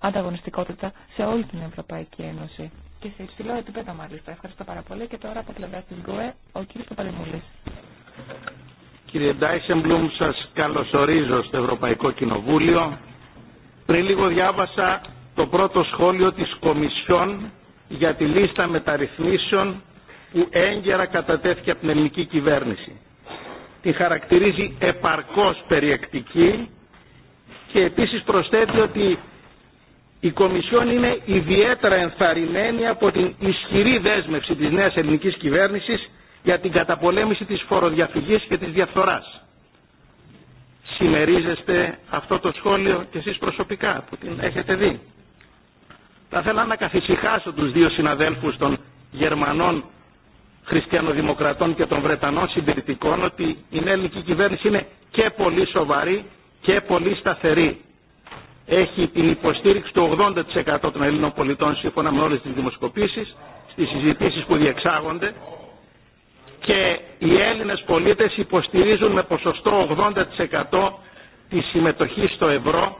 ανταγωνιστικότητα σε όλη την Ευρωπαϊκή Ένωση. Και σε υψηλό επίπεδο μάλιστα. Ευχαριστώ πάρα πολύ και τώρα από πλευρά τη ΓΚΟΕ ο κ. Παπαδημούλη. Κύριε Ντάισεμπλουμ, σα καλωσορίζω στο Ευρωπαϊκό Κοινοβούλιο. Πριν λίγο διάβασα το πρώτο σχόλιο της Κομισιόν για τη λίστα μεταρρυθμίσεων που έγκαιρα κατατέθηκε από την ελληνική κυβέρνηση. Την χαρακτηρίζει επαρκώς περιεκτική και επίσης προσθέτει ότι η Κομισιόν είναι ιδιαίτερα ενθαρρυμένη από την ισχυρή δέσμευση της νέας ελληνικής κυβέρνησης για την καταπολέμηση της φοροδιαφυγής και της διαφθοράς. Συμμερίζεστε αυτό το σχόλιο και εσείς προσωπικά που την έχετε δει. Θα ήθελα να καθησυχάσω τους δύο συναδέλφους των Γερμανών χριστιανοδημοκρατών και των Βρετανών συντηρητικών ότι η ελληνική κυβέρνηση είναι και πολύ σοβαρή και πολύ σταθερή. Έχει την υποστήριξη του 80% των Ελλήνων πολιτών σύμφωνα με όλες τις δημοσκοπήσεις, στις συζητήσεις που διεξάγονται και οι Έλληνες πολίτες υποστηρίζουν με ποσοστό 80% τη συμμετοχή στο ευρώ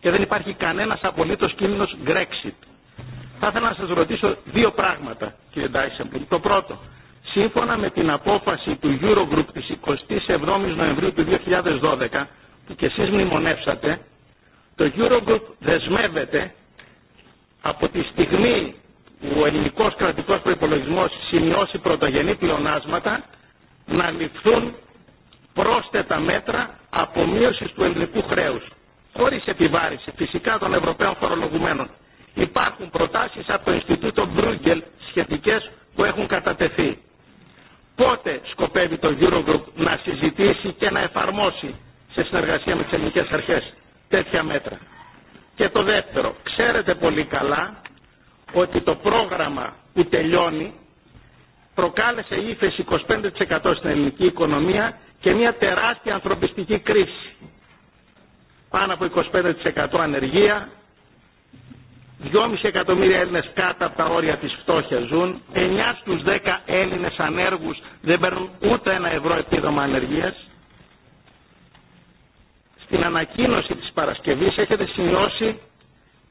και δεν υπάρχει κανένας απολύτως κίνδυνο Brexit. Θα ήθελα να σας ρωτήσω δύο πράγματα, κύριε Ντάισεμπλουμ. Το πρώτο, σύμφωνα με την απόφαση του Eurogroup της 27ης Νοεμβρίου του 2012, που και εσείς μνημονεύσατε, το Eurogroup δεσμεύεται από τη στιγμή που ο ελληνικός κρατικός προϋπολογισμός σημειώσει πρωτογενή πλεονάσματα να ληφθούν πρόσθετα μέτρα απομείωσης του ελληνικού χρέους χωρίς επιβάρηση φυσικά των Ευρωπαίων φορολογουμένων. Υπάρχουν προτάσεις από το Ινστιτούτο Μπρούγκελ σχετικές που έχουν κατατεθεί. Πότε σκοπεύει το Eurogroup να συζητήσει και να εφαρμόσει σε συνεργασία με τις ελληνικές αρχές τέτοια μέτρα. Και το δεύτερο, ξέρετε πολύ καλά ότι το πρόγραμμα που τελειώνει προκάλεσε ύφεση 25% στην ελληνική οικονομία και μια τεράστια ανθρωπιστική κρίση πάνω από 25% ανεργία, 2,5 εκατομμύρια Έλληνες κάτω από τα όρια της φτώχειας ζουν, 9 στους 10 Έλληνες ανέργους δεν παίρνουν ούτε ένα ευρώ επίδομα ανεργίας. Στην ανακοίνωση της Παρασκευής έχετε σημειώσει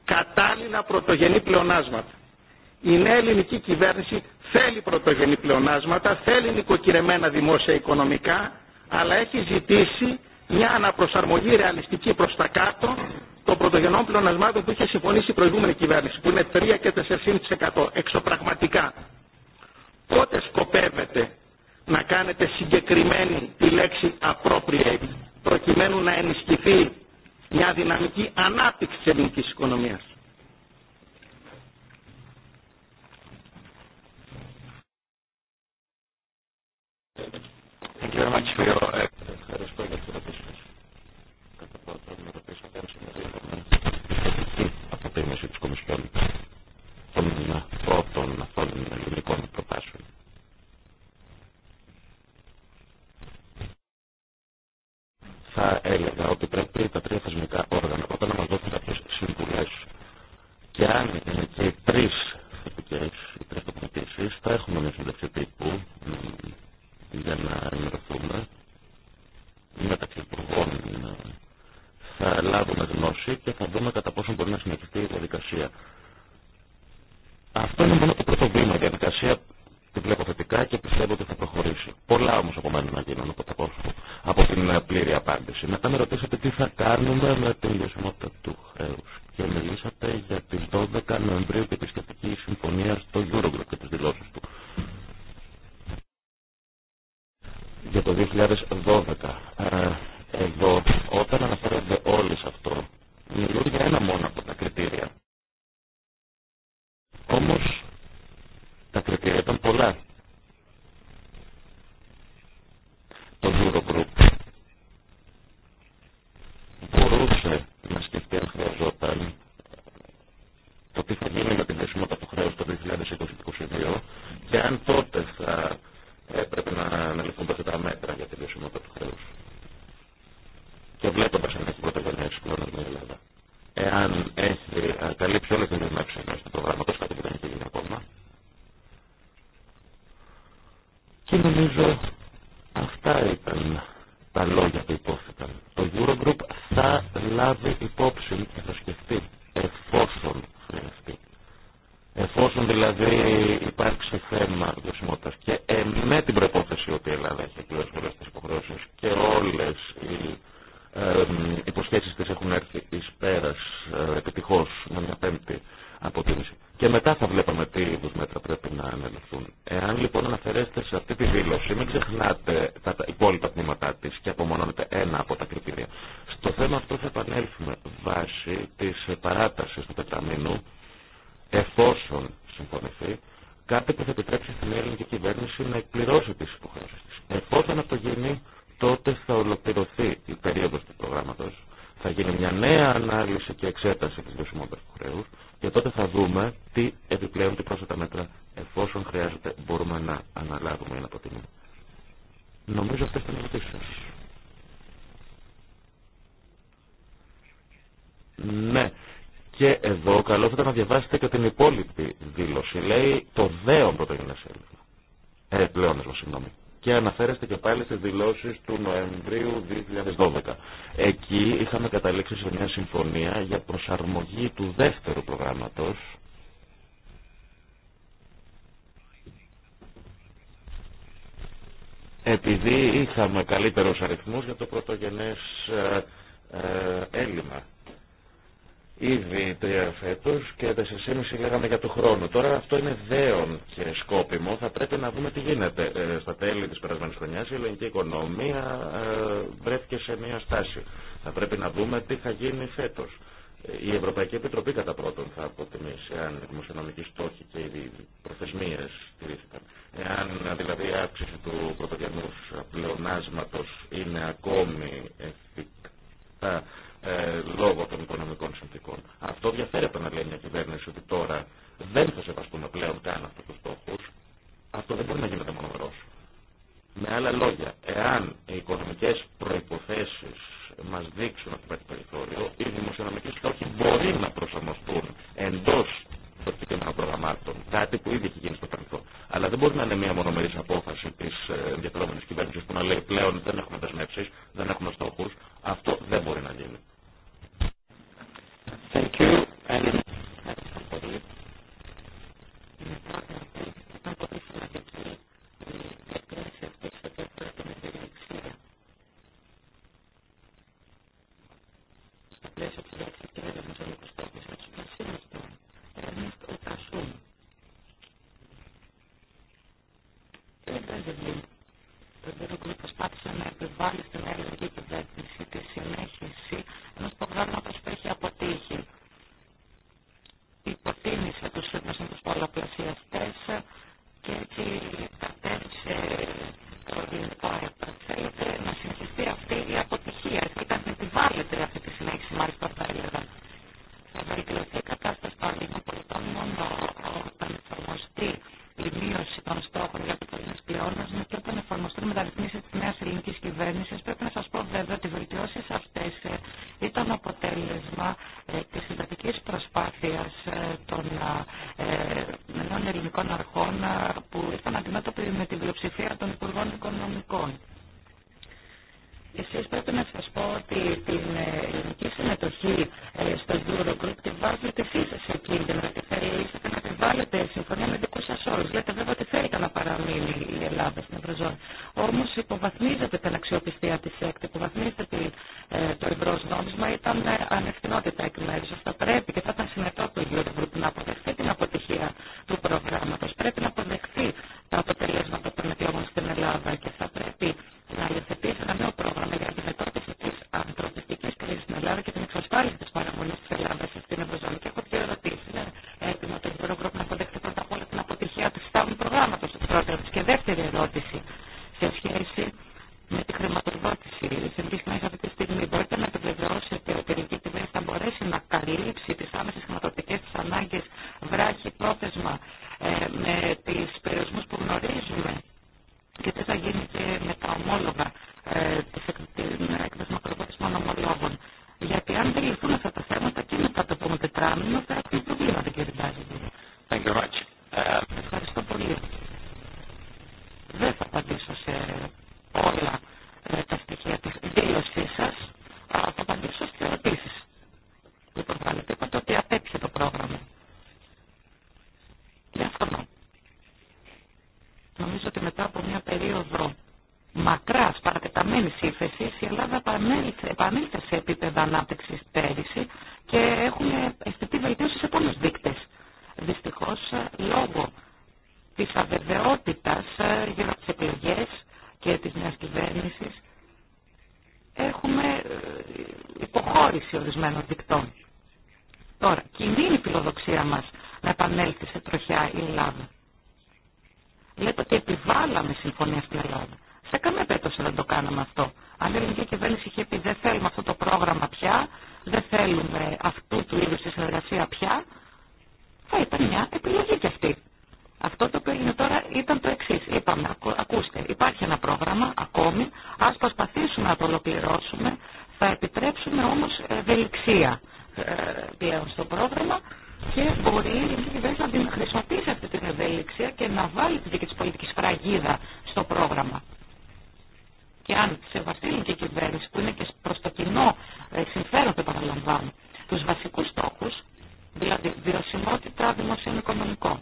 κατάλληλα πρωτογενή πλεονάσματα. Η νέα ελληνική κυβέρνηση θέλει πρωτογενή πλεονάσματα, θέλει νοικοκυρεμένα δημόσια οικονομικά, αλλά έχει ζητήσει μια αναπροσαρμογή ρεαλιστική προ τα κάτω των πρωτογενών πλεονασμάτων που είχε συμφωνήσει η προηγούμενη κυβέρνηση, που είναι 3 και 4,5% εξωπραγματικά. Πότε σκοπεύετε να κάνετε συγκεκριμένη τη λέξη appropriate, προκειμένου να ενισχυθεί μια δυναμική ανάπτυξη της ελληνικής οικονομίας. Thank you very ε, Ευχαριστώ για τις ερωτήσεις σας. Κατά πρώτα να ρωτήσω αν συμβαίνει η αποτίμηση της Κομισιόν των πρώτων αυτών ελληνικών προτάσεων. Θα έλεγα ότι πρέπει τα τρία θεσμικά όργανα όταν να μας δώσουν κάποιες συμβουλές και αν είναι και τρεις θετικές, οι τρεις τοποθετήσεις θα έχουμε μια συνδεξιτή που για να ενημερωθούμε μεταξύ υπουργών θα λάβουμε γνώση και θα δούμε κατά πόσο μπορεί να συνεχιστεί η διαδικασία. Αυτό είναι μόνο το πρώτο βήμα. Η διαδικασία τη βλέπω θετικά και πιστεύω ότι θα προχωρήσει. Πολλά όμω απομένουν να γίνουν από, από την πλήρη απάντηση. Μετά με ρωτήσατε τι θα κάνουμε με την λιωσιμότητα του χρέου. Και μιλήσατε για τι 12 Νοεμβρίου και τη σχετική συμφωνία στο Eurogroup και τι δηλώσει του για το 2012. Ε, εδώ, όταν αναφέρονται όλοι σε αυτό, μιλούν για ένα μόνο από τα κριτήρια. Όμως, τα κριτήρια ήταν πολλά. Το Eurogroup μπορούσε να σκεφτεί αν χρειαζόταν το τι θα γίνει με την δεσμότητα του χρέους το 2022 και αν τότε θα ε, πρέπει να αναλυθούν τα μέτρα για τη βιωσιμότητα του χρέου. Και βλέποντα αν έχει πρωτογενέ πλέον η Ελλάδα. Εάν έχει ε, καλύψει όλε τι δημιουργίε του προγράμματο, κάτι που δεν έχει γίνει ακόμα. Και νομίζω αυτά ήταν τα λόγια που υπόθηκαν. Το Eurogroup θα λάβει υπόψη και θα σκεφτεί έχουν δηλαδή υπάρξει θέμα βιωσιμότητα. Και ε, με την προπόθεση ότι η Ελλάδα έχει εκπληρώσει όλε τι υποχρεώσει και όλε οι ε, υποσχέσει τη έχουν έρθει ει πέρα ε, επιτυχώ με μια πέμπτη αποτίμηση. Και μετά θα βλέπαμε τι είδου μέτρα πρέπει να αναλυθούν. Εάν λοιπόν αναφέρεστε σε αυτή τη δήλωση, μην ξεχνάτε τα υπόλοιπα τμήματά τη και απομονώνετε ένα από τα κριτήρια. Στο θέμα αυτό θα επανέλθουμε βάσει τη παράταση του τετραμήνου εφόσον κάτι που θα επιτρέψει στην ελληνική κυβέρνηση να εκπληρώσει τι υποχρεώσει. τη. Εφόσον αυτό γίνει, τότε θα ολοκληρωθεί η περίοδο του προγράμματο. θα γίνει μια νέα ανάλυση και εξέταση τη βιωσιμότητας του χρέου και τότε θα δούμε τι επιπλέον, τι πρόσθετα μέτρα, εφόσον χρειάζεται, μπορούμε να αναλάβουμε ή να Νομίζω αυτέ ήταν οι ερωτήσεις Ναι, και εδώ καλό θα ήταν να διαβάσετε και την υπόλοιπη δήλωση. Λέει το δέον πρωτογενές έλλειμμα. Ε, πλέον, συγγνώμη. Και αναφέρεστε και πάλι στι δηλώσει του Νοεμβρίου 2012. Εκεί είχαμε καταλήξει σε μια συμφωνία για προσαρμογή του δεύτερου προγράμματος επειδή είχαμε καλύτερους αριθμούς για το πρωτογενές ε, ε, έλλειμμα ήδη τρία φέτο και 4,5 λέγαμε για το χρόνο. Τώρα αυτό είναι δέον και σκόπιμο. Θα πρέπει να δούμε τι γίνεται. Ε, στα τέλη τη περασμένη χρονιά η ελληνική οικονομία ε, βρέθηκε σε μια στάση. Θα πρέπει να δούμε τι θα γίνει φέτο. Η Ευρωπαϊκή Επιτροπή κατά πρώτον θα αποτιμήσει αν οι δημοσιονομικοί στόχοι και οι προθεσμίε στηρίχθηκαν. Εάν δηλαδή η αύξηση του πρωτογενού πλεονάσματο είναι ακόμη εφικτά ε, λόγω των οικονομικών συνθήκων. Αυτό διαφέρει από να λέει μια κυβέρνηση ότι τώρα δεν θα σεβαστούμε πλέον καν αυτού του στόχου. Αυτό δεν μπορεί να γίνεται μόνο με Με άλλα λόγια, εάν οι οικονομικέ προποθέσει μα δείξουν ότι υπάρχει περιθώριο, οι δημοσιονομικοί στόχοι μπορεί να προσαρμοστούν εντό των συγκεκριμένων προγραμμάτων. Κάτι που ήδη έχει γίνει στο παρελθόν. Αλλά δεν μπορεί να είναι μια μονομερή απόφαση τη ε, ενδιαφερόμενη κυβέρνηση που να λέει πλέον δεν έχουμε δεσμεύσει, δεν έχουμε στόχου. Αυτό δεν μπορεί να γίνει. Thank you. And... λέτε ότι επιβάλαμε συμφωνία στην Ελλάδα. Σε καμία περίπτωση δεν το κάναμε αυτό. Αν η ελληνική κυβέρνηση είχε πει δεν θέλουμε αυτό το πρόγραμμα πια, δεν θέλουμε αυτού του είδου τη συνεργασία πια, θα ήταν μια επιλογή κι αυτή. Αυτό το οποίο έγινε τώρα ήταν το εξή. Είπαμε, ακούστε, υπάρχει ένα πρόγραμμα ακόμη, α προσπαθήσουμε να το ολοκληρώσουμε, θα επιτρέψουμε όμω ευελιξία ε, πλέον στο πρόγραμμα και μπορεί η ελληνική κυβέρνηση να την χρησιμοποιήσει αυτή την ευελιξία και να βάλει τη δική τη πολιτική φραγίδα στο πρόγραμμα. Και αν σεβαστεί η ελληνική κυβέρνηση, που είναι και προ το κοινό ε, συμφέρον το επαναλαμβάνω, του βασικού στόχου, δηλαδή βιωσιμότητα δημοσίων οικονομικών,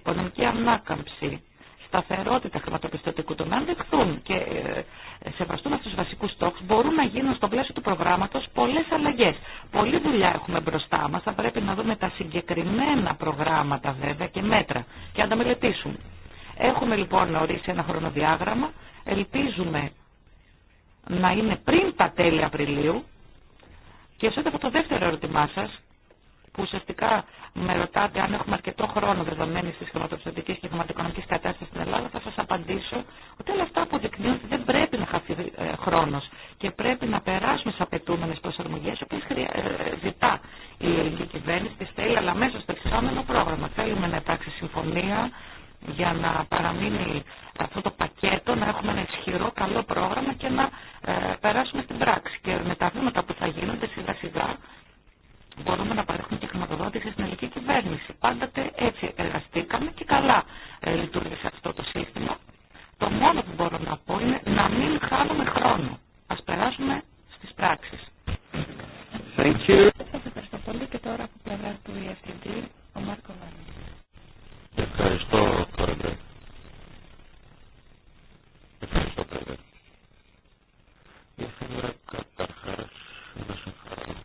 οικονομική ανάκαμψη, σταθερότητα χρηματοπιστωτικού τομέα, αν δεχθούν και ε, σεβαστούν αυτού του βασικού στόχου, μπορούν να γίνουν στο πλαίσιο του προγράμματο πολλέ αλλαγέ. Πολλή δουλειά έχουμε μπροστά μα. Θα πρέπει να δούμε τα συγκεκριμένα προγράμματα βέβαια και μέτρα και να τα μελετήσουμε. Έχουμε λοιπόν ορίσει ένα χρονοδιάγραμμα. Ελπίζουμε να είναι πριν τα τέλη Απριλίου. Και σε από το δεύτερο ερώτημά σα που ουσιαστικά με ρωτάτε αν έχουμε αρκετό χρόνο δεδομένη τη χρηματοπιστωτική και χρηματοοικονομική κατάσταση στην Ελλάδα, θα σα απαντήσω ότι όλα αυτά αποδεικνύουν ότι δεν πρέπει να χαθεί ε, χρόνο και πρέπει να περάσουμε στι απαιτούμενε προσαρμογέ, οποίε ε, ζητά η ελληνική κυβέρνηση, τι θέλει, αλλά μέσα στο εξάμενο πρόγραμμα. Θέλουμε να υπάρξει συμφωνία για να παραμείνει αυτό το πακέτο, να έχουμε ένα ισχυρό καλό πρόγραμμα και να ε, περάσουμε στην πράξη. Και με τα βήματα που θα γίνονται σιγά μπορούμε να παρέχουμε και χρηματοδότηση στην ελληνική κυβέρνηση. Πάντοτε έτσι εργαστήκαμε και καλά ε, λειτουργήσε αυτό το σύστημα. Το μόνο που μπορώ να πω είναι να μην χάνουμε χρόνο. Ας περάσουμε στις πράξεις. Thank you. Σας ευχαριστώ πολύ και τώρα από πλευρά του Διευθυντή, ο Μάρκο Βάλλης. Ευχαριστώ, Πρόεδρε. Ευχαριστώ, Πρόεδρε. Ήθελα Ευχαριστώ, να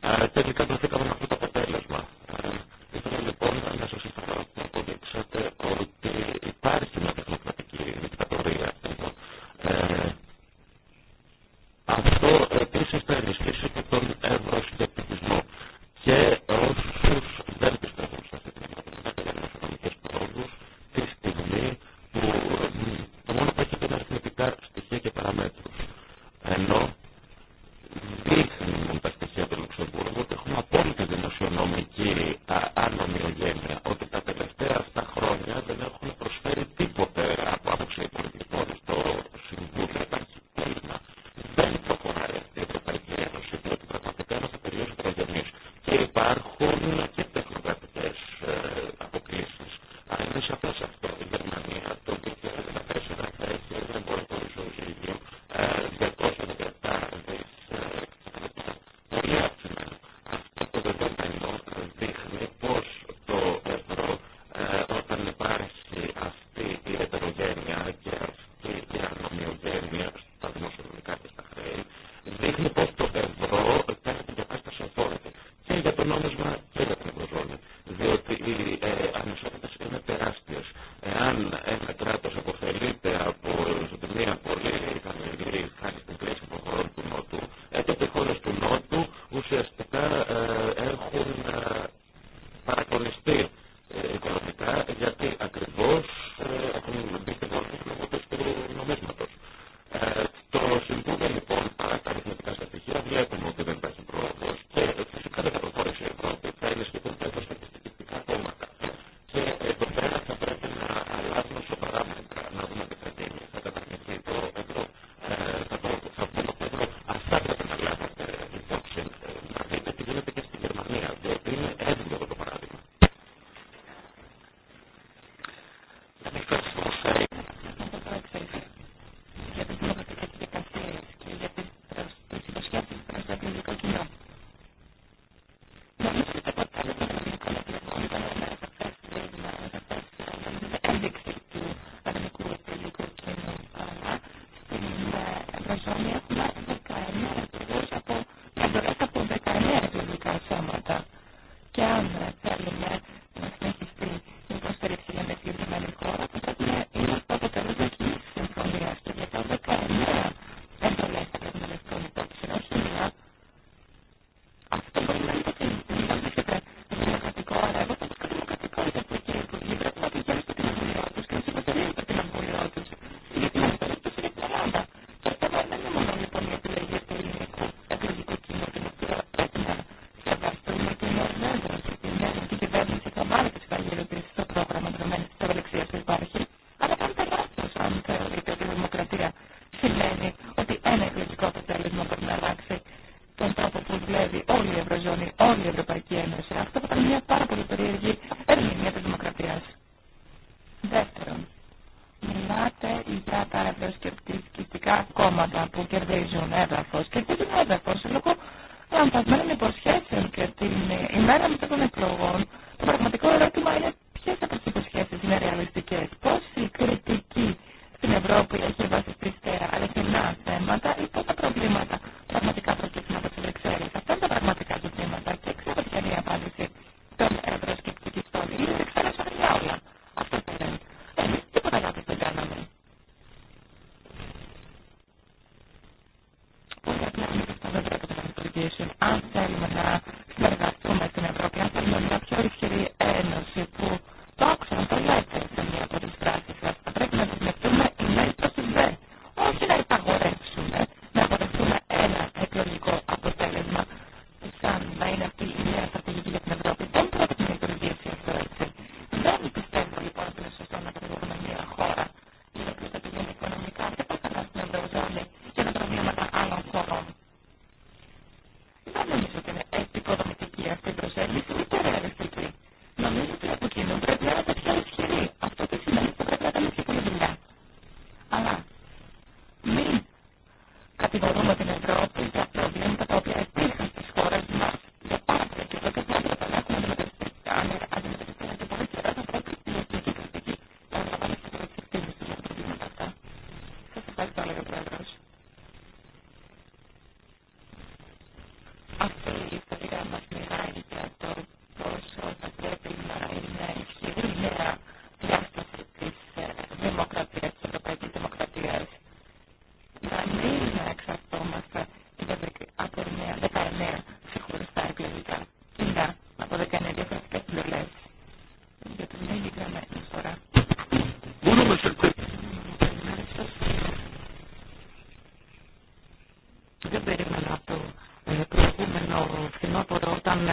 Ε, τελικά βρεθήκαμε με αυτό το αποτέλεσμα. Ε, ήθελα λοιπόν να σας ήθελα που αποδείξατε ότι υπάρχει μια τεχνοκρατική δικτατορία εδώ. Ε, αυτό επίση θα ενισχύσει και τον ευρωσκεπτικισμό και όσου δεν πιστεύουν σε αυτή την πραγματικότητα για τους πρόοδου τη στιγμή που το μόνο που έχετε είναι αριθμητικά στοιχεία και παραμέτρους. Ενώ δείχνουν τα στοιχεία Λουξεμβούργου ότι έχουμε απόλυτη δημοσιονομική ανομοιογένεια, ότι τα τελευταία αυτά χρόνια δεν έχουν προσφέρει τίποτε από άποψη πολιτικών στο Συμβούλιο. Υπάρχει κλίμα. Δεν προχωράει αυτή η Ευρωπαϊκή Ένωση, διότι πραγματικά είμαστε τελείω ετερογενεί. Και υπάρχουν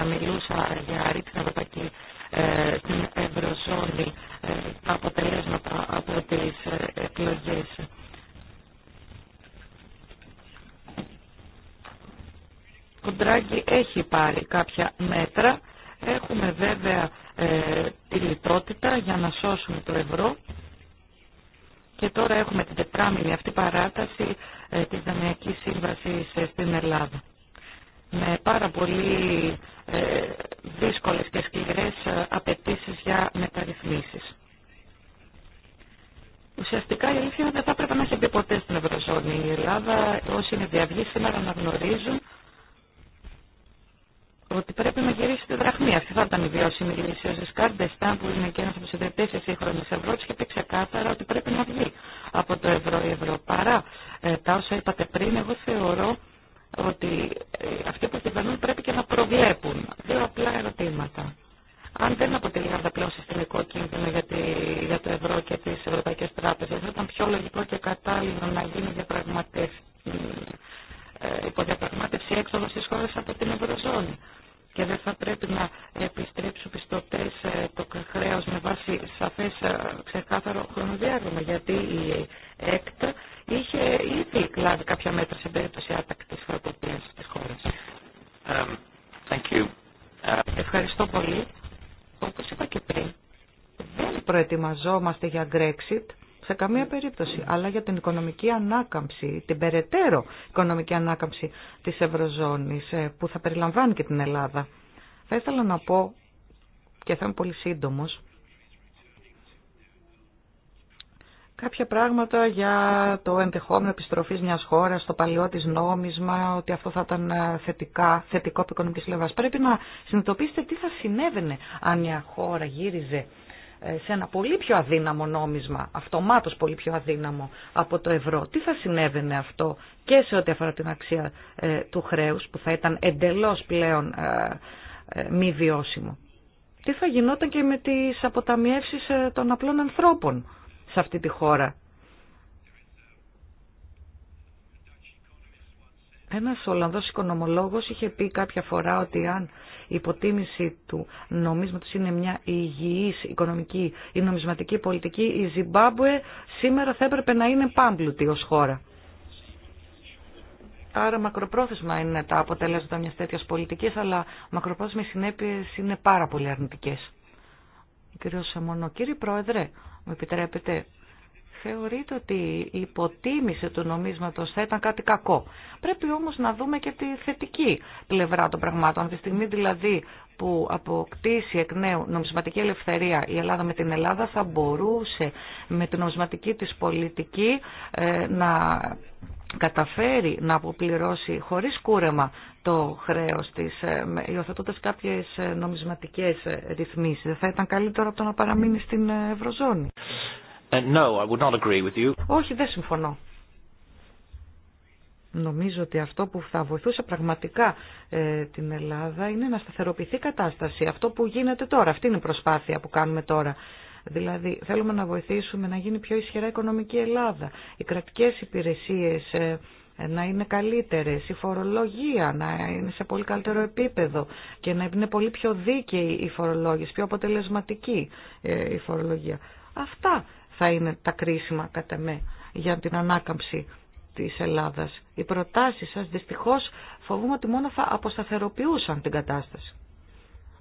μιλούσα για ρήξη την Ευρωπαϊκή ε, στην Ευρωζώνη ε, τα αποτελέσματα από τις ε, εκλογές. Ο Ντράγκη έχει πάρει κάποια μέτρα προετοιμαζόμαστε για Brexit, σε καμία περίπτωση, αλλά για την οικονομική ανάκαμψη, την περαιτέρω οικονομική ανάκαμψη της Ευρωζώνης, ε, που θα περιλαμβάνει και την Ελλάδα. Θα ήθελα να πω, και θα είμαι πολύ σύντομος, κάποια πράγματα για το ενδεχόμενο επιστροφής μιας χώρας στο παλιό της νόμισμα, ότι αυτό θα ήταν ε, θετικά, θετικό από οικονομική Πρέπει να συνειδητοποιήσετε τι θα συνέβαινε αν μια χώρα γύριζε σε ένα πολύ πιο αδύναμο νόμισμα, αυτομάτως πολύ πιο αδύναμο από το ευρώ. Τι θα συνέβαινε αυτό και σε ό,τι αφορά την αξία ε, του χρέους που θα ήταν εντελώς πλέον ε, ε, μη βιώσιμο. Τι θα γινόταν και με τις αποταμιεύσεις των απλών ανθρώπων σε αυτή τη χώρα Ένας Ολλανδός οικονομολόγος είχε πει κάποια φορά ότι αν η υποτίμηση του νομίσματος είναι μια υγιής οικονομική ή νομισματική πολιτική, η Ζιμπάμπουε σήμερα θα έπρεπε να είναι πάμπλουτη ως χώρα. Άρα μακροπρόθεσμα είναι τα αποτελέσματα μιας τέτοιας πολιτικής, αλλά μακροπρόθεσμες συνέπειες είναι πάρα πολύ αρνητικές. Κύριε Σαμονό, κύριε Πρόεδρε, μου επιτρέπετε θεωρείται ότι η υποτίμηση του νομίσματος θα ήταν κάτι κακό. Πρέπει όμως να δούμε και τη θετική πλευρά των πραγμάτων. Αν τη στιγμή δηλαδή που αποκτήσει εκ νέου νομισματική ελευθερία η Ελλάδα με την Ελλάδα θα μπορούσε με την νομισματική της πολιτική ε, να καταφέρει να αποπληρώσει χωρίς κούρεμα το χρέος της, ε, υιοθετώντα κάποιες ε, νομισματικές ρυθμίσεις. Θα ήταν καλύτερο από το να παραμείνει στην Ευρωζώνη. Ε, Όχι, δεν συμφωνώ. Νομίζω ότι αυτό που θα βοηθούσε πραγματικά ε, την Ελλάδα είναι να σταθεροποιηθεί η κατάσταση. Αυτό που γίνεται τώρα, αυτή είναι η προσπάθεια που κάνουμε τώρα. Δηλαδή θέλουμε να βοηθήσουμε να γίνει πιο ισχυρά οικονομική Ελλάδα. Οι κρατικές υπηρεσίες ε, να είναι καλύτερες, η φορολογία να είναι σε πολύ καλύτερο επίπεδο και να είναι πολύ πιο δίκαιη η φορολόγηση, πιο αποτελεσματική ε, η φορολογία. Αυτά θα είναι τα κρίσιμα κατά με για την ανάκαμψη της Ελλάδας. Οι προτάσεις σας δυστυχώς φοβούμαι ότι μόνο θα αποσταθεροποιούσαν την κατάσταση.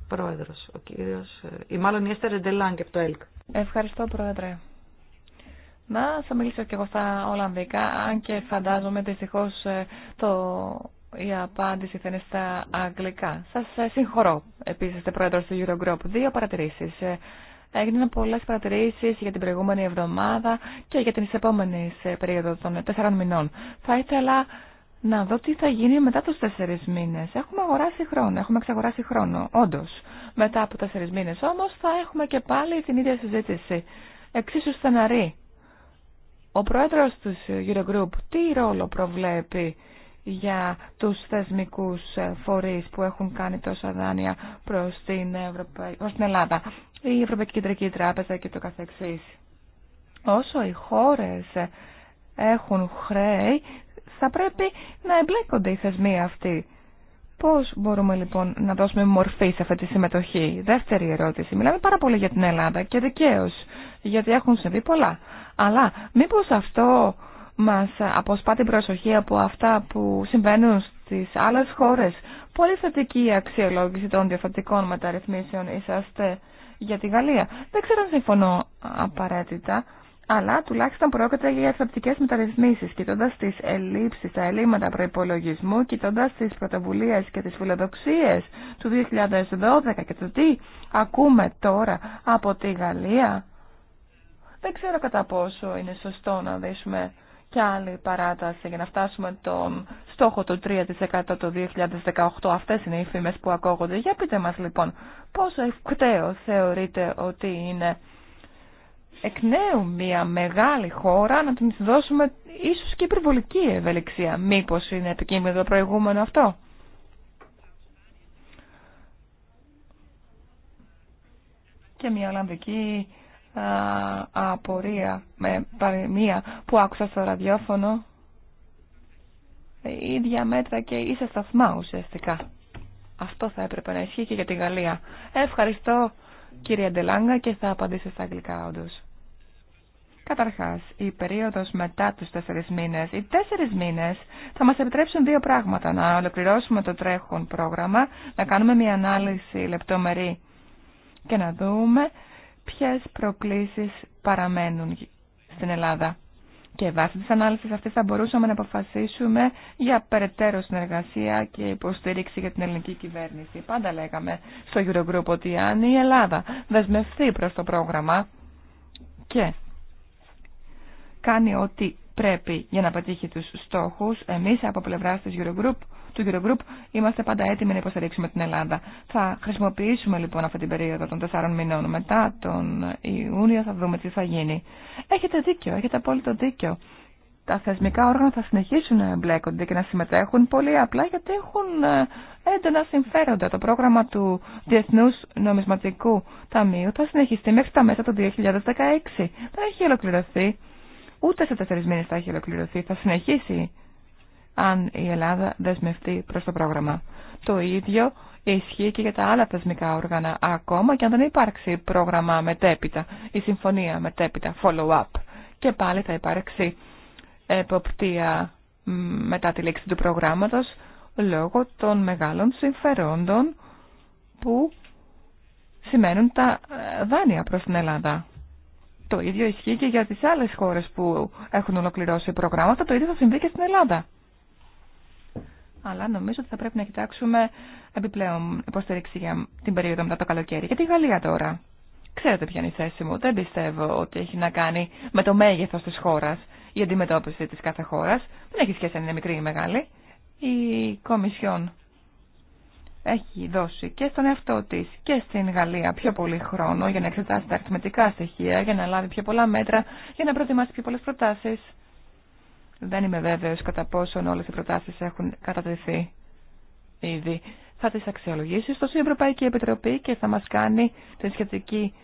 Πρόεδρος, ο κύριος, ε, ή μάλλον η Έστερ Ντελάνγκ από ΕΛΚ. Ευχαριστώ Πρόεδρε. Να, θα μιλήσω και εγώ στα Ολλανδικά, αν και φαντάζομαι δυστυχώς ε, το... η απάντηση θα είναι στα Αγγλικά. Σας ε, συγχωρώ, επίσης, είστε Πρόεδρος του Eurogroup. Δύο παρατηρήσεις έγιναν πολλέ παρατηρήσεις για την προηγούμενη εβδομάδα και για την επόμενη ε, περίοδο των τεσσάρων μηνών. Θα ήθελα να δω τι θα γίνει μετά τους τέσσερις μήνες. Έχουμε αγοράσει χρόνο, έχουμε εξαγοράσει χρόνο, Όντω, Μετά από τέσσερις μήνες όμως θα έχουμε και πάλι την ίδια συζήτηση. Εξίσου στεναρή. Ο πρόεδρο του Eurogroup τι ρόλο προβλέπει για τους θεσμικούς ε, φορείς που έχουν κάνει τόσα δάνεια προς την, προς την Ελλάδα, η Ευρωπαϊκή Κεντρική Τράπεζα και το καθεξής. Όσο οι χώρες έχουν χρέη, θα πρέπει να εμπλέκονται οι θεσμοί αυτοί. Πώς μπορούμε λοιπόν να δώσουμε μορφή σε αυτή τη συμμετοχή. Δεύτερη ερώτηση. Μιλάμε πάρα πολύ για την Ελλάδα και δικαίω, γιατί έχουν συμβεί πολλά. Αλλά μήπως αυτό μας αποσπά την προσοχή από αυτά που συμβαίνουν στις άλλες χώρες. Πολύ θετική η αξιολόγηση των διαφορετικών μεταρρυθμίσεων είσαστε για τη Γαλλία. Δεν ξέρω αν συμφωνώ απαραίτητα, αλλά τουλάχιστον πρόκειται για ευθαπτικές μεταρρυθμίσεις, κοιτώντα τις ελλείψεις, τα ελλείμματα προϋπολογισμού, κοιτώντα τις πρωτοβουλίες και τις φιλοδοξίες του 2012 και το τι ακούμε τώρα από τη Γαλλία. Δεν ξέρω κατά πόσο είναι σωστό να δείσουμε και άλλη παράταση για να φτάσουμε τον στόχο του 3% το 2018. Αυτές είναι οι φήμες που ακούγονται. Για πείτε μας λοιπόν πόσο ευκταίο θεωρείτε ότι είναι εκ νέου μια μεγάλη χώρα να την δώσουμε ίσως και υπερβολική ευελιξία. Μήπως είναι επικίνδυνο το προηγούμενο αυτό. Και μια Ολλανδική απορία, με παροιμία που άκουσα στο ραδιόφωνο. Ε, ίδια μέτρα και ίσα σταθμά ουσιαστικά. Αυτό θα έπρεπε να ισχύει και για τη Γαλλία. Ευχαριστώ κύριε Ντελάγκα και θα απαντήσω στα αγγλικά όντω. Καταρχάς, η περίοδος μετά τους τέσσερις μήνες. Οι τέσσερις μήνες θα μας επιτρέψουν δύο πράγματα. Να ολοκληρώσουμε το τρέχον πρόγραμμα, να κάνουμε μια ανάλυση λεπτομερή και να δούμε ποιες προκλήσεις παραμένουν στην Ελλάδα. Και βάσει της ανάλυσης αυτής θα μπορούσαμε να αποφασίσουμε για περαιτέρω συνεργασία και υποστήριξη για την ελληνική κυβέρνηση. Πάντα λέγαμε στο Eurogroup ότι αν η Ελλάδα δεσμευτεί προς το πρόγραμμα και κάνει ό,τι πρέπει για να πετύχει τους στόχους, εμείς από πλευράς της Eurogroup του Eurogroup είμαστε πάντα έτοιμοι να υποστηρίξουμε την Ελλάδα. Θα χρησιμοποιήσουμε λοιπόν αυτή την περίοδο των τεσσάρων μηνών. Μετά τον Ιούνιο θα δούμε τι θα γίνει. Έχετε δίκιο, έχετε απόλυτο δίκιο. Τα θεσμικά όργανα θα συνεχίσουν να εμπλέκονται και να συμμετέχουν πολύ απλά γιατί έχουν ε, έντονα συμφέροντα. Το πρόγραμμα του Διεθνούς Νομισματικού Ταμείου θα συνεχιστεί μέχρι τα μέσα του 2016. Δεν έχει ολοκληρωθεί. Ούτε σε τέσσερις μήνες θα έχει ολοκληρωθεί. Θα συνεχίσει αν η Ελλάδα δεσμευτεί προς το πρόγραμμα. Το ίδιο ισχύει και για τα άλλα θεσμικά όργανα, ακόμα και αν δεν υπάρξει πρόγραμμα μετέπειτα ή συμφωνία μετέπειτα, follow-up. Και πάλι θα υπάρξει εποπτεία μετά τη λήξη του προγράμματος λόγω των μεγάλων συμφερόντων που σημαίνουν τα ε, δάνεια προς την Ελλάδα. Το ίδιο ισχύει και για τις άλλες χώρες που έχουν ολοκληρώσει προγράμματα, το ίδιο θα συμβεί και στην Ελλάδα αλλά νομίζω ότι θα πρέπει να κοιτάξουμε επιπλέον υποστήριξη για την περίοδο μετά το καλοκαίρι. Για τη Γαλλία τώρα. Ξέρετε ποια είναι η θέση μου. Δεν πιστεύω ότι έχει να κάνει με το μέγεθο τη χώρα η αντιμετώπιση τη κάθε χώρα. Δεν έχει σχέση αν είναι μικρή ή μεγάλη. Η Κομισιόν έχει δώσει και στον εαυτό τη και στην Γαλλία πιο πολύ χρόνο για να εξετάσει τα αριθμητικά στοιχεία, για να λάβει πιο πολλά μέτρα, για να προετοιμάσει πιο πολλέ προτάσει. Δεν είμαι βέβαιος κατά πόσον όλες οι προτάσεις έχουν κατατεθεί ήδη. Θα τις αξιολογήσει στο Ευρωπαϊκή Επιτροπή και θα μας κάνει την σχετική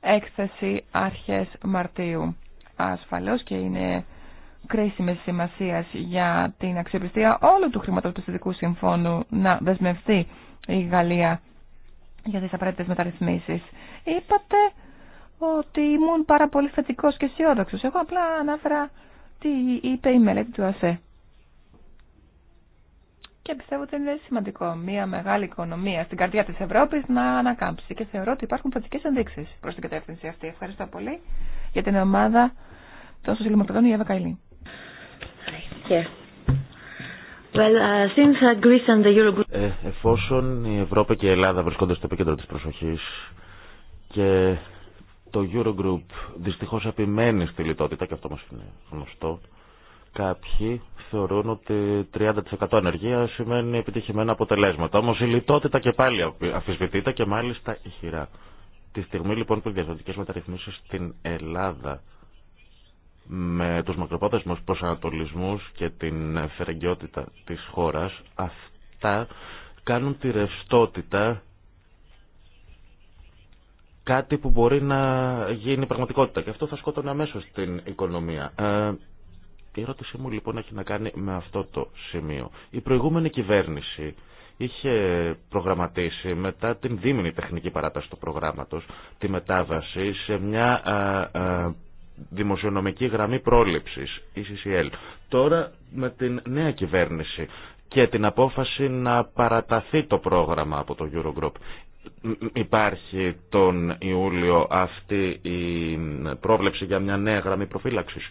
έκθεση αρχές Μαρτίου. Ασφαλώς και είναι κρίσιμη σημασία για την αξιοπιστία όλου του χρηματοπιστικού συμφώνου να δεσμευτεί η Γαλλία για τις απαραίτητες μεταρρυθμίσεις. Είπατε ότι ήμουν πάρα πολύ θετικό και αισιόδοξο. Εγώ απλά ανάφερα είπε η μελέτη του ΑΣΕ. Και πιστεύω ότι είναι σημαντικό μια μεγάλη οικονομία στην καρδιά της Ευρώπης να ανακάμψει. Και θεωρώ ότι υπάρχουν θετικές ενδείξεις προς την κατεύθυνση αυτή. Ευχαριστώ πολύ για την ομάδα των Σοσιαλδημοκρατών, η Εύα εφόσον η Ευρώπη και η Ελλάδα βρισκόνται στο επίκεντρο της προσοχής και το Eurogroup δυστυχώς επιμένει στη λιτότητα και αυτό μας είναι γνωστό. Κάποιοι θεωρούν ότι 30% ανεργία σημαίνει επιτυχημένα αποτελέσματα. Όμως η λιτότητα και πάλι αφισβητείται και μάλιστα ηχηρά. Τη στιγμή λοιπόν που οι διαδοτικές μεταρρυθμίσεις στην Ελλάδα με τους μακροπρόθεσμου προσανατολισμούς και την φερεγγιότητα της χώρας, αυτά κάνουν τη ρευστότητα κάτι που μπορεί να γίνει πραγματικότητα και αυτό θα σκότωνε αμέσω την οικονομία. Ε, η ερώτησή μου λοιπόν έχει να κάνει με αυτό το σημείο. Η προηγούμενη κυβέρνηση είχε προγραμματίσει μετά την δίμηνη τεχνική παράταση του προγράμματος τη μετάβαση σε μια ε, ε, δημοσιονομική γραμμή πρόληψης, η CCL. Τώρα με την νέα κυβέρνηση και την απόφαση να παραταθεί το πρόγραμμα από το Eurogroup. Υπάρχει τον Ιούλιο αυτή η πρόβλεψη για μια νέα γραμμή προφύλαξης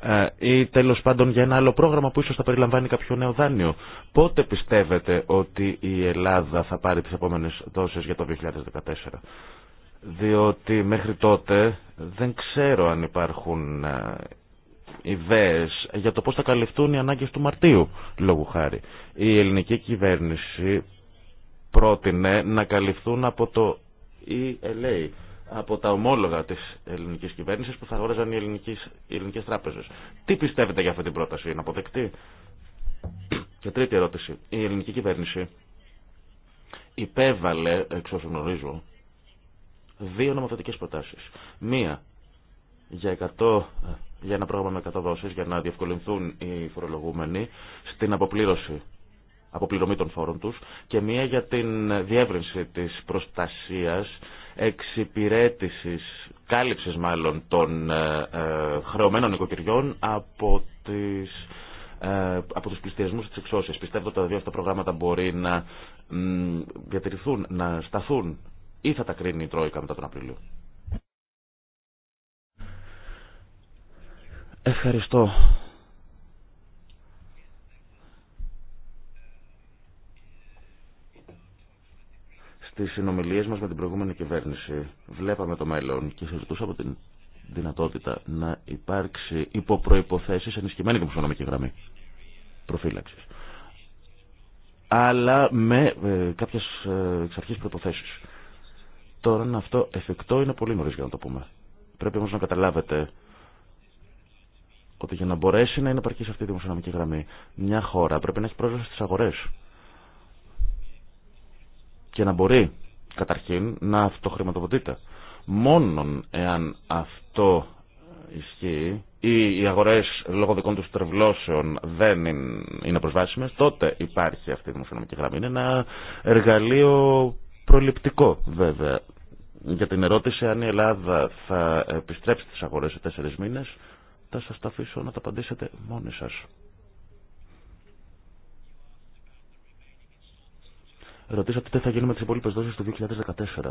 ε, ή τέλο πάντων για ένα άλλο πρόγραμμα που ίσω θα περιλαμβάνει κάποιο νέο δάνειο. Πότε πιστεύετε ότι η Ελλάδα θα πάρει τι επόμενε δόσει για το 2014. Διότι μέχρι τότε δεν ξέρω αν υπάρχουν ε, ιδέες για το πώς θα καλυφθούν οι ανάγκες του Μαρτίου, λόγου χάρη. Η ελληνική κυβέρνηση πρότεινε να καλυφθούν από το ELA, από τα ομόλογα της ελληνικής κυβέρνησης που θα αγόραζαν οι ελληνικές, τράπεζε. Τι πιστεύετε για αυτή την πρόταση, είναι αποδεκτή. Και τρίτη ερώτηση. Η ελληνική κυβέρνηση υπέβαλε, εξ όσων γνωρίζω, δύο νομοθετικές προτάσεις. Μία για 100 για ένα πρόγραμμα με 100 δόσεις για να διευκολυνθούν οι φορολογούμενοι στην αποπλήρωση αποπληρωμή των φόρων τους και μία για την διεύρυνση της προστασίας εξυπηρέτησης, κάλυψης μάλλον των ε, ε, χρεωμένων οικοκυριών από τις ε, από τους πληστηριασμούς της Πιστεύω ότι τα δύο αυτά προγράμματα μπορεί να διατηρηθούν, να σταθούν ή θα τα κρίνει η Τρόικα μετά τον Απρίλιο. Ευχαριστώ στι συνομιλίε μα με την προηγούμενη κυβέρνηση βλέπαμε το μέλλον και συζητούσαμε την δυνατότητα να υπάρξει υποπροποθέσει ενισχυμένη δημοσιονομική γραμμή προφύλαξη. Αλλά με ε, κάποιες ε, εξ προϋποθέσεις. Τώρα αυτό εφικτό είναι πολύ νωρί για να το πούμε. Πρέπει όμω να καταλάβετε ότι για να μπορέσει να είναι επαρκή αυτή η δημοσιονομική γραμμή, μια χώρα πρέπει να έχει πρόσβαση στι αγορέ και να μπορεί καταρχήν να αυτοχρηματοδοτείται. Μόνον εάν αυτό ισχύει ή οι αγορές λόγω δικών τους τρευλώσεων δεν είναι προσβάσιμες, τότε υπάρχει αυτή η δημοσιονομική δικων του τρευλωσεων Είναι ένα εργαλείο προληπτικό βέβαια. Για την ερώτηση αν η Ελλάδα θα επιστρέψει στις αγορές σε τέσσερις μήνες, θα σας τα αφήσω να τα απαντήσετε μόνοι σας. Ρωτήσατε τι θα γίνει με τι υπόλοιπε δόσει του 2014.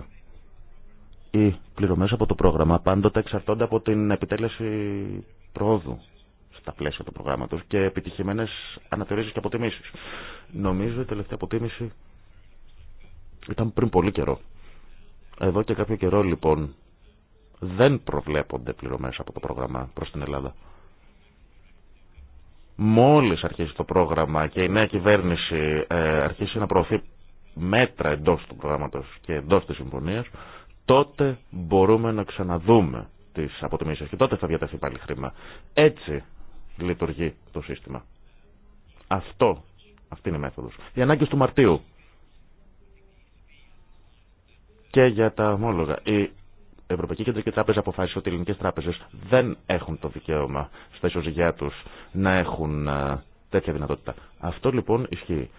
Οι πληρωμέ από το πρόγραμμα πάντοτε εξαρτώνται από την επιτέλεση προόδου στα πλαίσια του προγραμματο και επιτυχημενε αναθεωρήσεις και αποτιμησει Νομίζω η τελευταία αποτίμηση ήταν πριν πολύ καιρό. Εδώ και κάποιο καιρό λοιπόν δεν προβλέπονται πληρωμέ από το πρόγραμμα προ την Ελλάδα. Μόλις αρχίσει το πρόγραμμα και η νέα κυβέρνηση ε, αρχίσει να προωθεί μέτρα εντός του προγράμματος και εντός της συμφωνίας, τότε μπορούμε να ξαναδούμε τις αποτιμήσεις και τότε θα διατεθεί πάλι χρήμα. Έτσι λειτουργεί το σύστημα. Αυτό, αυτή είναι η μέθοδος. Οι ανάγκες του Μαρτίου και για τα ομόλογα. Η Ευρωπαϊκή Κεντρική Τράπεζα αποφάσισε ότι οι ελληνικές τράπεζες δεν έχουν το δικαίωμα στα ισοζυγιά τους να έχουν ε, τέτοια δυνατότητα. Αυτό λοιπόν ισχύει.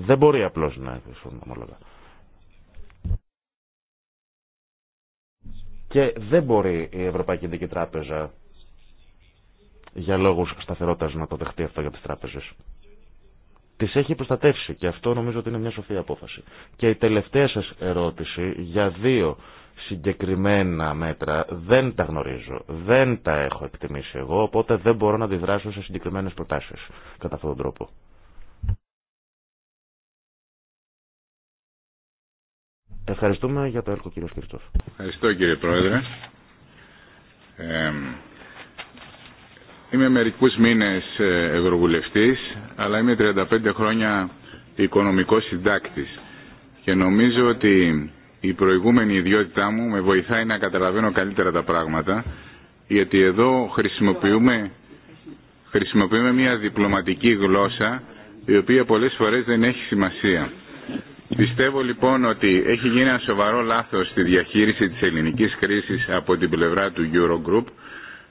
Δεν μπορεί απλώς να το ομόλογα. Και δεν μπορεί η Ευρωπαϊκή Κεντρική Τράπεζα για λόγου σταθερότητα να το δεχτεί αυτό για τις τράπεζες. Τις έχει προστατεύσει και αυτό νομίζω ότι είναι μια σοφή απόφαση. Και η τελευταία σα ερώτηση για δύο συγκεκριμένα μέτρα δεν τα γνωρίζω, δεν τα έχω εκτιμήσει εγώ, οπότε δεν μπορώ να αντιδράσω σε συγκεκριμένε προτάσει κατά αυτόν τον τρόπο. Ευχαριστούμε για το έργο κύριο Σκυρτσόφ. Ευχαριστώ κύριε Πρόεδρε. είμαι μερικούς μήνες ε, ευρωβουλευτής, αλλά είμαι 35 χρόνια οικονομικός συντάκτης και νομίζω ότι η προηγούμενη ιδιότητά μου με βοηθάει να καταλαβαίνω καλύτερα τα πράγματα γιατί εδώ χρησιμοποιούμε, χρησιμοποιούμε μια διπλωματική γλώσσα η οποία πολλές φορές δεν έχει σημασία. Πιστεύω λοιπόν ότι έχει γίνει ένα σοβαρό λάθος στη διαχείριση της ελληνικής κρίσης από την πλευρά του Eurogroup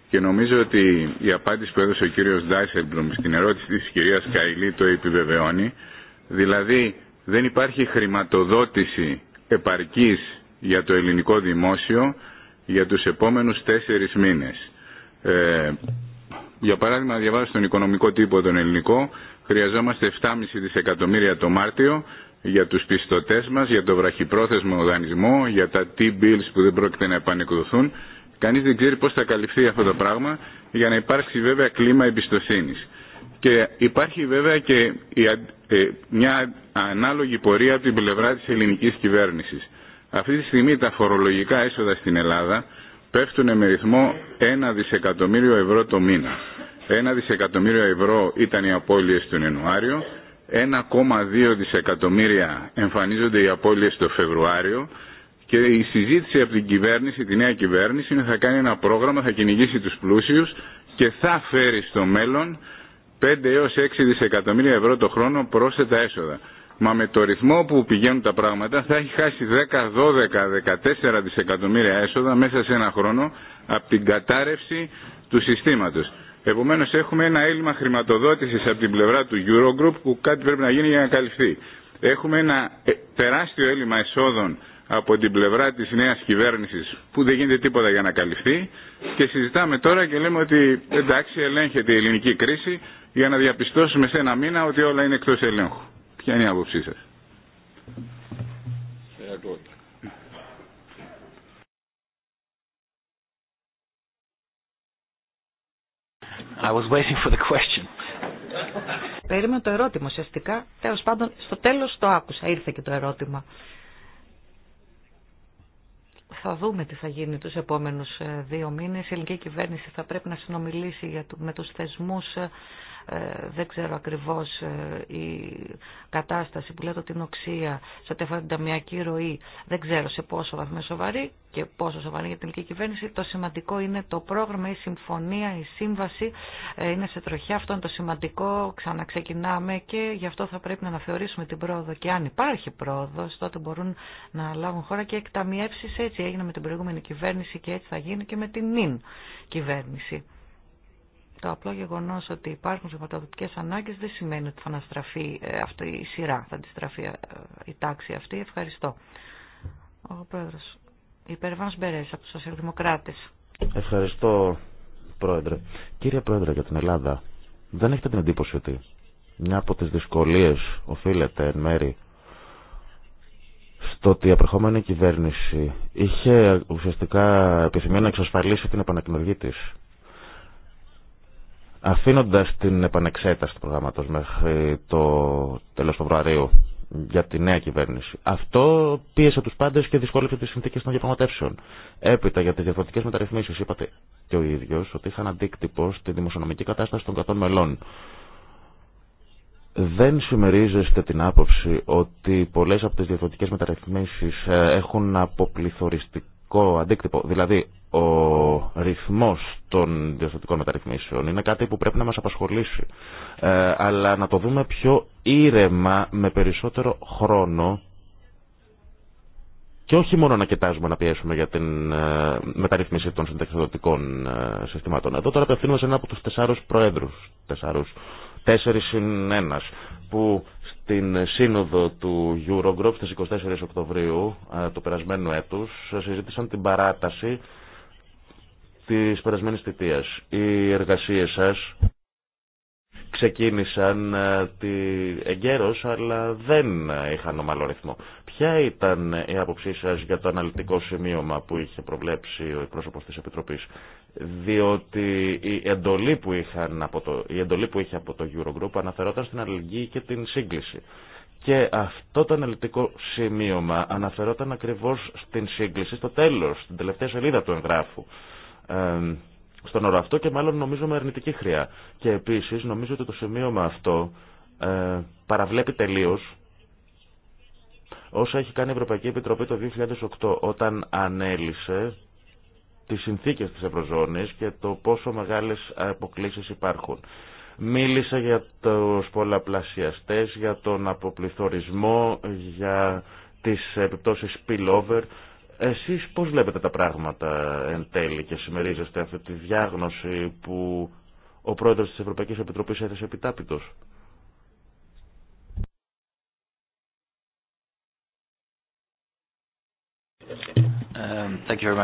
και νομίζω ότι η απάντηση που έδωσε ο κύριος Ντάισελμπλουμ στην ερώτηση της κυρίας Καηλή το επιβεβαιώνει. Δηλαδή δεν υπάρχει χρηματοδότηση επαρκής για το ελληνικό δημόσιο για τους επόμενους τέσσερις μήνες. Ε, για παράδειγμα, διαβάζω στον οικονομικό τύπο τον ελληνικό, χρειαζόμαστε 7,5 δισεκατομμύρια το Μάρτιο για τους πιστωτές μας, για το βραχυπρόθεσμο δανεισμό, για τα T-bills που δεν πρόκειται να επανεκδοθούν. Κανείς δεν ξέρει πώς θα καλυφθεί αυτό το πράγμα για να υπάρξει βέβαια κλίμα εμπιστοσύνης. Και υπάρχει βέβαια και ε, μια ανάλογη πορεία από την πλευρά της ελληνικής κυβέρνησης. Αυτή τη στιγμή τα φορολογικά έσοδα στην Ελλάδα πέφτουν με ρυθμό 1 δισεκατομμύριο ευρώ το μήνα. 1 δισεκατομμύριο ευρώ ήταν οι απώλειες τον Ιανουάριο, 1,2 δισεκατομμύρια εμφανίζονται οι απώλειες το Φεβρουάριο και η συζήτηση από την κυβέρνηση, τη νέα κυβέρνηση, είναι θα κάνει ένα πρόγραμμα, θα κυνηγήσει τους πλούσιους και θα φέρει στο μέλλον 5 έως 6 δισεκατομμύρια ευρώ το χρόνο πρόσθετα έσοδα. Μα με το ρυθμό που πηγαίνουν τα πράγματα θα έχει χάσει 10, 12, 14 δισεκατομμύρια έσοδα μέσα σε ένα χρόνο από την κατάρρευση του συστήματος. Επομένως έχουμε ένα έλλειμμα χρηματοδότησης από την πλευρά του Eurogroup που κάτι πρέπει να γίνει για να καλυφθεί. Έχουμε ένα ε, τεράστιο έλλειμμα εσόδων από την πλευρά της νέα κυβέρνηση που δεν γίνεται τίποτα για να καλυφθεί και συζητάμε τώρα και λέμε ότι εντάξει ελέγχεται η ελληνική κρίση για να διαπιστώσουμε σε ένα μήνα ότι όλα είναι εκτό ελέγχου. Ποια είναι η άποψή σας. I was waiting for the question. Περίμενα το ερώτημα ουσιαστικά. Τέλος πάντων, στο τέλος το άκουσα. Ήρθε και το ερώτημα. Θα δούμε τι θα γίνει τους επόμενους ε, δύο μήνες. Η ελληνική κυβέρνηση θα πρέπει να συνομιλήσει με τους θεσμούς ε, ε, δεν ξέρω ακριβώς ε, η κατάσταση που λέτε την οξία σε ό,τι αφορά την ταμιακή ροή, δεν ξέρω σε πόσο βαθμό σοβαρή και πόσο σοβαρή για την ελληνική κυβέρνηση. Το σημαντικό είναι το πρόγραμμα, η συμφωνία, η σύμβαση ε, είναι σε τροχιά. Αυτό είναι το σημαντικό. Ξαναξεκινάμε και γι' αυτό θα πρέπει να αναθεωρήσουμε την πρόοδο. Και αν υπάρχει πρόοδο, τότε μπορούν να λάβουν χώρα και εκταμιεύσει. Έτσι έγινε με την προηγούμενη κυβέρνηση και έτσι θα γίνει και με την νυν κυβέρνηση. Το απλό γεγονό ότι υπάρχουν χρηματοδοτικέ ανάγκε δεν σημαίνει ότι θα αναστραφεί ε, αυτή η σειρά, θα αντιστραφεί ε, η τάξη αυτή. Ευχαριστώ. Ο πρόεδρο. Υπερβάν Μπερέ από του Σοσιαλδημοκράτε. Ευχαριστώ, πρόεδρε. Κύριε πρόεδρε, για την Ελλάδα, δεν έχετε την εντύπωση ότι μια από τι δυσκολίε οφείλεται εν μέρη στο ότι η απερχόμενη κυβέρνηση είχε ουσιαστικά επιθυμία να εξασφαλίσει την επανακλογή της Αφήνοντα την επανεξέταση του προγράμματο μέχρι το τέλο Φεβρουαρίου για τη νέα κυβέρνηση, αυτό πίεσε του πάντε και δυσκόλεψε τι συνθήκε των διαπραγματεύσεων. Έπειτα για τι διαφορετικέ μεταρρυθμίσει, είπατε και ο ίδιο ότι είχαν αντίκτυπο στη δημοσιονομική κατάσταση των κρατών μελών. Δεν συμμερίζεστε την άποψη ότι πολλέ από τι διαφορετικέ μεταρρυθμίσει ε, έχουν αποπληθωριστικό αντίκτυπο. Δηλαδή, ο ρυθμό των διαστατικών μεταρρυθμίσεων είναι κάτι που πρέπει να μα απασχολήσει. Ε, αλλά να το δούμε πιο ήρεμα, με περισσότερο χρόνο και όχι μόνο να κοιτάζουμε να πιέσουμε για την ε, μεταρρύθμιση των συνταξιδοτικών ε, συστημάτων. Εδώ τώρα απευθύνουμε σε ένα από τους τεσσάρους προέδρους, τεσσάρους, τέσσερις συν ένας, που την σύνοδο του Eurogroup στις 24 Οκτωβρίου ε, του περασμένου έτους συζήτησαν την παράταση της περασμένης θητείας. Οι εργασίες σας ξεκίνησαν ε, τη εγκαίρως αλλά δεν είχαν ομαλό ρυθμό. Ποια ήταν η άποψή σας για το αναλυτικό σημείωμα που είχε προβλέψει ο εκπρόσωπος της Επιτροπής διότι η εντολή που, είχαν από το, η εντολή που είχε από το Eurogroup αναφερόταν στην αλληλεγγύη και την σύγκληση. Και αυτό το αναλυτικό σημείωμα αναφερόταν ακριβώς στην σύγκληση στο τέλος, στην τελευταία σελίδα του εγγράφου. στον όρο αυτό και μάλλον νομίζω με αρνητική χρειά. Και επίσης νομίζω ότι το σημείωμα αυτό ε, παραβλέπει τελείως όσα έχει κάνει η Ευρωπαϊκή Επιτροπή το 2008 όταν ανέλησε τις συνθήκες της Ευρωζώνης και το πόσο μεγάλες αποκλήσεις υπάρχουν. Μίλησα για τους πολλαπλασιαστές, για τον αποπληθωρισμό, για τις επιπτώσεις spillover. Εσείς πώς βλέπετε τα πράγματα εν τέλει και συμμερίζεστε αυτή τη διάγνωση που ο πρόεδρος της Ευρωπαϊκής Επιτροπής έθεσε επιτάπητος. Um,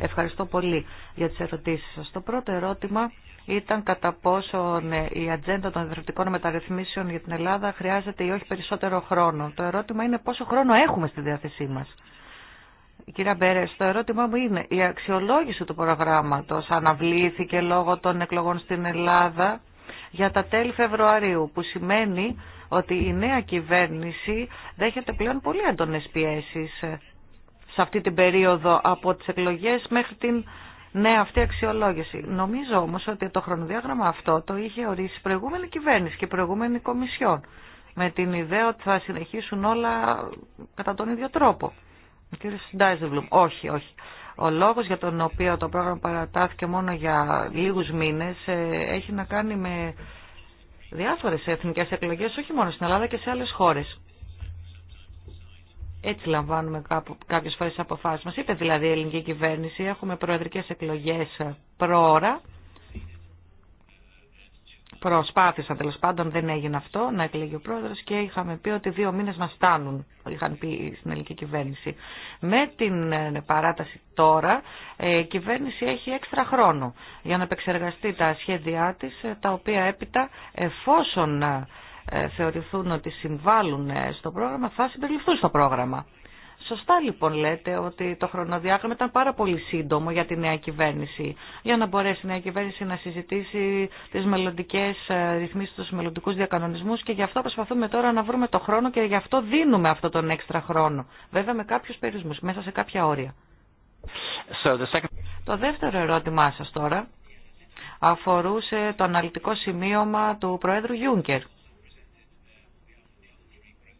Ευχαριστώ πολύ για τις ερωτήσεις σας. Το πρώτο ερώτημα ήταν κατά πόσο ε, η ατζέντα των διευθυντικών μεταρρυθμίσεων για την Ελλάδα χρειάζεται ή όχι περισσότερο χρόνο. Το ερώτημα είναι πόσο χρόνο έχουμε στη διάθεσή μας. Κυρία Μπέρε, το ερώτημά μου είναι η αξιολόγηση του προγράμματος αναβλήθηκε λόγω των εκλογών στην Ελλάδα για τα τέλη Φεβρουαρίου, που σημαίνει ότι η νέα κυβέρνηση δέχεται πλέον πολύ έντονες πιέσεις ε, σε αυτή την περίοδο από τις εκλογές μέχρι την νέα αυτή αξιολόγηση. Νομίζω όμως ότι το χρονοδιάγραμμα αυτό το είχε ορίσει η προηγούμενη κυβέρνηση και προηγούμενη κομισιόν με την ιδέα ότι θα συνεχίσουν όλα κατά τον ίδιο τρόπο. Κύριε Σντάιζεβλουμ, όχι, όχι. Ο λόγος για τον οποίο το πρόγραμμα παρατάθηκε μόνο για λίγους μήνες ε, έχει να κάνει με διάφορες εθνικές εκλογές, όχι μόνο στην Ελλάδα και σε άλλες χώρες. Έτσι λαμβάνουμε κάποιες φορές αποφάσεις. Μας είπε δηλαδή η ελληνική κυβέρνηση, έχουμε προεδρικές εκλογές πρόωρα. Προσπάθησαν τέλο πάντων, δεν έγινε αυτό, να εκλεγεί ο πρόεδρο και είχαμε πει ότι δύο μήνε μα φτάνουν, είχαν πει στην ελληνική κυβέρνηση. Με την ε, παράταση τώρα, ε, η κυβέρνηση έχει έξτρα χρόνο για να επεξεργαστεί τα σχέδιά τη, ε, τα οποία έπειτα, εφόσον ε, θεωρηθούν ότι συμβάλλουν ε, στο πρόγραμμα θα συμπεριληφθούν στο πρόγραμμα. Σωστά λοιπόν λέτε ότι το χρονοδιάγραμμα ήταν πάρα πολύ σύντομο για τη νέα κυβέρνηση, για να μπορέσει η νέα κυβέρνηση να συζητήσει τις μελλοντικέ ε, ρυθμίσεις, τους μελλοντικού διακανονισμούς και γι' αυτό προσπαθούμε τώρα να βρούμε το χρόνο και γι' αυτό δίνουμε αυτόν τον έξτρα χρόνο, βέβαια με κάποιους περιορισμούς, μέσα σε κάποια όρια. So second... Το δεύτερο ερώτημά σας τώρα αφορούσε το αναλυτικό σημείωμα του Προέδρου Γιούγκερ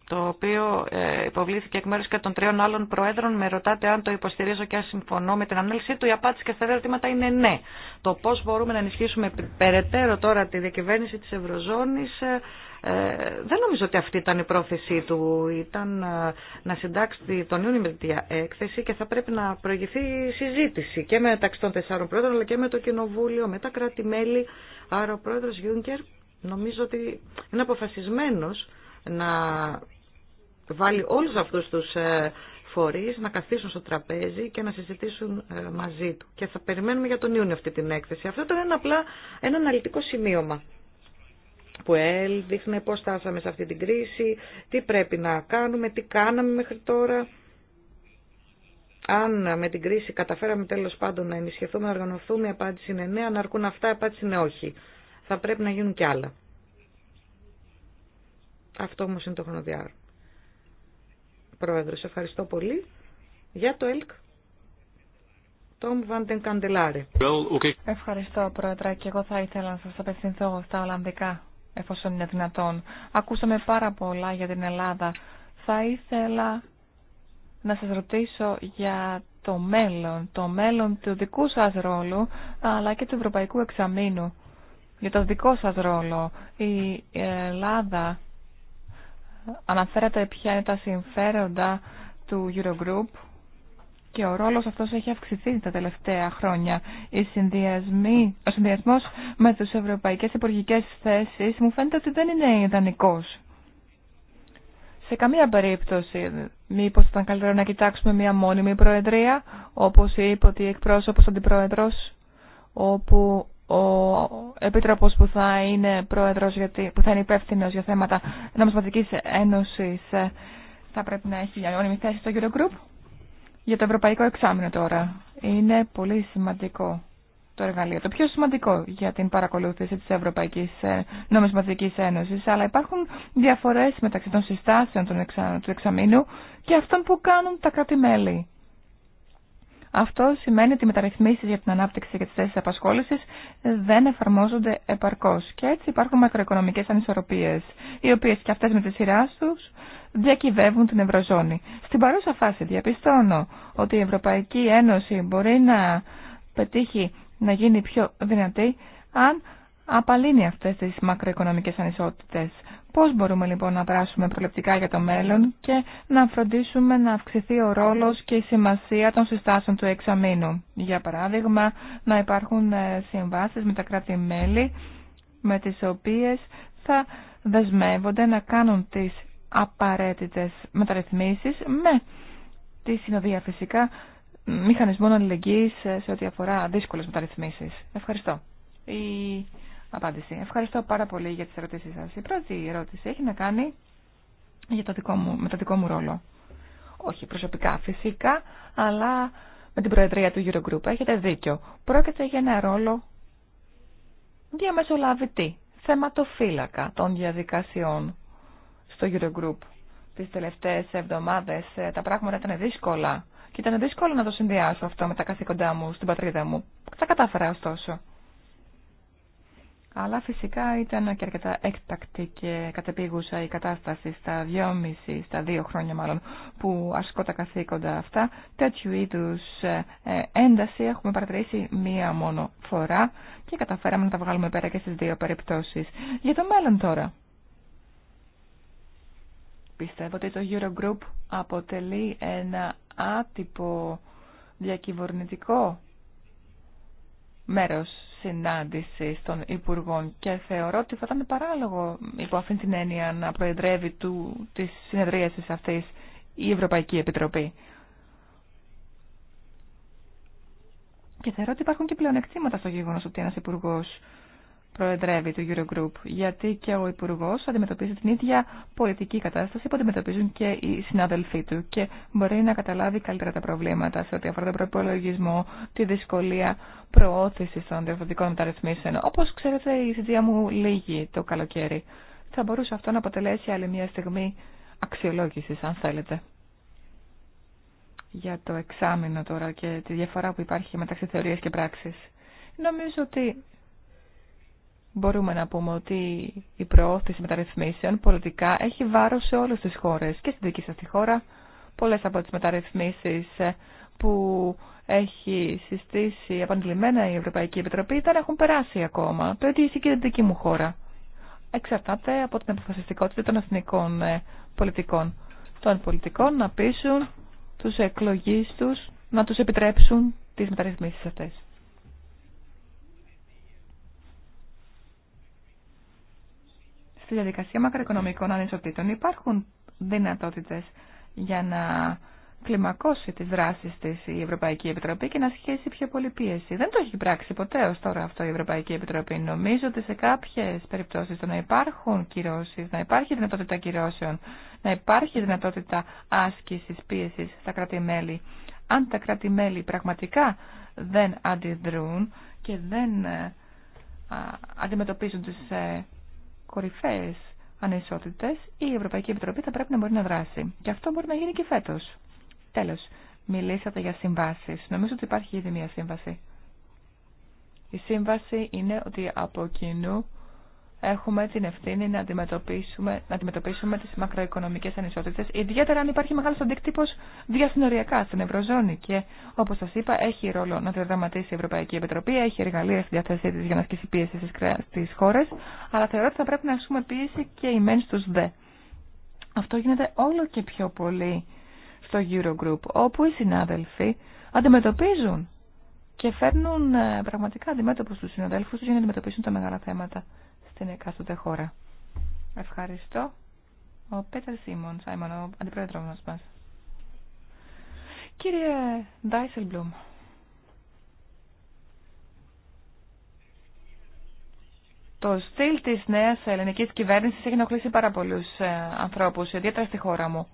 το οποίο ε, υποβλήθηκε εκ μέρους και των τριών άλλων προέδρων. Με ρωτάτε αν το υποστηρίζω και αν συμφωνώ με την ανάλυση του. Η απάντηση και στα δύο ερωτήματα είναι ναι. Το πώς μπορούμε να ενισχύσουμε περαιτέρω τώρα τη διακυβέρνηση της Ευρωζώνης ε, ε, δεν νομίζω ότι αυτή ήταν η πρόθεσή του. Ήταν να συντάξει τον Ιούνιο με την έκθεση και θα πρέπει να προηγηθεί συζήτηση και μεταξύ των τεσσάρων πρόεδρων αλλά και με το Κοινοβούλιο, με τα κράτη-μέλη. Άρα ο πρόεδρος Γιούγκερ νομίζω ότι είναι αποφασισμένος να βάλει όλους αυτούς τους ε, φορείς να καθίσουν στο τραπέζι και να συζητήσουν ε, μαζί του. Και θα περιμένουμε για τον Ιούνιο αυτή την έκθεση. Αυτό ήταν ένα απλά ένα αναλυτικό σημείωμα που έλδειχνε πώς στάσαμε σε αυτή την κρίση, τι πρέπει να κάνουμε, τι κάναμε μέχρι τώρα. Αν με την κρίση καταφέραμε τέλος πάντων να ενισχυθούμε, να οργανωθούμε, η απάντηση είναι ναι, αν αρκούν αυτά, η απάντηση είναι όχι. Θα πρέπει να γίνουν κι άλλα. Αυτό όμως είναι το χρονοδιάγραμμα. Πρόεδρος. Ευχαριστώ πολύ. Για το ΕΛΚ. Τόμ Βαντεν Καντελάρε. Ευχαριστώ, Πρόεδρε, και εγώ θα ήθελα να σα απευθυνθώ στα Ολλανδικά, εφόσον είναι δυνατόν. Ακούσαμε πάρα πολλά για την Ελλάδα. Θα ήθελα να σας ρωτήσω για το μέλλον, το μέλλον του δικού σας ρόλου, αλλά και του Ευρωπαϊκού Εξαμήνου. Για το δικό σα ρόλο, η Ελλάδα Αναφέρατε ποια είναι τα συμφέροντα του Eurogroup και ο ρόλος αυτός έχει αυξηθεί τα τελευταία χρόνια. Οι ο συνδυασμός με τις ευρωπαϊκές υπουργικές θέσεις μου φαίνεται ότι δεν είναι ιδανικός. Σε καμία περίπτωση, μήπως ήταν καλύτερο να κοιτάξουμε μια μόνιμη προεδρία, όπως είπε ότι εκπρόσωπος αντιπρόεδρος, όπου ο επίτροπος που θα είναι πρόεδρος, γιατί, που θα είναι υπεύθυνος για θέματα νομισματικής ένωσης ε, θα πρέπει να έχει μόνιμη θέση στο Eurogroup. Για το ευρωπαϊκό εξάμεινο τώρα. Είναι πολύ σημαντικό το εργαλείο. Το πιο σημαντικό για την παρακολούθηση της Ευρωπαϊκής ε, Νομισματικής Ένωσης. Αλλά υπάρχουν διαφορές μεταξύ των συστάσεων του εξαμήνου και αυτών που κάνουν τα κράτη-μέλη. Αυτό σημαίνει ότι οι μεταρρυθμίσει για την ανάπτυξη και τι θέσει απασχόληση δεν εφαρμόζονται επαρκώ. Και έτσι υπάρχουν μακροοικονομικέ ανισορροπίε, οι οποίε και αυτέ με τη σειρά του διακυβεύουν την Ευρωζώνη. Στην παρούσα φάση διαπιστώνω ότι η Ευρωπαϊκή Ένωση μπορεί να πετύχει να γίνει πιο δυνατή αν απαλύνει αυτές τις μακροοικονομικές ανισότητες. Πώς μπορούμε λοιπόν να δράσουμε προληπτικά για το μέλλον και να φροντίσουμε να αυξηθεί ο ρόλος και η σημασία των συστάσεων του εξαμήνου. Για παράδειγμα, να υπάρχουν ε, συμβάσεις με τα κράτη-μέλη με τις οποίες θα δεσμεύονται να κάνουν τις απαραίτητες μεταρρυθμίσεις με τη συνοδεία φυσικά μηχανισμών αλληλεγγύης ε, σε ό,τι αφορά δύσκολες μεταρρυθμίσεις. Ευχαριστώ απάντηση. Ευχαριστώ πάρα πολύ για τις ερωτήσεις σας. Η πρώτη ερώτηση έχει να κάνει για το δικό μου, με το δικό μου ρόλο. Όχι προσωπικά φυσικά, αλλά με την προεδρία του Eurogroup. Έχετε δίκιο. Πρόκειται για ένα ρόλο διαμεσολαβητή, θεματοφύλακα των διαδικασιών στο Eurogroup. Τις τελευταίες εβδομάδες ε, τα πράγματα ήταν δύσκολα και ήταν δύσκολο να το συνδυάσω αυτό με τα καθήκοντά μου στην πατρίδα μου. Τα κατάφερα ωστόσο. Αλλά φυσικά ήταν και αρκετά έκτακτη και κατεπήγουσα η κατάσταση στα δυόμιση, στα δύο χρόνια μάλλον που ασκώ τα καθήκοντα αυτά. Τέτοιου είδους ε, ε, ένταση έχουμε παρατηρήσει μία μόνο φορά και καταφέραμε να τα βγάλουμε πέρα και στις δύο περιπτώσεις. Για το μέλλον τώρα. Πιστεύω ότι το Eurogroup αποτελεί ένα άτυπο διακυβερνητικό μέρος συνάντηση των Υπουργών και θεωρώ ότι θα ήταν παράλογο υπό αυτήν την έννοια να προεδρεύει του, της συνεδρίασης αυτής η Ευρωπαϊκή Επιτροπή. Και θεωρώ ότι υπάρχουν και πλεονεκτήματα στο γεγονός ότι ένας υπουργό προεδρεύει του Eurogroup, γιατί και ο Υπουργό αντιμετωπίζει την ίδια πολιτική κατάσταση που αντιμετωπίζουν και οι συναδελφοί του και μπορεί να καταλάβει καλύτερα τα προβλήματα σε ό,τι αφορά τον προπολογισμό, τη δυσκολία προώθηση των διαφορετικών μεταρρυθμίσεων. Όπω ξέρετε, η συζήτησή μου λύγει το καλοκαίρι. Θα μπορούσε αυτό να αποτελέσει άλλη μια στιγμή αξιολόγηση, αν θέλετε για το εξάμεινο τώρα και τη διαφορά που υπάρχει μεταξύ θεωρίας και πράξης. Νομίζω ότι μπορούμε να πούμε ότι η προώθηση μεταρρυθμίσεων πολιτικά έχει βάρος σε όλες τις χώρες και στην δική σας τη χώρα. Πολλές από τις μεταρρυθμίσεις ε, που έχει συστήσει επανειλημμένα η Ευρωπαϊκή Επιτροπή δεν έχουν περάσει ακόμα. Το ίδιο ισχύει και την δική μου χώρα. Εξαρτάται από την αποφασιστικότητα των εθνικών ε, πολιτικών. Των πολιτικών να πείσουν τους εκλογείς τους να τους επιτρέψουν τις μεταρρυθμίσεις αυτές. στη διαδικασία μακροοικονομικών ανισοτήτων υπάρχουν δυνατότητες για να κλιμακώσει τις δράσεις της η Ευρωπαϊκή Επιτροπή και να σχέσει πιο πολύ πίεση. Δεν το έχει πράξει ποτέ ως τώρα αυτό η Ευρωπαϊκή Επιτροπή. Νομίζω ότι σε κάποιες περιπτώσεις το να υπάρχουν κυρώσεις, να υπάρχει δυνατότητα κυρώσεων, να υπάρχει δυνατότητα άσκησης πίεσης στα κράτη-μέλη. Αν τα κράτη-μέλη πραγματικά δεν αντιδρούν και δεν ε, αντιμετωπίζουν τις ε, κορυφαίες ανισότητε η Ευρωπαϊκή Επιτροπή θα πρέπει να μπορεί να δράσει. Και αυτό μπορεί να γίνει και φέτος. Τέλος, μιλήσατε για συμβάσεις. Νομίζω ότι υπάρχει ήδη μια σύμβαση. Η σύμβαση είναι ότι από κοινού έχουμε την ευθύνη να αντιμετωπίσουμε, να αντιμετωπίσουμε τις μακροοικονομικές ανισότητες, ιδιαίτερα αν υπάρχει μεγάλος αντικτύπος διασυνοριακά στην Ευρωζώνη και όπως σας είπα έχει ρόλο να διαδραματίσει η Ευρωπαϊκή Επιτροπή, έχει εργαλεία στη διάθεσή της για να ασκήσει πίεση στις χώρες, αλλά θεωρώ ότι θα πρέπει να ασκούμε πίεση και οι μεν στους δε. Αυτό γίνεται όλο και πιο πολύ στο Eurogroup, όπου οι συνάδελφοι αντιμετωπίζουν και φέρνουν ε, πραγματικά αντιμέτωπους τους συναδέλφους για να αντιμετωπίσουν τα μεγάλα θέματα στην εκάστοτε χώρα. Ευχαριστώ. Ο Πέτερ Σίμον, ο αντιπρόεδρο μα. Κύριε Ντάισελμπλουμ, το στυλ τη νέα ελληνική κυβέρνηση έχει ενοχλήσει πάρα πολλούς ε, ανθρώπου. ιδιαίτερα στη χώρα μου.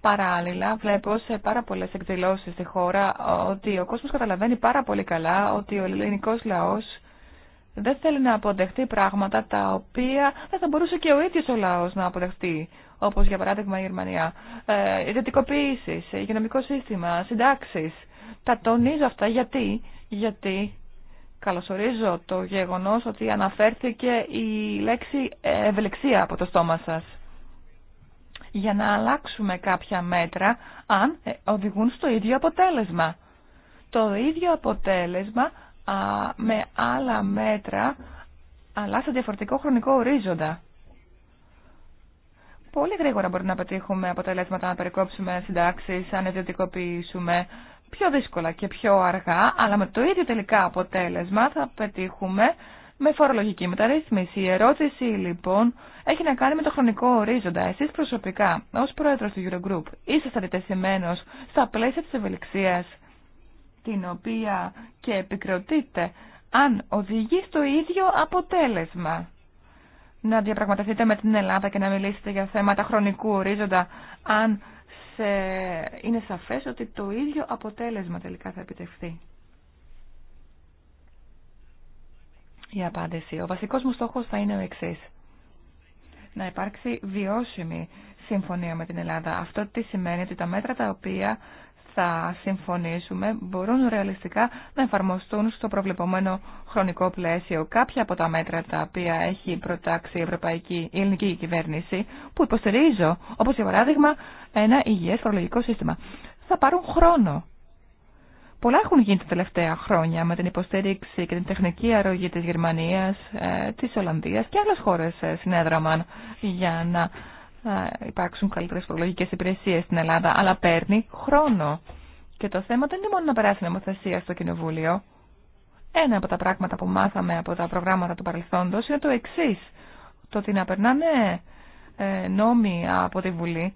Παράλληλα, βλέπω σε πάρα πολλέ εκδηλώσει στη χώρα ότι ο κόσμο καταλαβαίνει πάρα πολύ καλά ότι ο ελληνικό λαό δεν θέλει να αποδεχτεί πράγματα τα οποία δεν θα μπορούσε και ο ίδιο ο λαός να αποδεχτεί. Όπως για παράδειγμα η Γερμανία. Ε, Ιδιωτικοποίηση, υγειονομικό σύστημα, συντάξει. Τα τονίζω αυτά γιατί, γιατί καλωσορίζω το γεγονός ότι αναφέρθηκε η λέξη ευελεξία από το στόμα σα. Για να αλλάξουμε κάποια μέτρα αν ε, οδηγούν στο ίδιο αποτέλεσμα. Το ίδιο αποτέλεσμα α με άλλα μέτρα, αλλά σε διαφορετικό χρονικό ορίζοντα. Πολύ γρήγορα μπορεί να πετύχουμε αποτελέσματα να περικόψουμε συντάξει, αν ιδιωτικοποιήσουμε πιο δύσκολα και πιο αργά, αλλά με το ίδιο τελικά αποτέλεσμα θα πετύχουμε με φορολογική μεταρρύθμιση. Η ερώτηση λοιπόν έχει να κάνει με το χρονικό ορίζοντα. Εσείς προσωπικά, ως πρόεδρος του Eurogroup, είστε αντιτεθειμένος στα πλαίσια της ευελιξίας την οποία και επικροτείτε, αν οδηγεί στο ίδιο αποτέλεσμα. Να διαπραγματευτείτε με την Ελλάδα και να μιλήσετε για θέματα χρονικού ορίζοντα, αν είναι σαφές ότι το ίδιο αποτέλεσμα τελικά θα επιτευχθεί. Η απάντηση. Ο βασικός μου στόχος θα είναι ο εξής. Να υπάρξει βιώσιμη συμφωνία με την Ελλάδα. Αυτό τι σημαίνει ότι τα μέτρα τα οποία θα συμφωνήσουμε μπορούν ρεαλιστικά να εφαρμοστούν στο προβλεπόμενο χρονικό πλαίσιο. Κάποια από τα μέτρα τα οποία έχει προτάξει η, Ευρωπαϊκή, η ελληνική κυβέρνηση, που υποστηρίζω, όπως για παράδειγμα ένα υγιές φορολογικό σύστημα, θα πάρουν χρόνο. Πολλά έχουν γίνει τα τελευταία χρόνια με την υποστήριξη και την τεχνική αρρωγή της Γερμανίας, ε, της Ολλανδίας και άλλες χώρες ε, συνέδραμαν για να υπάρξουν καλύτερε φορολογικέ υπηρεσίε στην Ελλάδα, αλλά παίρνει χρόνο. Και το θέμα δεν είναι μόνο να περάσει νομοθεσία στο Κοινοβούλιο. Ένα από τα πράγματα που μάθαμε από τα προγράμματα του παρελθόντος είναι το εξή. Το ότι να περνάνε ε, νόμοι από τη Βουλή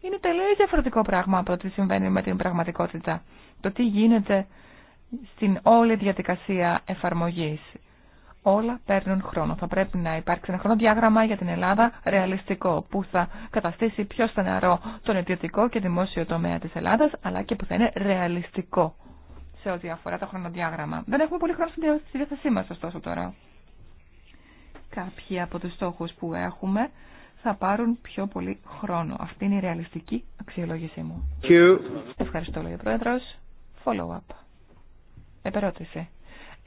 είναι τελείω διαφορετικό πράγμα από το τι συμβαίνει με την πραγματικότητα. Το τι γίνεται στην όλη διαδικασία εφαρμογής όλα παίρνουν χρόνο. Θα πρέπει να υπάρξει ένα χρονοδιάγραμμα για την Ελλάδα ρεαλιστικό που θα καταστήσει πιο στεναρό τον ιδιωτικό και δημόσιο τομέα της Ελλάδας αλλά και που θα είναι ρεαλιστικό σε ό,τι αφορά το χρονοδιάγραμμα. Δεν έχουμε πολύ χρόνο στη διάθεσή μας ωστόσο τώρα. Κάποιοι από τους στόχους που έχουμε θα πάρουν πιο πολύ χρόνο. Αυτή είναι η ρεαλιστική αξιολόγησή μου. Ευχαριστώ, λέει ο Πρόεδρος. Follow-up. Επερώτηση.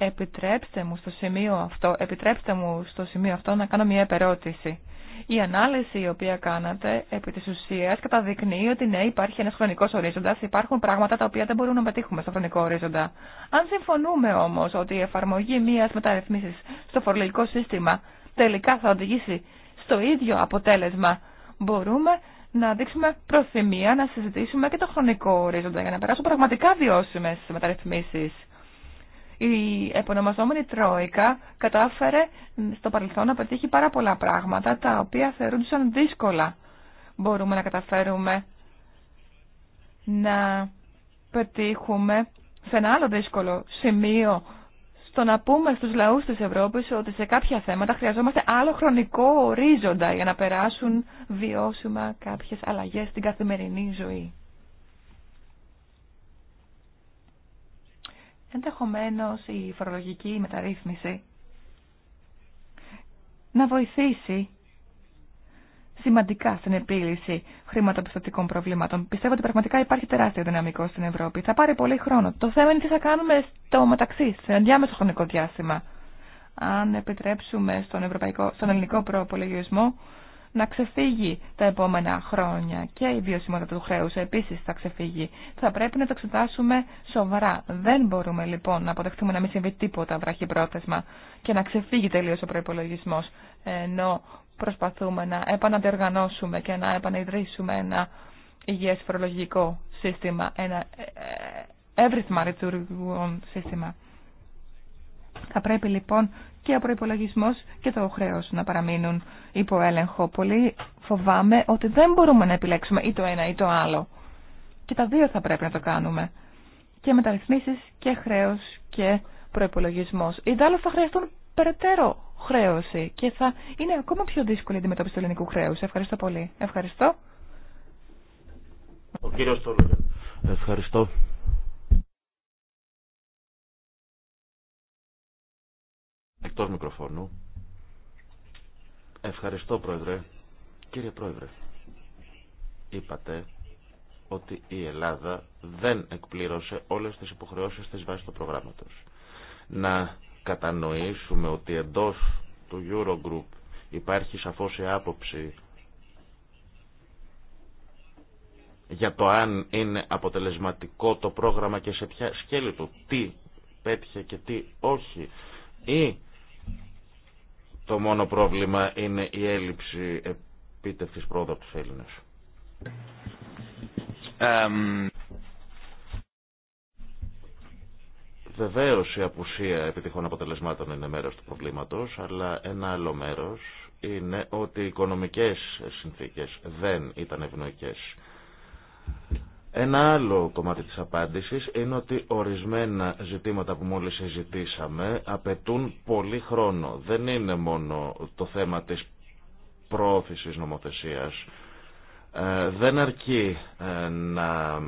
Επιτρέψτε μου στο σημείο αυτό, επιτρέψτε στο σημείο αυτό να κάνω μια επερώτηση. Η ανάλυση η οποία κάνατε επί της ουσίας καταδεικνύει ότι ναι υπάρχει ένας χρονικός ορίζοντας, υπάρχουν πράγματα τα οποία δεν μπορούμε να πετύχουμε στο χρονικό ορίζοντα. Αν συμφωνούμε όμως ότι η εφαρμογή μιας μεταρρυθμίσης στο φορολογικό σύστημα τελικά θα οδηγήσει στο ίδιο αποτέλεσμα, μπορούμε να δείξουμε προθυμία να συζητήσουμε και το χρονικό ορίζοντα για να περάσουν πραγματικά βιώσιμες μεταρρυθμίσεις. Η επωνομαζόμενη Τρόικα κατάφερε στο παρελθόν να πετύχει πάρα πολλά πράγματα τα οποία θεωρούνταν δύσκολα. Μπορούμε να καταφέρουμε να πετύχουμε σε ένα άλλο δύσκολο σημείο στο να πούμε στους λαούς της Ευρώπης ότι σε κάποια θέματα χρειαζόμαστε άλλο χρονικό ορίζοντα για να περάσουν βιώσιμα κάποιες αλλαγές στην καθημερινή ζωή. Ενδεχομένω η φορολογική μεταρρύθμιση να βοηθήσει σημαντικά στην επίλυση χρηματοπιστωτικών προβλήματων. Πιστεύω ότι πραγματικά υπάρχει τεράστιο δυναμικό στην Ευρώπη. Θα πάρει πολύ χρόνο. Το θέμα είναι τι θα κάνουμε στο μεταξύ, σε ενδιάμεσο χρονικό διάστημα. Αν επιτρέψουμε στον, ευρωπαϊκό, στον ελληνικό προπολογισμό να ξεφύγει τα επόμενα χρόνια και η βιωσιμότητα του χρέους επίσης θα ξεφύγει. Θα πρέπει να το εξετάσουμε σοβαρά. Δεν μπορούμε λοιπόν να αποδεχτούμε να μην συμβεί τίποτα πρόθεσμα και να ξεφύγει τελείως ο προϋπολογισμός ενώ προσπαθούμε να επαναδιοργανώσουμε και να επανειδρύσουμε ένα υγιές φορολογικό σύστημα, ένα ε, ε, εύρυθμα λειτουργικό σύστημα. Θα πρέπει λοιπόν και ο προπολογισμό και το χρέο να παραμείνουν υπό έλεγχο. Πολύ φοβάμαι ότι δεν μπορούμε να επιλέξουμε ή το ένα ή το άλλο. Και τα δύο θα πρέπει να το κάνουμε. Και μεταρρυθμίσει και χρέο και προπολογισμό. Ιδάλω θα χρειαστούν περαιτέρω χρέωση και θα είναι ακόμα πιο δύσκολη η αντιμετώπιση του ελληνικού χρέου. Ευχαριστώ πολύ. Ευχαριστώ. Εκτός μικροφώνου. Ευχαριστώ, Πρόεδρε. Κύριε Πρόεδρε, είπατε ότι η Ελλάδα δεν εκπλήρωσε όλες τις υποχρεώσεις της βάσης του προγράμματος. Να κατανοήσουμε ότι εντός του Eurogroup υπάρχει σαφώς η άποψη για το αν είναι αποτελεσματικό το πρόγραμμα και σε ποια σκέλη του, τι πέτυχε και τι όχι, ή το μόνο πρόβλημα είναι η έλλειψη επίτευξης πρόοδο από τους Έλληνες. Um... Βεβαίω η απουσία επιτυχών αποτελεσμάτων είναι μέρος του προβλήματος, αλλά ένα άλλο μέρος είναι ότι οι οικονομικές συνθήκες δεν ήταν ευνοϊκές. Ένα άλλο κομμάτι της απάντησης είναι ότι ορισμένα ζητήματα που μόλις συζητήσαμε απαιτούν πολύ χρόνο. Δεν είναι μόνο το θέμα της πρόθεσης νομοθεσίας ε, δεν αρκεί ε, να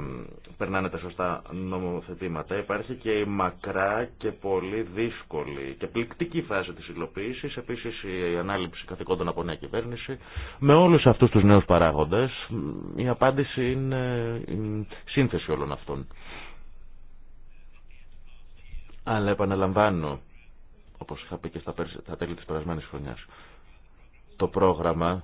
περνάνε τα σωστά νομοθετήματα. Υπάρχει και η μακρά και πολύ δύσκολη και πληκτική φάση της υλοποίησης, επίσης η ανάληψη καθηκόντων από νέα κυβέρνηση. Με όλους αυτούς τους νέους παράγοντες η απάντηση είναι η σύνθεση όλων αυτών. Αλλά επαναλαμβάνω, όπως είχα πει και στα τέλη της περασμένης χρονιάς, το πρόγραμμα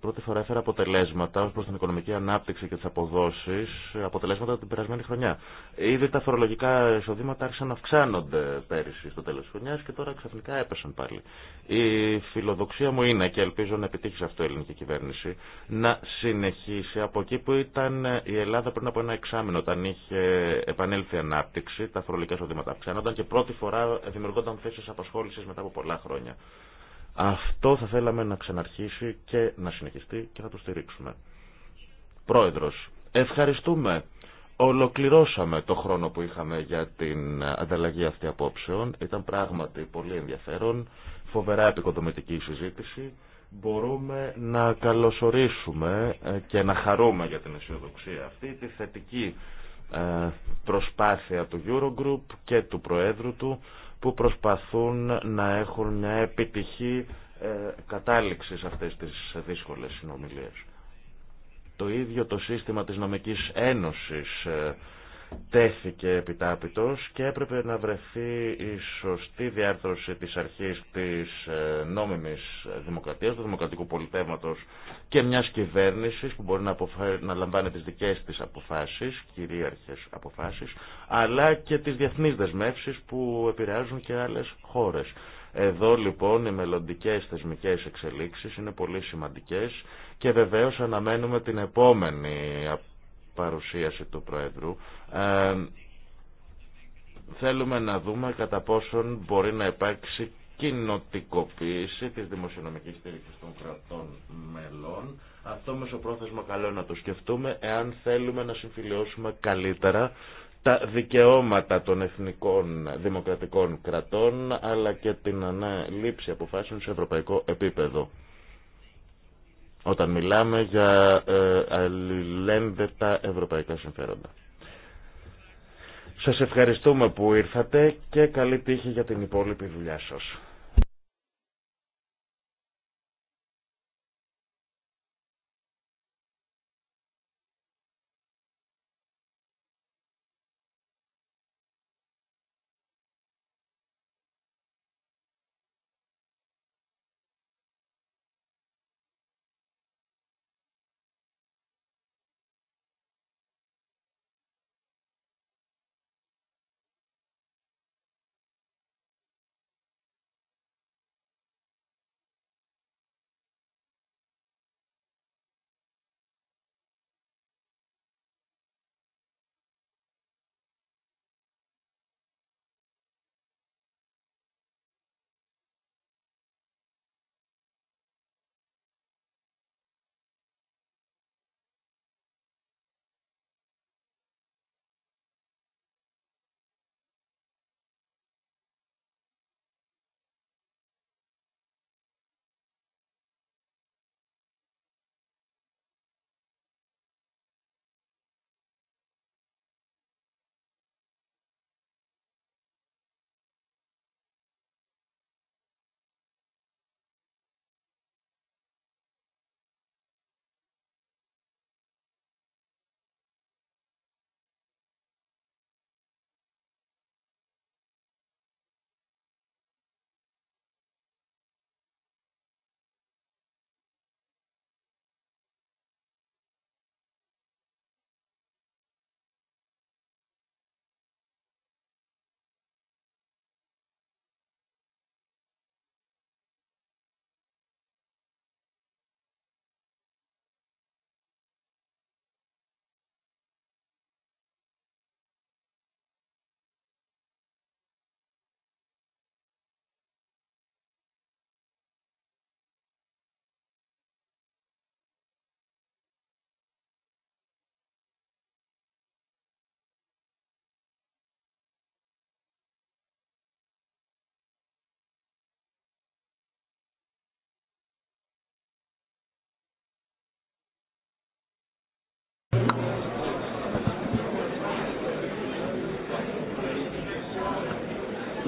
πρώτη φορά έφερα αποτελέσματα ω προ την οικονομική ανάπτυξη και τι αποδόσει, αποτελέσματα την περασμένη χρονιά. Ήδη τα φορολογικά εισοδήματα άρχισαν να αυξάνονται πέρυσι στο τέλο τη χρονιά και τώρα ξαφνικά έπεσαν πάλι. Η φιλοδοξία μου είναι, και ελπίζω να επιτύχει σε αυτό η ελληνική κυβέρνηση, να συνεχίσει από εκεί που ήταν η Ελλάδα πριν από ένα εξάμεινο, όταν είχε επανέλθει ανάπτυξη, τα φορολογικά εισοδήματα αυξάνονταν και πρώτη φορά δημιουργόταν θέσει μετά από πολλά χρόνια. Αυτό θα θέλαμε να ξαναρχίσει και να συνεχιστεί και να το στηρίξουμε. Πρόεδρος, ευχαριστούμε. Ολοκληρώσαμε το χρόνο που είχαμε για την ανταλλαγή αυτή απόψεων. Ήταν πράγματι πολύ ενδιαφέρον, φοβερά επικοδομητική συζήτηση. Μπορούμε να καλωσορίσουμε και να χαρούμε για την αισιοδοξία αυτή, τη θετική ε, προσπάθεια του Eurogroup και του Προέδρου του που προσπαθούν να έχουν μια επιτυχή ε, κατάληξη σε αυτές τις δύσκολες συνομιλίες. Το ίδιο το σύστημα της νομικής ένωσης ε, τέθηκε επιτάπητος και έπρεπε να βρεθεί η σωστή διάρθρωση της αρχής της ε, νόμιμης δημοκρατίας, του δημοκρατικού πολιτεύματος και μιας κυβέρνησης που μπορεί να, αποφα... να λαμβάνει τις δικές της αποφάσεις, κυρίαρχες αποφάσεις, αλλά και τις διεθνείς δεσμεύσεις που επηρεάζουν και άλλες χώρες. Εδώ λοιπόν οι μελλοντικέ θεσμικέ εξελίξεις είναι πολύ σημαντικές και βεβαίως αναμένουμε την επόμενη παρουσίαση του Προέδρου, ε, θέλουμε να δούμε κατά πόσον μπορεί να υπάρξει κοινοτικοποίηση της δημοσιονομικής στήριξης των κρατών μελών. Αυτό μεσοπρόθεσμα καλό να το σκεφτούμε εάν θέλουμε να συμφιλειώσουμε καλύτερα τα δικαιώματα των εθνικών δημοκρατικών κρατών αλλά και την ανάληψη αποφάσεων σε ευρωπαϊκό επίπεδο όταν μιλάμε για ε, αλληλένδετα ευρωπαϊκά συμφέροντα. Σας ευχαριστούμε που ήρθατε και καλή τύχη για την υπόλοιπη δουλειά σας.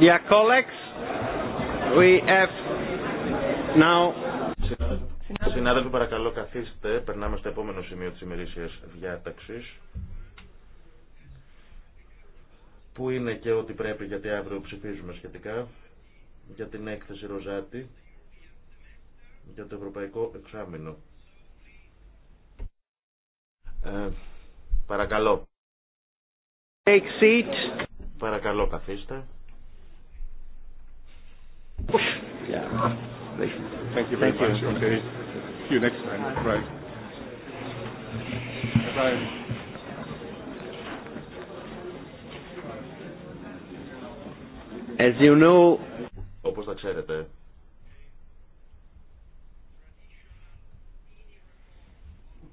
Dear colleagues, we have Συνάδελφοι, παρακαλώ καθίστε. Περνάμε στο επόμενο σημείο της ημερήσιας διάταξης που είναι και ό,τι πρέπει γιατί αύριο ψηφίζουμε σχετικά για την έκθεση Ροζάτη για το Ευρωπαϊκό Εξάμεινο. Ε, παρακαλώ. Παρακαλώ καθίστε. Yeah. Thank you. Thank you very Thank much. You. Okay. See you next time. Right. Bye. As you know, όπως θα ξέρετε,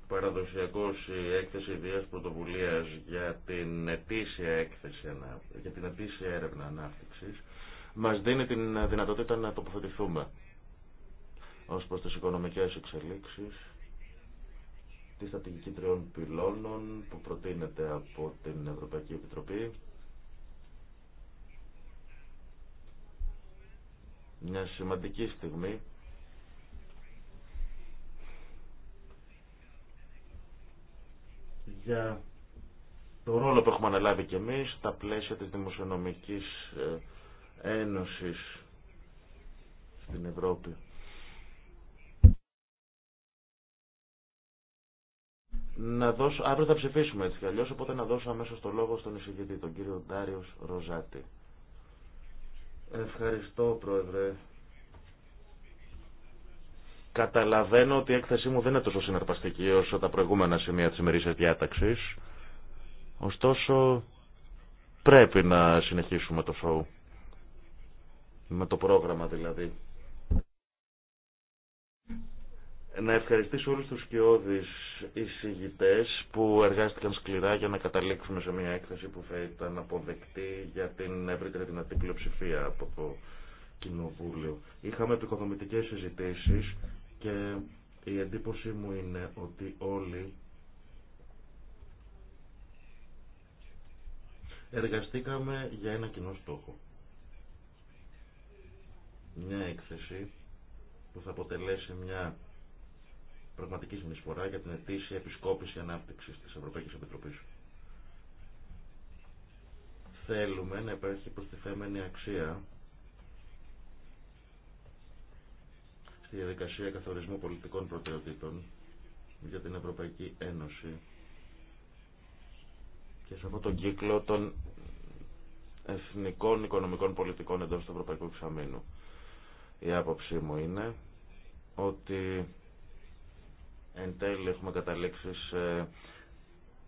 παραδοσιακώς η έκθεση ιδίας πρωτοβουλίας για την ετήσια, έκθεση, για την ετήσια έρευνα ανάπτυξης μας δίνει την δυνατότητα να τοποθετηθούμε ως προς τις οικονομικές εξελίξεις, τη στρατηγική τριών πυλώνων που προτείνεται από την Ευρωπαϊκή Επιτροπή, μια σημαντική στιγμή για το ρόλο που έχουμε αναλάβει και εμείς στα πλαίσια της δημοσιονομικής ε, Ένωσης στην Ευρώπη. Να δώσω, αύριο θα ψηφίσουμε έτσι κι αλλιώς, οπότε να δώσω αμέσως το λόγο στον εισηγητή, τον κύριο Ντάριος Ροζάτη. Ευχαριστώ, Πρόεδρε. Καταλαβαίνω ότι η έκθεσή μου δεν είναι τόσο συναρπαστική όσο τα προηγούμενα σημεία της ημερής διάταξης. Ωστόσο, πρέπει να συνεχίσουμε το σοου με το πρόγραμμα δηλαδή. Να ευχαριστήσω όλους τους σκιώδεις εισηγητές που εργάστηκαν σκληρά για να καταλήξουμε σε μια έκθεση που θα ήταν αποδεκτή για την ευρύτερη δυνατή πλειοψηφία από το Κοινοβούλιο. Είχαμε επικοδομητικές συζητήσεις και η εντύπωση μου είναι ότι όλοι εργαστήκαμε για ένα κοινό στόχο μια έκθεση που θα αποτελέσει μια πραγματική συνεισφορά για την ετήσια επισκόπηση ανάπτυξη τη Ευρωπαϊκή Επιτροπή. Θέλουμε να υπάρχει προστιθέμενη αξία στη διαδικασία καθορισμού πολιτικών προτεραιοτήτων για την Ευρωπαϊκή Ένωση και σε αυτόν τον κύκλο των εθνικών οικονομικών πολιτικών εντός του Ευρωπαϊκού Ξαμήνου. Η άποψή μου είναι ότι εν τέλει έχουμε καταλήξει σε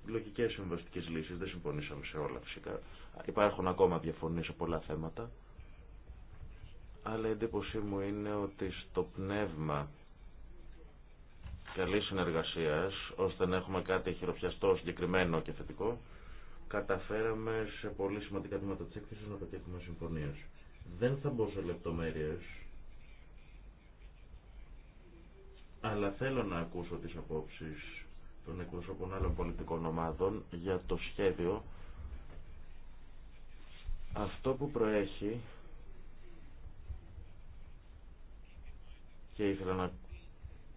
λογικέ συμβαστικέ λύσει. Δεν συμφωνήσαμε σε όλα φυσικά. Υπάρχουν ακόμα διαφωνίε σε πολλά θέματα. Αλλά η εντύπωσή μου είναι ότι στο πνεύμα καλή συνεργασία, ώστε να έχουμε κάτι χειροπιαστό, συγκεκριμένο και θετικό, καταφέραμε σε πολύ σημαντικά τμήματα τη έκθεση να πετύχουμε συμφωνίε. Δεν θα μπω σε λεπτομέρειε αλλά θέλω να ακούσω τις απόψεις των εκπροσώπων άλλων πολιτικών ομάδων για το σχέδιο. Αυτό που προέχει και ήθελα να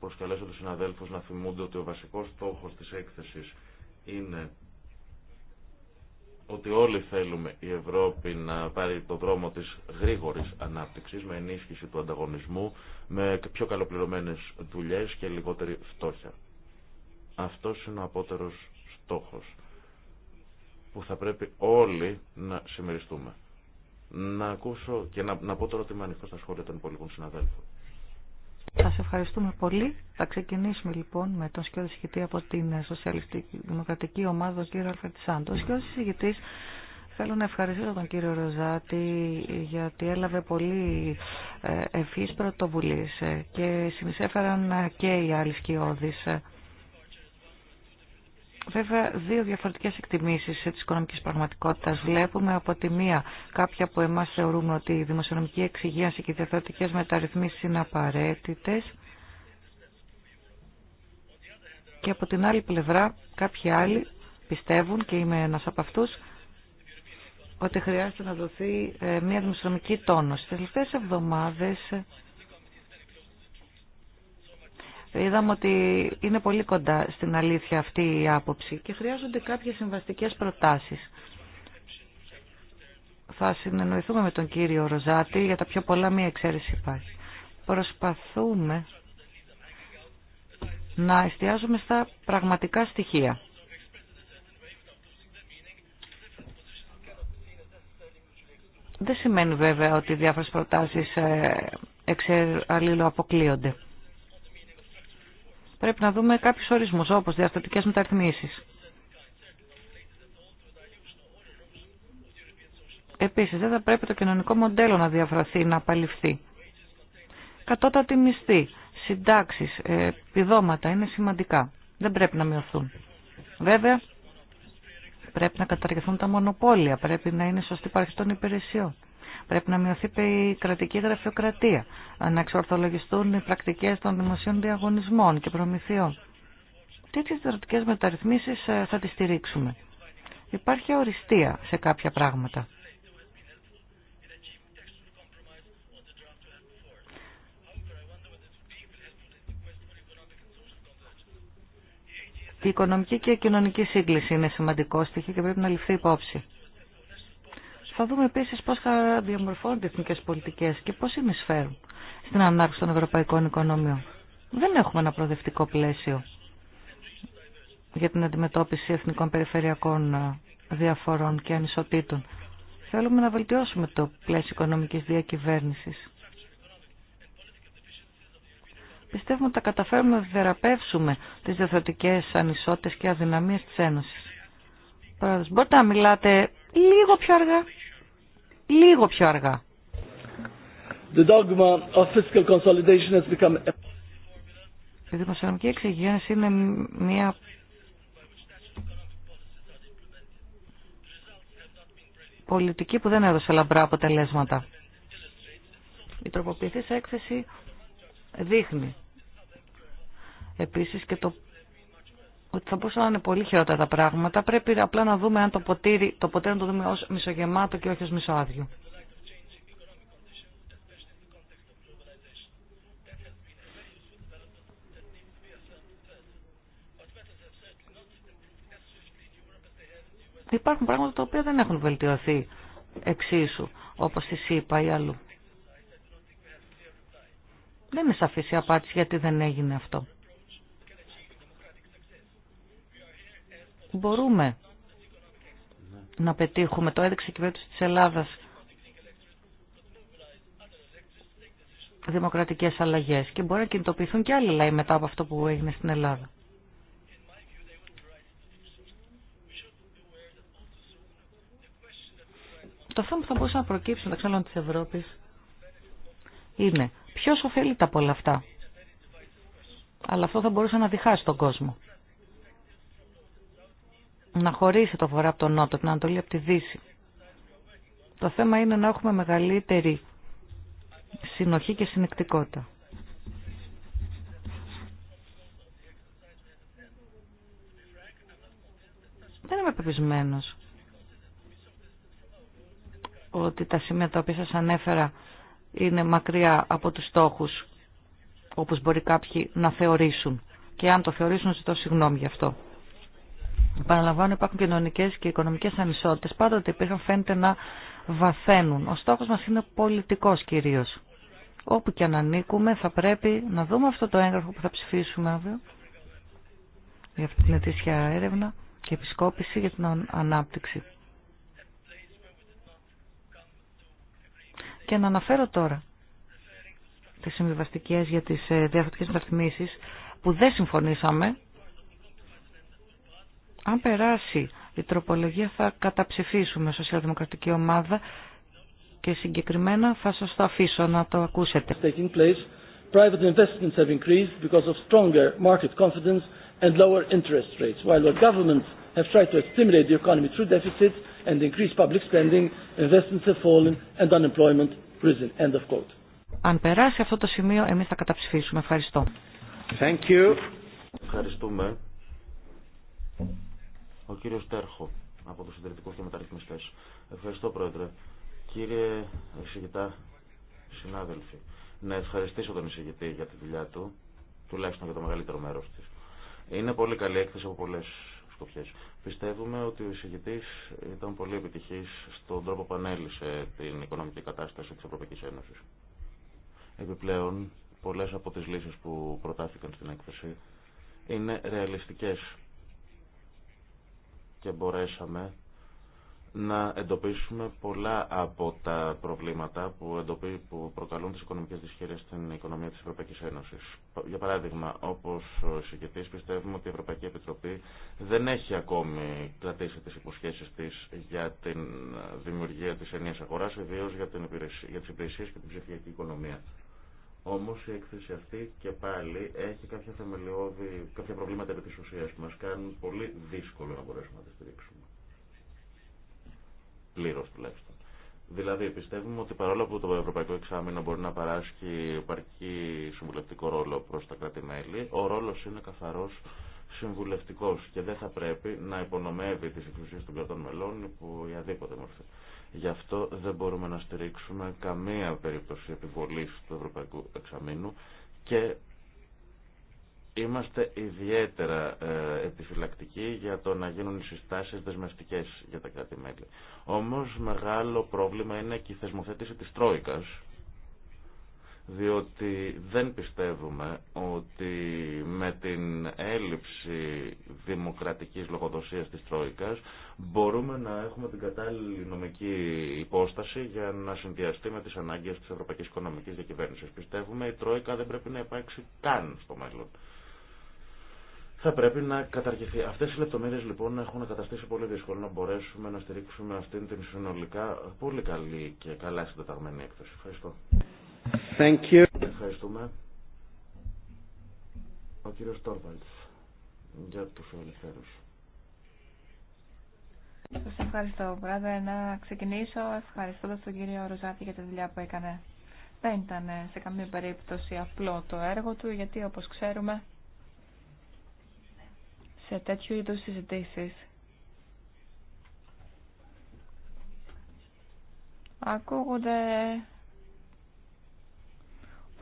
προσκαλέσω τους συναδέλφους να θυμούνται ότι ο βασικός στόχος της έκθεσης είναι ότι όλοι θέλουμε η Ευρώπη να πάρει το δρόμο της γρήγορης ανάπτυξης με ενίσχυση του ανταγωνισμού, με πιο καλοπληρωμένες δουλειές και λιγότερη φτώχεια. Αυτός είναι ο απότερος στόχος που θα πρέπει όλοι να συμμεριστούμε. Να ακούσω και να, να πω τώρα ότι είμαι ανοιχτό στα σχόλια των υπολοιπών συναδέλφων. Σας ευχαριστούμε πολύ. Θα ξεκινήσουμε λοιπόν με τον σκιώδη συγκητή από την Σοσιαλιστική Δημοκρατική Ομάδα, τον κύριο Αλφερτ Σάντο. Ο Θέλω να ευχαριστήσω τον κύριο Ροζάτη γιατί έλαβε πολύ ε, ευφύς πρωτοβουλίε ε, και συνεισέφεραν ε, και οι άλλοι σκιώδεις. Βέβαια, δύο διαφορετικές εκτιμήσεις τη οικονομική πραγματικότητας βλέπουμε. Από τη μία, κάποια από εμά θεωρούμε ότι η δημοσιονομική εξυγίαση και οι διαφορετικέ μεταρρυθμίσεις είναι απαραίτητε. Και από την άλλη πλευρά, κάποιοι άλλοι πιστεύουν, και είμαι ένα από αυτού ότι χρειάζεται να δοθεί ε, μια δημοσιονομική τόνωση. στι τελευταίε εβδομάδες Είδαμε ότι είναι πολύ κοντά στην αλήθεια αυτή η άποψη και χρειάζονται κάποιες συμβαστικές προτάσεις. Θα συνεννοηθούμε με τον κύριο Ροζάτη για τα πιο πολλά μία εξαίρεση υπάρχει. Προσπαθούμε να εστιάζουμε στα πραγματικά στοιχεία. Δεν σημαίνει βέβαια ότι διάφορες προτάσεις ε, εξαλλήλω αποκλείονται πρέπει να δούμε κάποιους ορισμούς όπως διαστατικές μεταρρυθμίσεις. Επίσης δεν θα πρέπει το κοινωνικό μοντέλο να διαφραθεί, να απαλληφθεί. Κατώτατη μισθή, συντάξεις, ε, επιδόματα είναι σημαντικά. Δεν πρέπει να μειωθούν. Βέβαια, πρέπει να καταργηθούν τα μονοπόλια, πρέπει να είναι σωστή υπάρχει των υπηρεσιών. Πρέπει να μειωθεί η κρατική γραφειοκρατία, να εξορθολογιστούν οι πρακτικές των δημοσίων διαγωνισμών και προμηθειών. Τέτοιες δραστικές μεταρρυθμίσεις ε, θα τις στηρίξουμε. Υπάρχει οριστία σε κάποια πράγματα. Η οικονομική και η κοινωνική σύγκληση είναι σημαντικό στοιχείο και πρέπει να ληφθεί υπόψη. Θα δούμε επίση πώ θα διαμορφώνονται οι εθνικέ πολιτικέ και πώς συνεισφέρουν στην ανάπτυξη των ευρωπαϊκών οικονομιών. Δεν έχουμε ένα προοδευτικό πλαίσιο για την αντιμετώπιση εθνικών περιφερειακών ε, διαφορών και ανισοτήτων. Θέλουμε να βελτιώσουμε το πλαίσιο οικονομική διακυβέρνηση. Πιστεύουμε ότι θα καταφέρουμε να θεραπεύσουμε τι διαφορετικέ ανισότητε και αδυναμίε τη Ένωση. μπορείτε να μιλάτε λίγο πιο αργά λίγο πιο αργά. The dogma of fiscal consolidation has become... Η δημοσιονομική εξυγίανση είναι μια πολιτική που δεν έδωσε λαμπρά αποτελέσματα. Η τροποποιηθής έκθεση δείχνει επίσης και το ότι θα μπορούσαν να είναι πολύ χειρότερα τα πράγματα. Πρέπει απλά να δούμε αν το ποτήρι, το ποτήρι να το δούμε ως μισογεμάτο και όχι ως μισοάδιο. Υπάρχουν πράγματα τα οποία δεν έχουν βελτιωθεί εξίσου, όπως η ΣΥΠΑ ή αλλού. Δεν είναι σαφής η απάντηση γιατί δεν έγινε αυτό. μπορούμε να πετύχουμε. Το έδειξε η κυβέρνηση της Ελλάδας δημοκρατικές αλλαγές και μπορεί να κινητοποιηθούν και άλλοι λαοί μετά από αυτό που έγινε στην Ελλάδα. Το θέμα που θα μπορούσε να προκύψει μεταξύ άλλων της Ευρώπης είναι ποιος ωφελείται από όλα αυτά. Αλλά αυτό θα μπορούσε να διχάσει τον κόσμο να χωρίσει το βορρά από τον νότο, την Ανατολή από τη Δύση. Το θέμα είναι να έχουμε μεγαλύτερη συνοχή και συνεκτικότητα. Δεν είμαι πεπισμένος ότι τα σημεία τα οποία σας ανέφερα είναι μακριά από τους στόχους όπως μπορεί κάποιοι να θεωρήσουν. Και αν το θεωρήσουν, ζητώ συγγνώμη γι' αυτό. Παραλαμβάνω υπάρχουν κοινωνικέ και οικονομικές ανισότητες, πάντοτε υπήρχαν φαίνεται να βαθαίνουν. Ο στόχο μας είναι πολιτικός κυρίω. Όπου και αν ανήκουμε θα πρέπει να δούμε αυτό το έγγραφο που θα ψηφίσουμε αύριο για αυτή την ετήσια έρευνα και επισκόπηση για την ανάπτυξη. Και να αναφέρω τώρα τις συμβιβαστικές για τις ε, διαφορετικές μεταρρυθμίσεις που δεν συμφωνήσαμε αν περάσει η τροπολογία θα καταψηφίσουμε σοσιαλδημοκρατική ομάδα και συγκεκριμένα θα σας το αφήσω να το ακούσετε. Private investments have increased because of stronger market confidence and lower interest rates, while the governments have tried to stimulate the economy through deficits and increase public spending, investments have fallen and unemployment risen. End of quote. Αν περάσει αυτό το σημείο, εμείς θα καταψηφίσουμε. Ευχαριστώ. Thank you. Ευχαριστούμε. Ο κύριο Τέρχο από τους συντηρητικού και Μεταρρυθμιστέ. Ευχαριστώ πρόεδρε. Κύριε εισηγητά, συνάδελφοι, να ευχαριστήσω τον εισηγητή για τη δουλειά του, τουλάχιστον για το μεγαλύτερο μέρο τη. Είναι πολύ καλή έκθεση από πολλέ σκοπιές. Πιστεύουμε ότι ο εισηγητή ήταν πολύ επιτυχής στον τρόπο που ανέλησε την οικονομική κατάσταση τη Ευρωπαϊκή Ένωση. Επιπλέον, πολλέ από τι λύσει που προτάθηκαν στην έκθεση είναι ρεαλιστικές και μπορέσαμε να εντοπίσουμε πολλά από τα προβλήματα που, εντοπί, που προκαλούν τις οικονομικές δυσχέρειες στην οικονομία της Ευρωπαϊκής Ένωσης. Για παράδειγμα, όπως συγκεκριτής πιστεύουμε ότι η Ευρωπαϊκή Επιτροπή δεν έχει ακόμη κρατήσει τις υποσχέσεις της για την δημιουργία της ενίας αγοράς, ιδίως για, την υπηρεσία, για τις υπηρεσίες και την ψηφιακή οικονομία. Όμως η έκθεση αυτή και πάλι έχει κάποια θεμελιώδη, κάποια προβλήματα επί τη ουσία που μας κάνουν πολύ δύσκολο να μπορέσουμε να τη στηρίξουμε. Πλήρως τουλάχιστον. Δηλαδή, πιστεύουμε ότι παρόλο που το Ευρωπαϊκό Εξάμεινο μπορεί να παράσχει επαρκή συμβουλευτικό ρόλο προ τα κράτη-μέλη, ο ρόλο είναι καθαρό συμβουλευτικό και δεν θα πρέπει να υπονομεύει τι εξουσίε των κρατών μελών υπό οποιαδήποτε μορφή. Γι' αυτό δεν μπορούμε να στηρίξουμε καμία περίπτωση επιβολής του Ευρωπαϊκού Εξαμήνου και είμαστε ιδιαίτερα ε, επιφυλακτικοί για το να γίνουν οι συστάσεις δεσμευτικές για τα κράτη-μέλη. Όμως μεγάλο πρόβλημα είναι και η θεσμοθέτηση της Τρόικας διότι δεν πιστεύουμε ότι με την έλλειψη δημοκρατικής λογοδοσίας της Τρόικας μπορούμε να έχουμε την κατάλληλη νομική υπόσταση για να συνδυαστεί με τις ανάγκες της Ευρωπαϊκής Οικονομικής Διακυβέρνησης. Πιστεύουμε η Τρόικα δεν πρέπει να υπάρξει καν στο μέλλον. Θα πρέπει να καταργηθεί. Αυτέ οι λεπτομέρειε λοιπόν έχουν καταστήσει πολύ δύσκολο να μπορέσουμε να στηρίξουμε αυτήν την συνολικά πολύ καλή και καλά συντεταγμένη έκθεση. Ευχαριστώ. Thank you. Ευχαριστούμε. Ο κύριος Τόρβαλτς για του ελευθέρους. Σας ευχαριστώ, Πρόεδρε. Να ξεκινήσω ευχαριστώντας τον κύριο Ροζάτη για τη δουλειά που έκανε. Δεν ήταν ε, σε καμία περίπτωση απλό το έργο του, γιατί όπως ξέρουμε, σε τέτοιου είδους συζητήσει. ακούγονται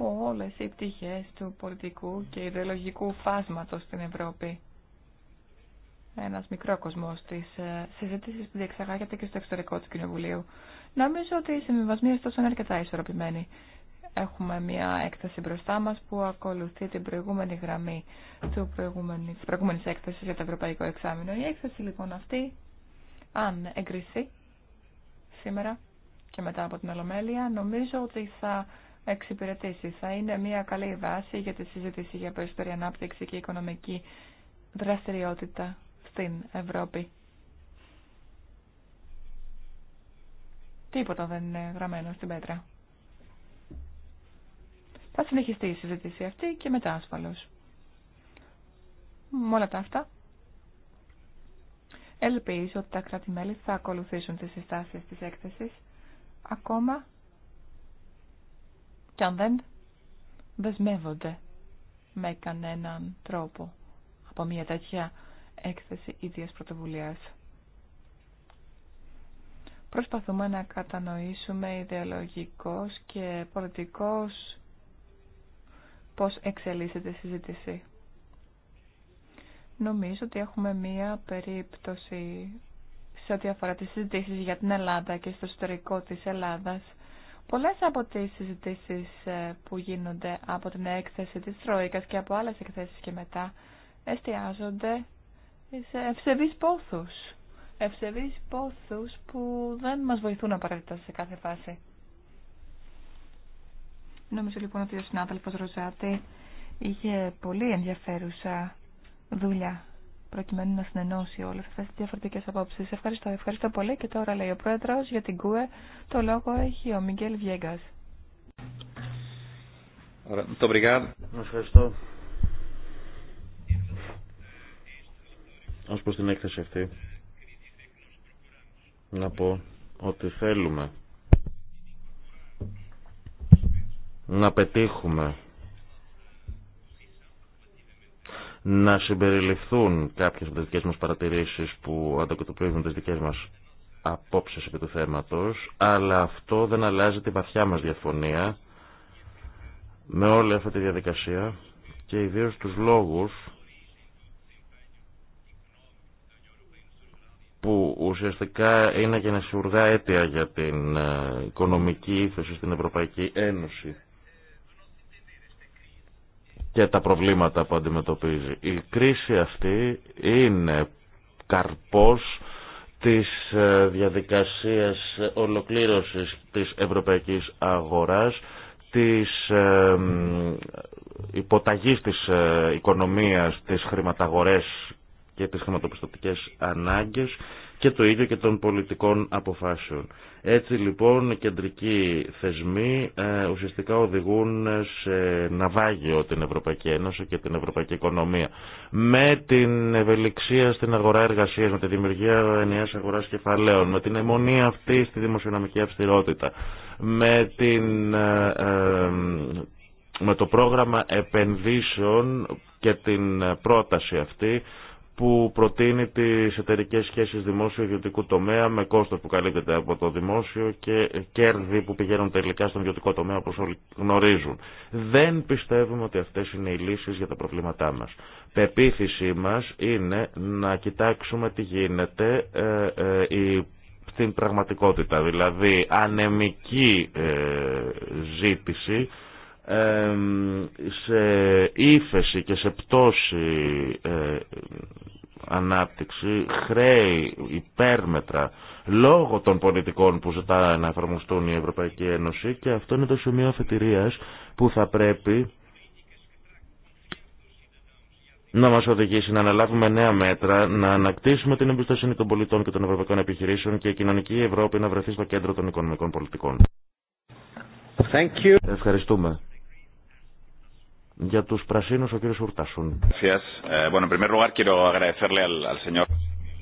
όλες οι πτυχές του πολιτικού και ιδεολογικού φάσματος στην Ευρώπη. Ένας μικρό κοσμός της ε, συζήτησης που διεξαγάγεται και στο εξωτερικό του Κοινοβουλίου. Νομίζω ότι οι συμβιβασμοί ωστόσο είναι αρκετά ισορροπημένοι. Έχουμε μια έκθεση μπροστά μας που ακολουθεί την προηγούμενη γραμμή του προηγούμενη, της προηγούμενης έκθεσης για το Ευρωπαϊκό Εξάμεινο. Η έκθεση λοιπόν αυτή, αν εγκριθεί σήμερα και μετά από την Ολομέλεια, νομίζω ότι θα εξυπηρετήσει. Θα είναι μια καλή βάση για τη συζήτηση για περισσότερη ανάπτυξη και οικονομική δραστηριότητα στην Ευρώπη. Τίποτα δεν είναι γραμμένο στην πέτρα. Θα συνεχιστεί η συζήτηση αυτή και μετά ασφαλώς. Με όλα τα αυτά, ελπίζω ότι τα κράτη-μέλη θα ακολουθήσουν τις συστάσεις της έκθεσης, ακόμα και αν δεν δεσμεύονται με κανέναν τρόπο από μια τέτοια έκθεση ίδιας πρωτοβουλίας. Προσπαθούμε να κατανοήσουμε ιδεολογικός και πολιτικός πώς εξελίσσεται η συζήτηση. Νομίζω ότι έχουμε μία περίπτωση σε ό,τι αφορά τις συζητήσεις για την Ελλάδα και στο ιστορικό της Ελλάδας Πολλές από τις συζητήσεις ε, που γίνονται από την έκθεση της Τρόικας και από άλλες εκθέσεις και μετά εστιάζονται σε ευσεβείς πόθους. Ευσεβείς πόθους που δεν μας βοηθούν απαραίτητα σε κάθε φάση. Νομίζω λοιπόν ότι ο συνάδελφος Ροζάτη είχε πολύ ενδιαφέρουσα δουλειά προκειμένου να συνενώσει όλες αυτές τις διαφορετικές απόψεις. Ευχαριστώ, ευχαριστώ πολύ και τώρα λέει ο Πρόεδρος για την ΚΟΕ. Το λόγο έχει ο Μιγγέλ Βιέγκας. Ευχαριστώ. Ως προς την έκθεση αυτή, να πω ότι θέλουμε να πετύχουμε να συμπεριληφθούν κάποιες από τις δικές μας παρατηρήσεις που αντακοτοπίζουν τις δικές μας απόψεις επί του θέματος, αλλά αυτό δεν αλλάζει τη βαθιά μας διαφωνία με όλη αυτή τη διαδικασία και ιδίως τους λόγους που ουσιαστικά είναι και αίτια για την ε, οικονομική ύφεση στην Ευρωπαϊκή Ένωση και τα προβλήματα που αντιμετωπίζει. Η κρίση αυτή είναι καρπός της ε, διαδικασίας ολοκλήρωσης της ευρωπαϊκής αγοράς, της ε, υποταγής της ε, οικονομίας, της χρηματαγορές και της χρηματοπιστωτικές ανάγκες και το ίδιο και των πολιτικών αποφάσεων. Έτσι λοιπόν οι κεντρικοί θεσμοί ε, ουσιαστικά οδηγούν σε ναυάγιο την Ευρωπαϊκή Ένωση και την Ευρωπαϊκή Οικονομία. Με την ευελιξία στην αγορά εργασίας, με τη δημιουργία ενιαίας αγοράς κεφαλαίων, με την αιμονία αυτή στη δημοσιονομική αυστηρότητα, με ε, ε, με το πρόγραμμα επενδύσεων και την πρόταση αυτή που προτείνει τις εταιρικές σχέσεις δημόσιο-ιδιωτικού τομέα με κόστος που καλύπτεται από το δημόσιο και κέρδη που πηγαίνουν τελικά στον ιδιωτικό τομέα όπως όλοι γνωρίζουν. Δεν πιστεύουμε ότι αυτές είναι οι λύσεις για τα προβλήματά μας. Πεποίθησή μας είναι να κοιτάξουμε τι γίνεται ε, ε, στην πραγματικότητα, δηλαδή ανεμική ε, ζήτηση σε ύφεση και σε πτώση ε, ανάπτυξη, χρέη, υπέρμετρα, λόγω των πολιτικών που ζητά να εφαρμοστούν η Ευρωπαϊκή Ένωση και αυτό είναι το σημείο αφετηρίας που θα πρέπει να μας οδηγήσει να αναλάβουμε νέα μέτρα, να ανακτήσουμε την εμπιστοσύνη των πολιτών και των ευρωπαϊκών επιχειρήσεων και η κοινωνική Ευρώπη να βρεθεί στο κέντρο των οικονομικών πολιτικών. Thank you. Ευχαριστούμε. Για τους πρασίνους ο κύριος Ουρτασούν. Ε,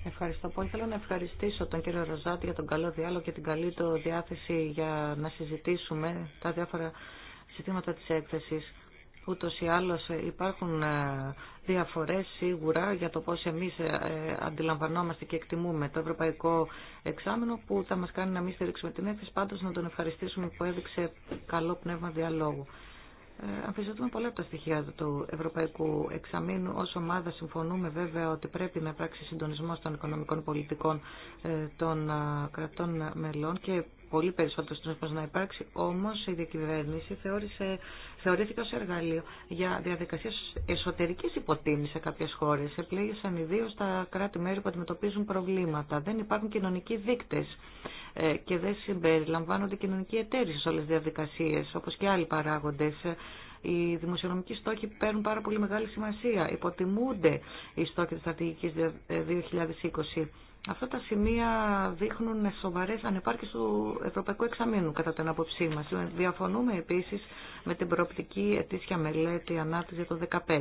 Ευχαριστώ πολύ. Θέλω να ευχαριστήσω τον κύριο Ροζάτη για τον καλό διάλογο και την καλή του διάθεση για να συζητήσουμε τα διάφορα ζητήματα της έκθεσης. Ούτως ή άλλως ε, υπάρχουν ε, διαφορές σίγουρα για το πώς εμείς αντιλαμβανόμαστε και εκτιμούμε το ευρωπαϊκό εξάμεινο που θα μας κάνει να μην στηρίξουμε την έκθεση, πάντως να τον ευχαριστήσουμε που έδειξε καλό πνεύμα διαλόγου. Αμφισβητούμε πολλά από τα στοιχεία του Ευρωπαϊκού Εξαμήνου. Ω ομάδα συμφωνούμε βέβαια ότι πρέπει να υπάρξει συντονισμό των οικονομικών πολιτικών ε, των ε, κρατών μελών και πολύ περισσότερο στους τόνους να υπάρξει, όμως η διακυβέρνηση θεώρησε, θεωρήθηκε ως εργαλείο για διαδικασίες εσωτερικής υποτίμησης σε κάποιες χώρες. Επλέγησαν ιδίω τα κράτη-μέρη που αντιμετωπίζουν προβλήματα. Δεν υπάρχουν κοινωνικοί δείκτες ε, και δεν συμπεριλαμβάνονται κοινωνικοί εταίροι σε όλες τις διαδικασίες, όπως και άλλοι παράγοντες. Οι δημοσιονομικοί στόχοι παίρνουν πάρα πολύ μεγάλη σημασία. Υποτιμούνται οι στόχοι της στρατηγικής 2020 ε, Αυτά τα σημεία δείχνουν σοβαρέ ανεπάρκειε του Ευρωπαϊκού Εξαμήνου, κατά την άποψή μα. Διαφωνούμε επίση με την προοπτική ετήσια μελέτη ανάπτυξη το 2015.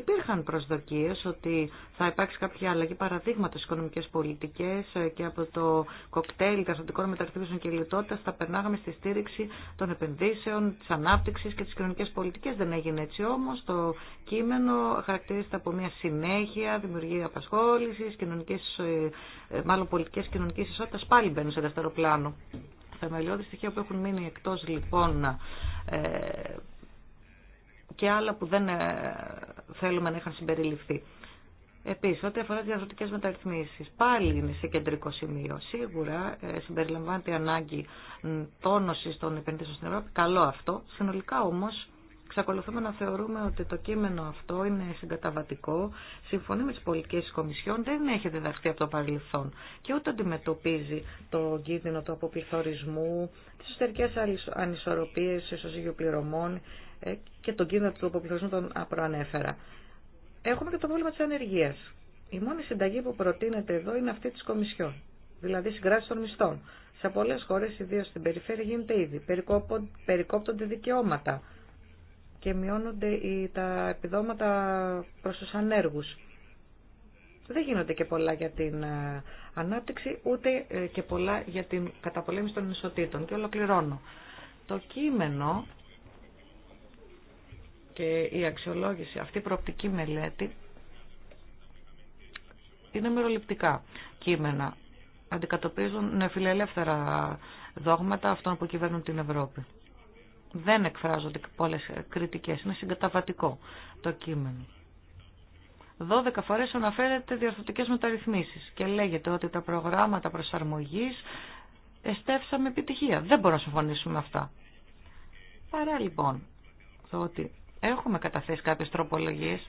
Υπήρχαν προσδοκίε ότι θα υπάρξει κάποια αλλαγή παραδείγματο στι οικονομικές πολιτικές και από το κοκτέιλ καθοδικών μεταρρυθμίσεων και λιτότητα θα περνάγαμε στη στήριξη των επενδύσεων, τη ανάπτυξη και τι κοινωνικής πολιτικής. Δεν έγινε έτσι όμω. Το κείμενο χαρακτηρίζεται από μια συνέχεια, δημιουργία απασχόληση, κοινωνικές, ε, μάλλον πολιτικέ κοινωνική ισότητα πάλι μπαίνουν σε δεύτερο πλάνο θεμελιώδη στοιχεία που έχουν μείνει εκτός λοιπόν ε, και άλλα που δεν ε, θέλουμε να είχαν συμπεριληφθεί. Επίση, ό,τι αφορά τι διαδροτικέ μεταρρυθμίσει, πάλι είναι σε κεντρικό σημείο. Σίγουρα ε, συμπεριλαμβάνεται η ανάγκη τόνωση των επενδύσεων στην Ευρώπη. Καλό αυτό. Συνολικά όμω, Ξεκολουθούμε να θεωρούμε ότι το κείμενο αυτό είναι συγκαταβατικό, συμφωνεί με τι πολιτικέ τη Κομισιόν, δεν έχει διδαχθεί από το παρελθόν και ούτε αντιμετωπίζει το κίνδυνο του αποπληθωρισμού, τι εσωτερικέ ανισορροπίε, ίδιο πληρωμών ε, και τον κίνδυνο του αποπληθωρισμού τον προανέφερα. Έχουμε και το πρόβλημα τη ανεργία. Η μόνη συνταγή που προτείνεται εδώ είναι αυτή τη Κομισιόν, δηλαδή συγκράτηση των μισθών. Σε πολλέ χώρε, ιδίω στην περιφέρεια, γίνεται ήδη. Περικόπτονται δικαιώματα και μειώνονται τα επιδόματα προς τους ανέργους. Δεν γίνονται και πολλά για την ε, ανάπτυξη, ούτε ε, και πολλά για την καταπολέμηση των ισοτήτων. Και ολοκληρώνω. Το κείμενο και η αξιολόγηση, αυτή η προοπτική μελέτη, είναι μεροληπτικά κείμενα. Αντικατοπίζουν φιλελεύθερα δόγματα αυτών που κυβέρνουν την Ευρώπη δεν εκφράζονται πολλές κριτικές, είναι συγκαταβατικό το κείμενο. 12 φορές αναφέρεται διορθωτικές μεταρρυθμίσεις και λέγεται ότι τα προγράμματα προσαρμογής εστέφσαμε επιτυχία. Δεν μπορούμε να συμφωνήσουμε με αυτά. Παρά λοιπόν το ότι έχουμε καταθέσει κάποιες τροπολογίες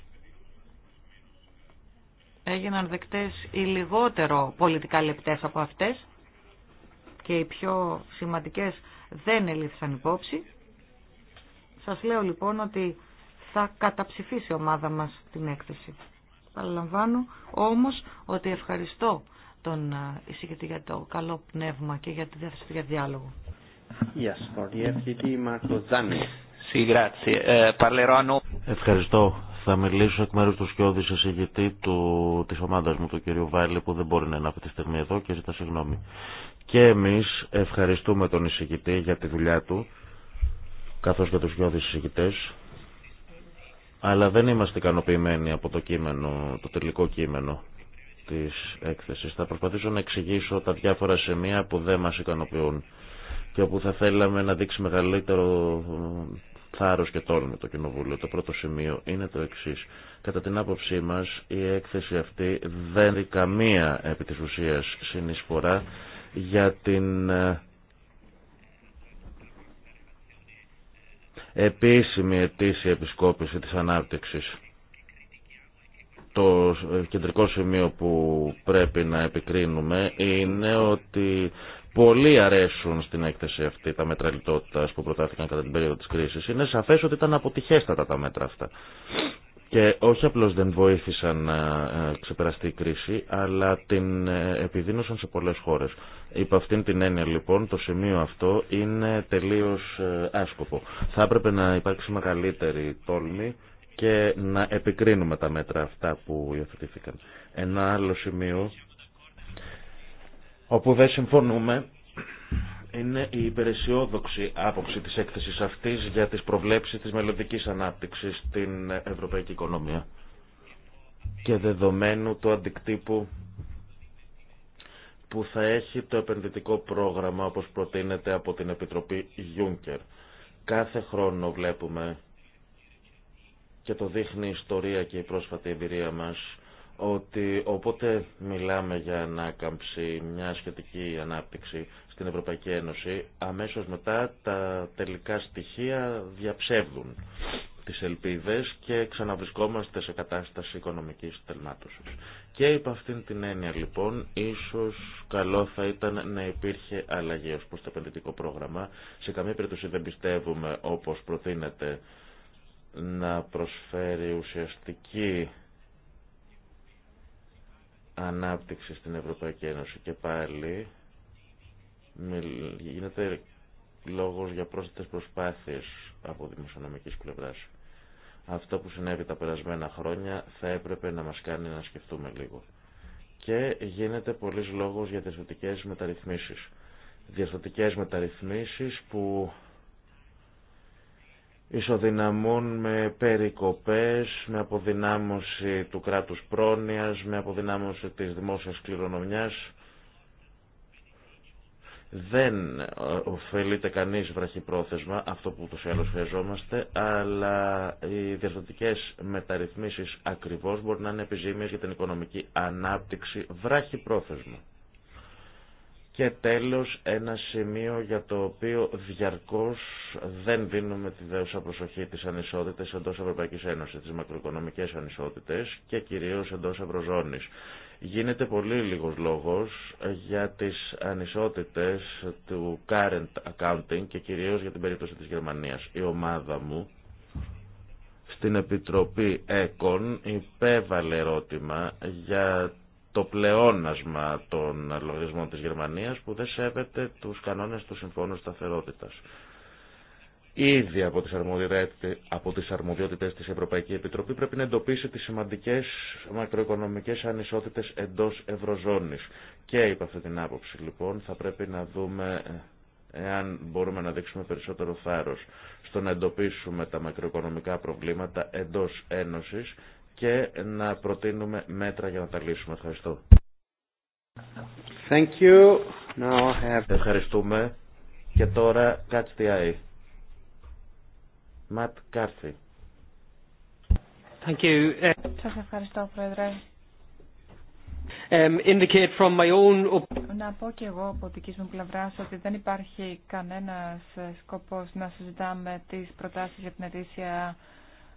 έγιναν δεκτές οι λιγότερο πολιτικά λεπτές από αυτές και οι πιο σημαντικές δεν ελήφθησαν υπόψη σας λέω λοιπόν ότι θα καταψηφίσει η ομάδα μας την έκθεση. Παραλαμβάνω όμως ότι ευχαριστώ τον ε, εισηγητή για το καλό πνεύμα και για τη διάθεση για διάλογο. Ευχαριστώ. Θα μιλήσω εκ μέρου του Σκιώδης εισηγητή του, της ομάδας μου, του κ. Βάιλη, που δεν μπορεί να είναι αυτή τη στιγμή εδώ και ζητά συγγνώμη. Και εμείς ευχαριστούμε τον εισηγητή για τη δουλειά του καθώς και τους δυο συζητητές, αλλά δεν είμαστε ικανοποιημένοι από το κείμενο, το τελικό κείμενο της έκθεσης. Θα προσπαθήσω να εξηγήσω τα διάφορα σημεία που δεν μας ικανοποιούν και όπου θα θέλαμε να δείξει μεγαλύτερο θάρρος και τόλμη το Κοινοβούλιο. Το πρώτο σημείο είναι το εξής. Κατά την άποψή μας η έκθεση αυτή δεν δει καμία επί της ουσίας συνεισφορά για την ε, επίσημη ετήσια επισκόπηση της ανάπτυξης. Το κεντρικό σημείο που πρέπει να επικρίνουμε είναι ότι πολλοί αρέσουν στην έκθεση αυτή τα μέτρα λιτότητας που προτάθηκαν κατά την περίοδο της κρίσης. Είναι σαφές ότι ήταν αποτυχέστατα τα μέτρα αυτά και όχι απλώς δεν βοήθησαν να ε, ε, ξεπεραστεί η κρίση, αλλά την ε, επιδίνωσαν σε πολλές χώρες. Υπό αυτήν την έννοια λοιπόν το σημείο αυτό είναι τελείως άσκοπο. Θα έπρεπε να υπάρξει μεγαλύτερη τόλμη και να επικρίνουμε τα μέτρα αυτά που υιοθετήθηκαν. Ένα άλλο σημείο όπου δεν συμφωνούμε είναι η υπεραισιόδοξη άποψη της έκθεσης αυτής για τις προβλέψεις της μελλοντική ανάπτυξης στην ευρωπαϊκή οικονομία και δεδομένου του αντικτύπου που θα έχει το επενδυτικό πρόγραμμα όπως προτείνεται από την Επιτροπή Juncker. Κάθε χρόνο βλέπουμε και το δείχνει η ιστορία και η πρόσφατη εμπειρία μας ότι όποτε μιλάμε για ανάκαμψη, μια σχετική ανάπτυξη, στην Ευρωπαϊκή Ένωση, αμέσως μετά τα τελικά στοιχεία διαψεύδουν τις ελπίδες και ξαναβρισκόμαστε σε κατάσταση οικονομικής τελμάτωσης. Και υπ' αυτήν την έννοια λοιπόν, ίσως καλό θα ήταν να υπήρχε αλλαγή ως προς το επενδυτικό πρόγραμμα. Σε καμία περίπτωση δεν πιστεύουμε όπως προτείνεται να προσφέρει ουσιαστική ανάπτυξη στην Ευρωπαϊκή Ένωση και πάλι Γίνεται λόγος για πρόσθετες προσπάθειες από δημοσιονομικής πλευράς. Αυτό που συνέβη τα περασμένα χρόνια θα έπρεπε να μας κάνει να σκεφτούμε λίγο. Και γίνεται πολλή λόγος για διαστατικές μεταρρυθμίσεις. Διαστατικές μεταρρυθμίσεις που ισοδυναμούν με περικοπές, με αποδυνάμωση του κράτους πρόνοιας, με αποδυνάμωση της δημόσιας κληρονομιάς, δεν ε, ωφελείται κανείς βραχυπρόθεσμα, αυτό που το ή άλλω αλλά οι διαστατικές μεταρρυθμίσεις ακριβώς μπορεί να είναι επιζήμιες για την οικονομική ανάπτυξη βραχυπρόθεσμα. Και τέλος ένα σημείο για το οποίο διαρκώς δεν δίνουμε τη δέουσα προσοχή της ανισότητες εντός Ευρωπαϊκής Ένωσης, τις μακροοικονομικές ανισότητες και κυρίως εντός Ευρωζώνης. Γίνεται πολύ λίγος λόγος για τις ανισότητες του current accounting και κυρίως για την περίπτωση της Γερμανίας. Η ομάδα μου στην Επιτροπή ΕΚΟΝ υπέβαλε ερώτημα για το πλεόνασμα των λογαριασμών της Γερμανίας που δεν σέβεται τους κανόνες του Συμφώνου Σταθερότητας ήδη από τις, από τις αρμοδιότητες της Ευρωπαϊκή Επιτροπή πρέπει να εντοπίσει τις σημαντικές μακροοικονομικές ανισότητες εντός Ευρωζώνης. Και υπ' αυτή την άποψη λοιπόν θα πρέπει να δούμε ε, εάν μπορούμε να δείξουμε περισσότερο θάρρος στο να εντοπίσουμε τα μακροοικονομικά προβλήματα εντός Ένωσης και να προτείνουμε μέτρα για να τα λύσουμε. Ευχαριστώ. Ευχαριστούμε. Και τώρα, catch the Ματ ε, Σας ευχαριστώ, Πρόεδρε. Ε, να πω και εγώ από δική μου πλευρά ότι δεν υπάρχει κανένας σκοπός να συζητάμε τις προτάσεις για την ετήσια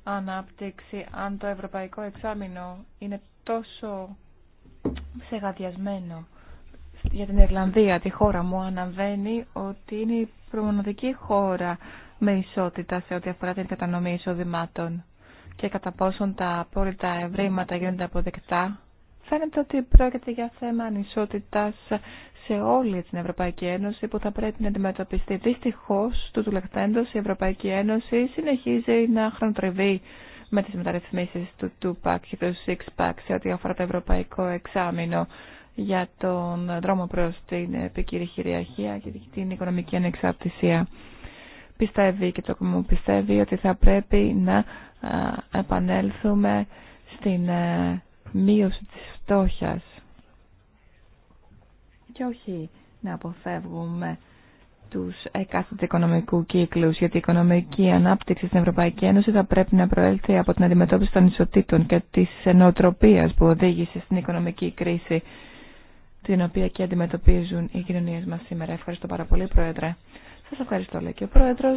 ανάπτυξη αν το ευρωπαϊκό εξάμεινο είναι τόσο σεγαδιασμένο για την Ιρλανδία, τη χώρα μου, αναβαίνει ότι είναι η προμονωτική χώρα με ισότητα σε ό,τι αφορά την κατανομή εισοδημάτων και κατά πόσον τα απόλυτα ευρήματα γίνονται αποδεκτά. Φαίνεται ότι πρόκειται για θέμα ανισότητας σε όλη την Ευρωπαϊκή Ένωση που θα πρέπει να αντιμετωπιστεί. Δυστυχώ, του τουλεχθέντο, η Ευρωπαϊκή Ένωση συνεχίζει να χρονοτρεβεί με τι μεταρρυθμίσει του 2 pac και του 6 pac σε ό,τι αφορά το ευρωπαϊκό εξάμεινο για τον δρόμο προς την χειριαρχία και την οικονομική ανεξαρτησία πιστεύει και το κομμού πιστεύει ότι θα πρέπει να επανέλθουμε στην ε, μείωση της φτώχειας και όχι να αποφεύγουμε τους εκάστοτε οικονομικού κύκλους, γιατί η οικονομική ανάπτυξη στην Ευρωπαϊκή Ένωση θα πρέπει να προέλθει από την αντιμετώπιση των ισοτήτων και της ενοτροπίας που οδήγησε στην οικονομική κρίση την οποία και αντιμετωπίζουν οι κοινωνίες μας σήμερα. Ευχαριστώ πάρα πολύ, Πρόεδρε. Σα ευχαριστώ, λέει και ο πρόεδρο,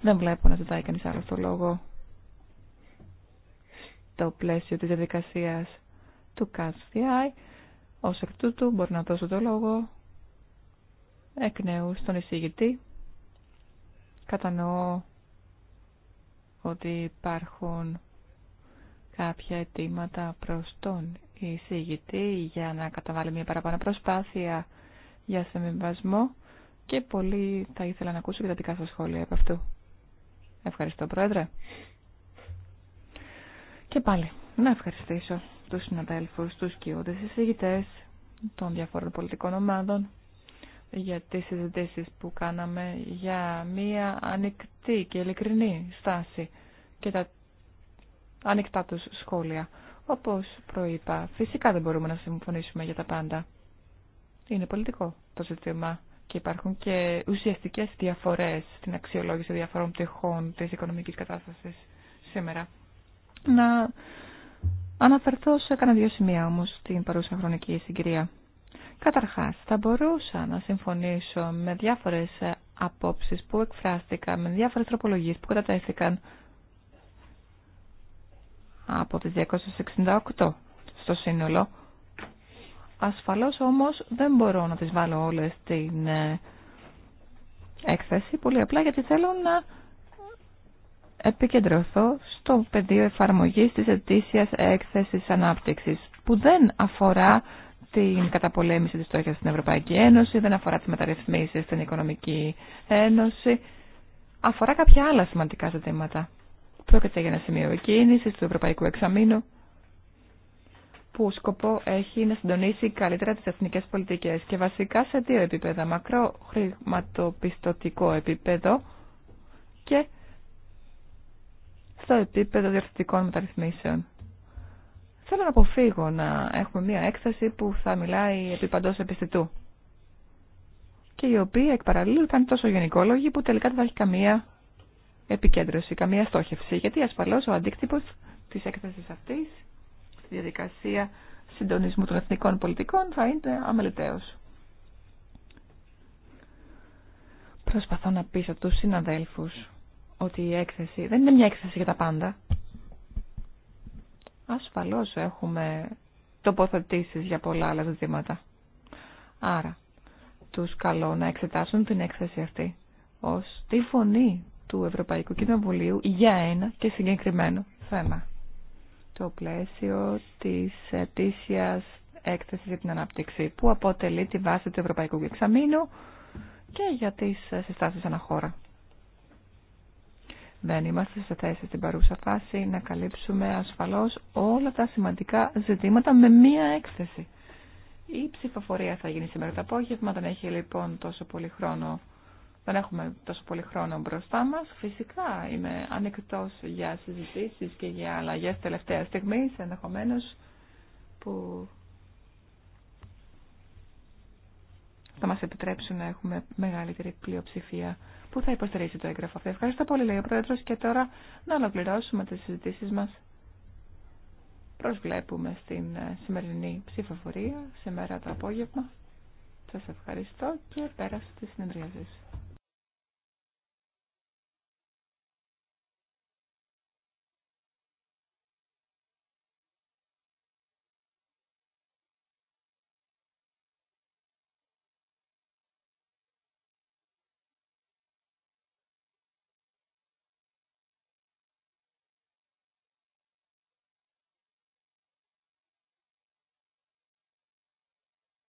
Δεν βλέπω να ζητάει κανεί άλλο το λόγο στο πλαίσιο της διαδικασία του ΚΑΣΔΙ. ω εκ τούτου μπορώ να δώσω το λόγο εκ νέου στον εισηγητή. Κατανοώ ότι υπάρχουν κάποια αιτήματα προς τον εισηγητή για να καταβάλει μια παραπάνω προσπάθεια για συμβιβασμό και πολύ θα ήθελα να ακούσω και τα δικά σας σχόλια από αυτού. Ευχαριστώ, Πρόεδρε. Και πάλι, να ευχαριστήσω τους συναδέλφους, τους κοιούντες εισηγητές των διαφόρων πολιτικών ομάδων για τις συζητήσεις που κάναμε για μία ανοιχτή και ειλικρινή στάση και τα ανοιχτά τους σχόλια. Όπως προείπα, φυσικά δεν μπορούμε να συμφωνήσουμε για τα πάντα. Είναι πολιτικό το ζήτημα και υπάρχουν και ουσιαστικές διαφορές στην αξιολόγηση διαφορών πτυχών της οικονομικής κατάστασης σήμερα. Να αναφερθώ σε κανένα δύο σημεία όμως στην παρούσα χρονική συγκυρία. Καταρχάς, θα μπορούσα να συμφωνήσω με διάφορες απόψεις που εκφράστηκαν, με διάφορες τροπολογίες που κατατέθηκαν από τις 268 στο σύνολο Ασφαλώς όμως δεν μπορώ να τις βάλω όλες στην ε, έκθεση, πολύ απλά γιατί θέλω να επικεντρωθώ στο πεδίο εφαρμογής της ετήσιας έκθεσης ανάπτυξης, που δεν αφορά την καταπολέμηση της στόχιας στην Ευρωπαϊκή Ένωση, δεν αφορά τις μεταρρυθμίσεις στην Οικονομική Ένωση, αφορά κάποια άλλα σημαντικά ζητήματα. Πρόκειται για ένα σημείο κίνησης του Ευρωπαϊκού Εξαμήνου που σκοπό έχει να συντονίσει καλύτερα τις εθνικές πολιτικές και βασικά σε δύο επίπεδα, μακρό χρηματοπιστωτικό επίπεδο και στο επίπεδο διορθωτικών μεταρρυθμίσεων. Θέλω να αποφύγω να έχουμε μία έκθεση που θα μιλάει επί παντός επιστητού και η οποία εκ παραλλήλου ήταν τόσο γενικόλογη που τελικά δεν θα έχει καμία επικέντρωση, καμία στόχευση, γιατί ασφαλώς ο αντίκτυπος της έκθεσης αυτής στη διαδικασία συντονισμού των εθνικών πολιτικών θα είναι αμεληταίος. Προσπαθώ να πείσω τους συναδέλφους ότι η έκθεση δεν είναι μια έκθεση για τα πάντα. Ασφαλώς έχουμε τοποθετήσεις για πολλά άλλα ζητήματα. Άρα, τους καλώ να εξετάσουν την έκθεση αυτή ως τη φωνή του Ευρωπαϊκού Κοινοβουλίου για ένα και συγκεκριμένο θέμα στο πλαίσιο της ετήσιας έκθεσης για την ανάπτυξη που αποτελεί τη βάση του Ευρωπαϊκού Εξαμήνου και για τις συστάσεις αναχώρα. Δεν είμαστε σε θέση στην παρούσα φάση να καλύψουμε ασφαλώς όλα τα σημαντικά ζητήματα με μία έκθεση. Η ψηφοφορία θα γίνει σήμερα το απόγευμα, δεν έχει λοιπόν τόσο πολύ χρόνο δεν έχουμε τόσο πολύ χρόνο μπροστά μα. Φυσικά είμαι ανοιχτό για συζητήσει και για αλλαγέ τελευταία στιγμή, ενδεχομένω που θα μα επιτρέψουν να έχουμε μεγαλύτερη πλειοψηφία που θα υποστηρίζει το έγγραφο αυτό. Ευχαριστώ πολύ, λέει ο Πρόεδρος, και τώρα να ολοκληρώσουμε τι συζητήσει μα Προσβλέπουμε στην ε, σημερινή ψηφοφορία, σήμερα το απόγευμα. Σας ευχαριστώ και πέρασε τη συνεδρία σας.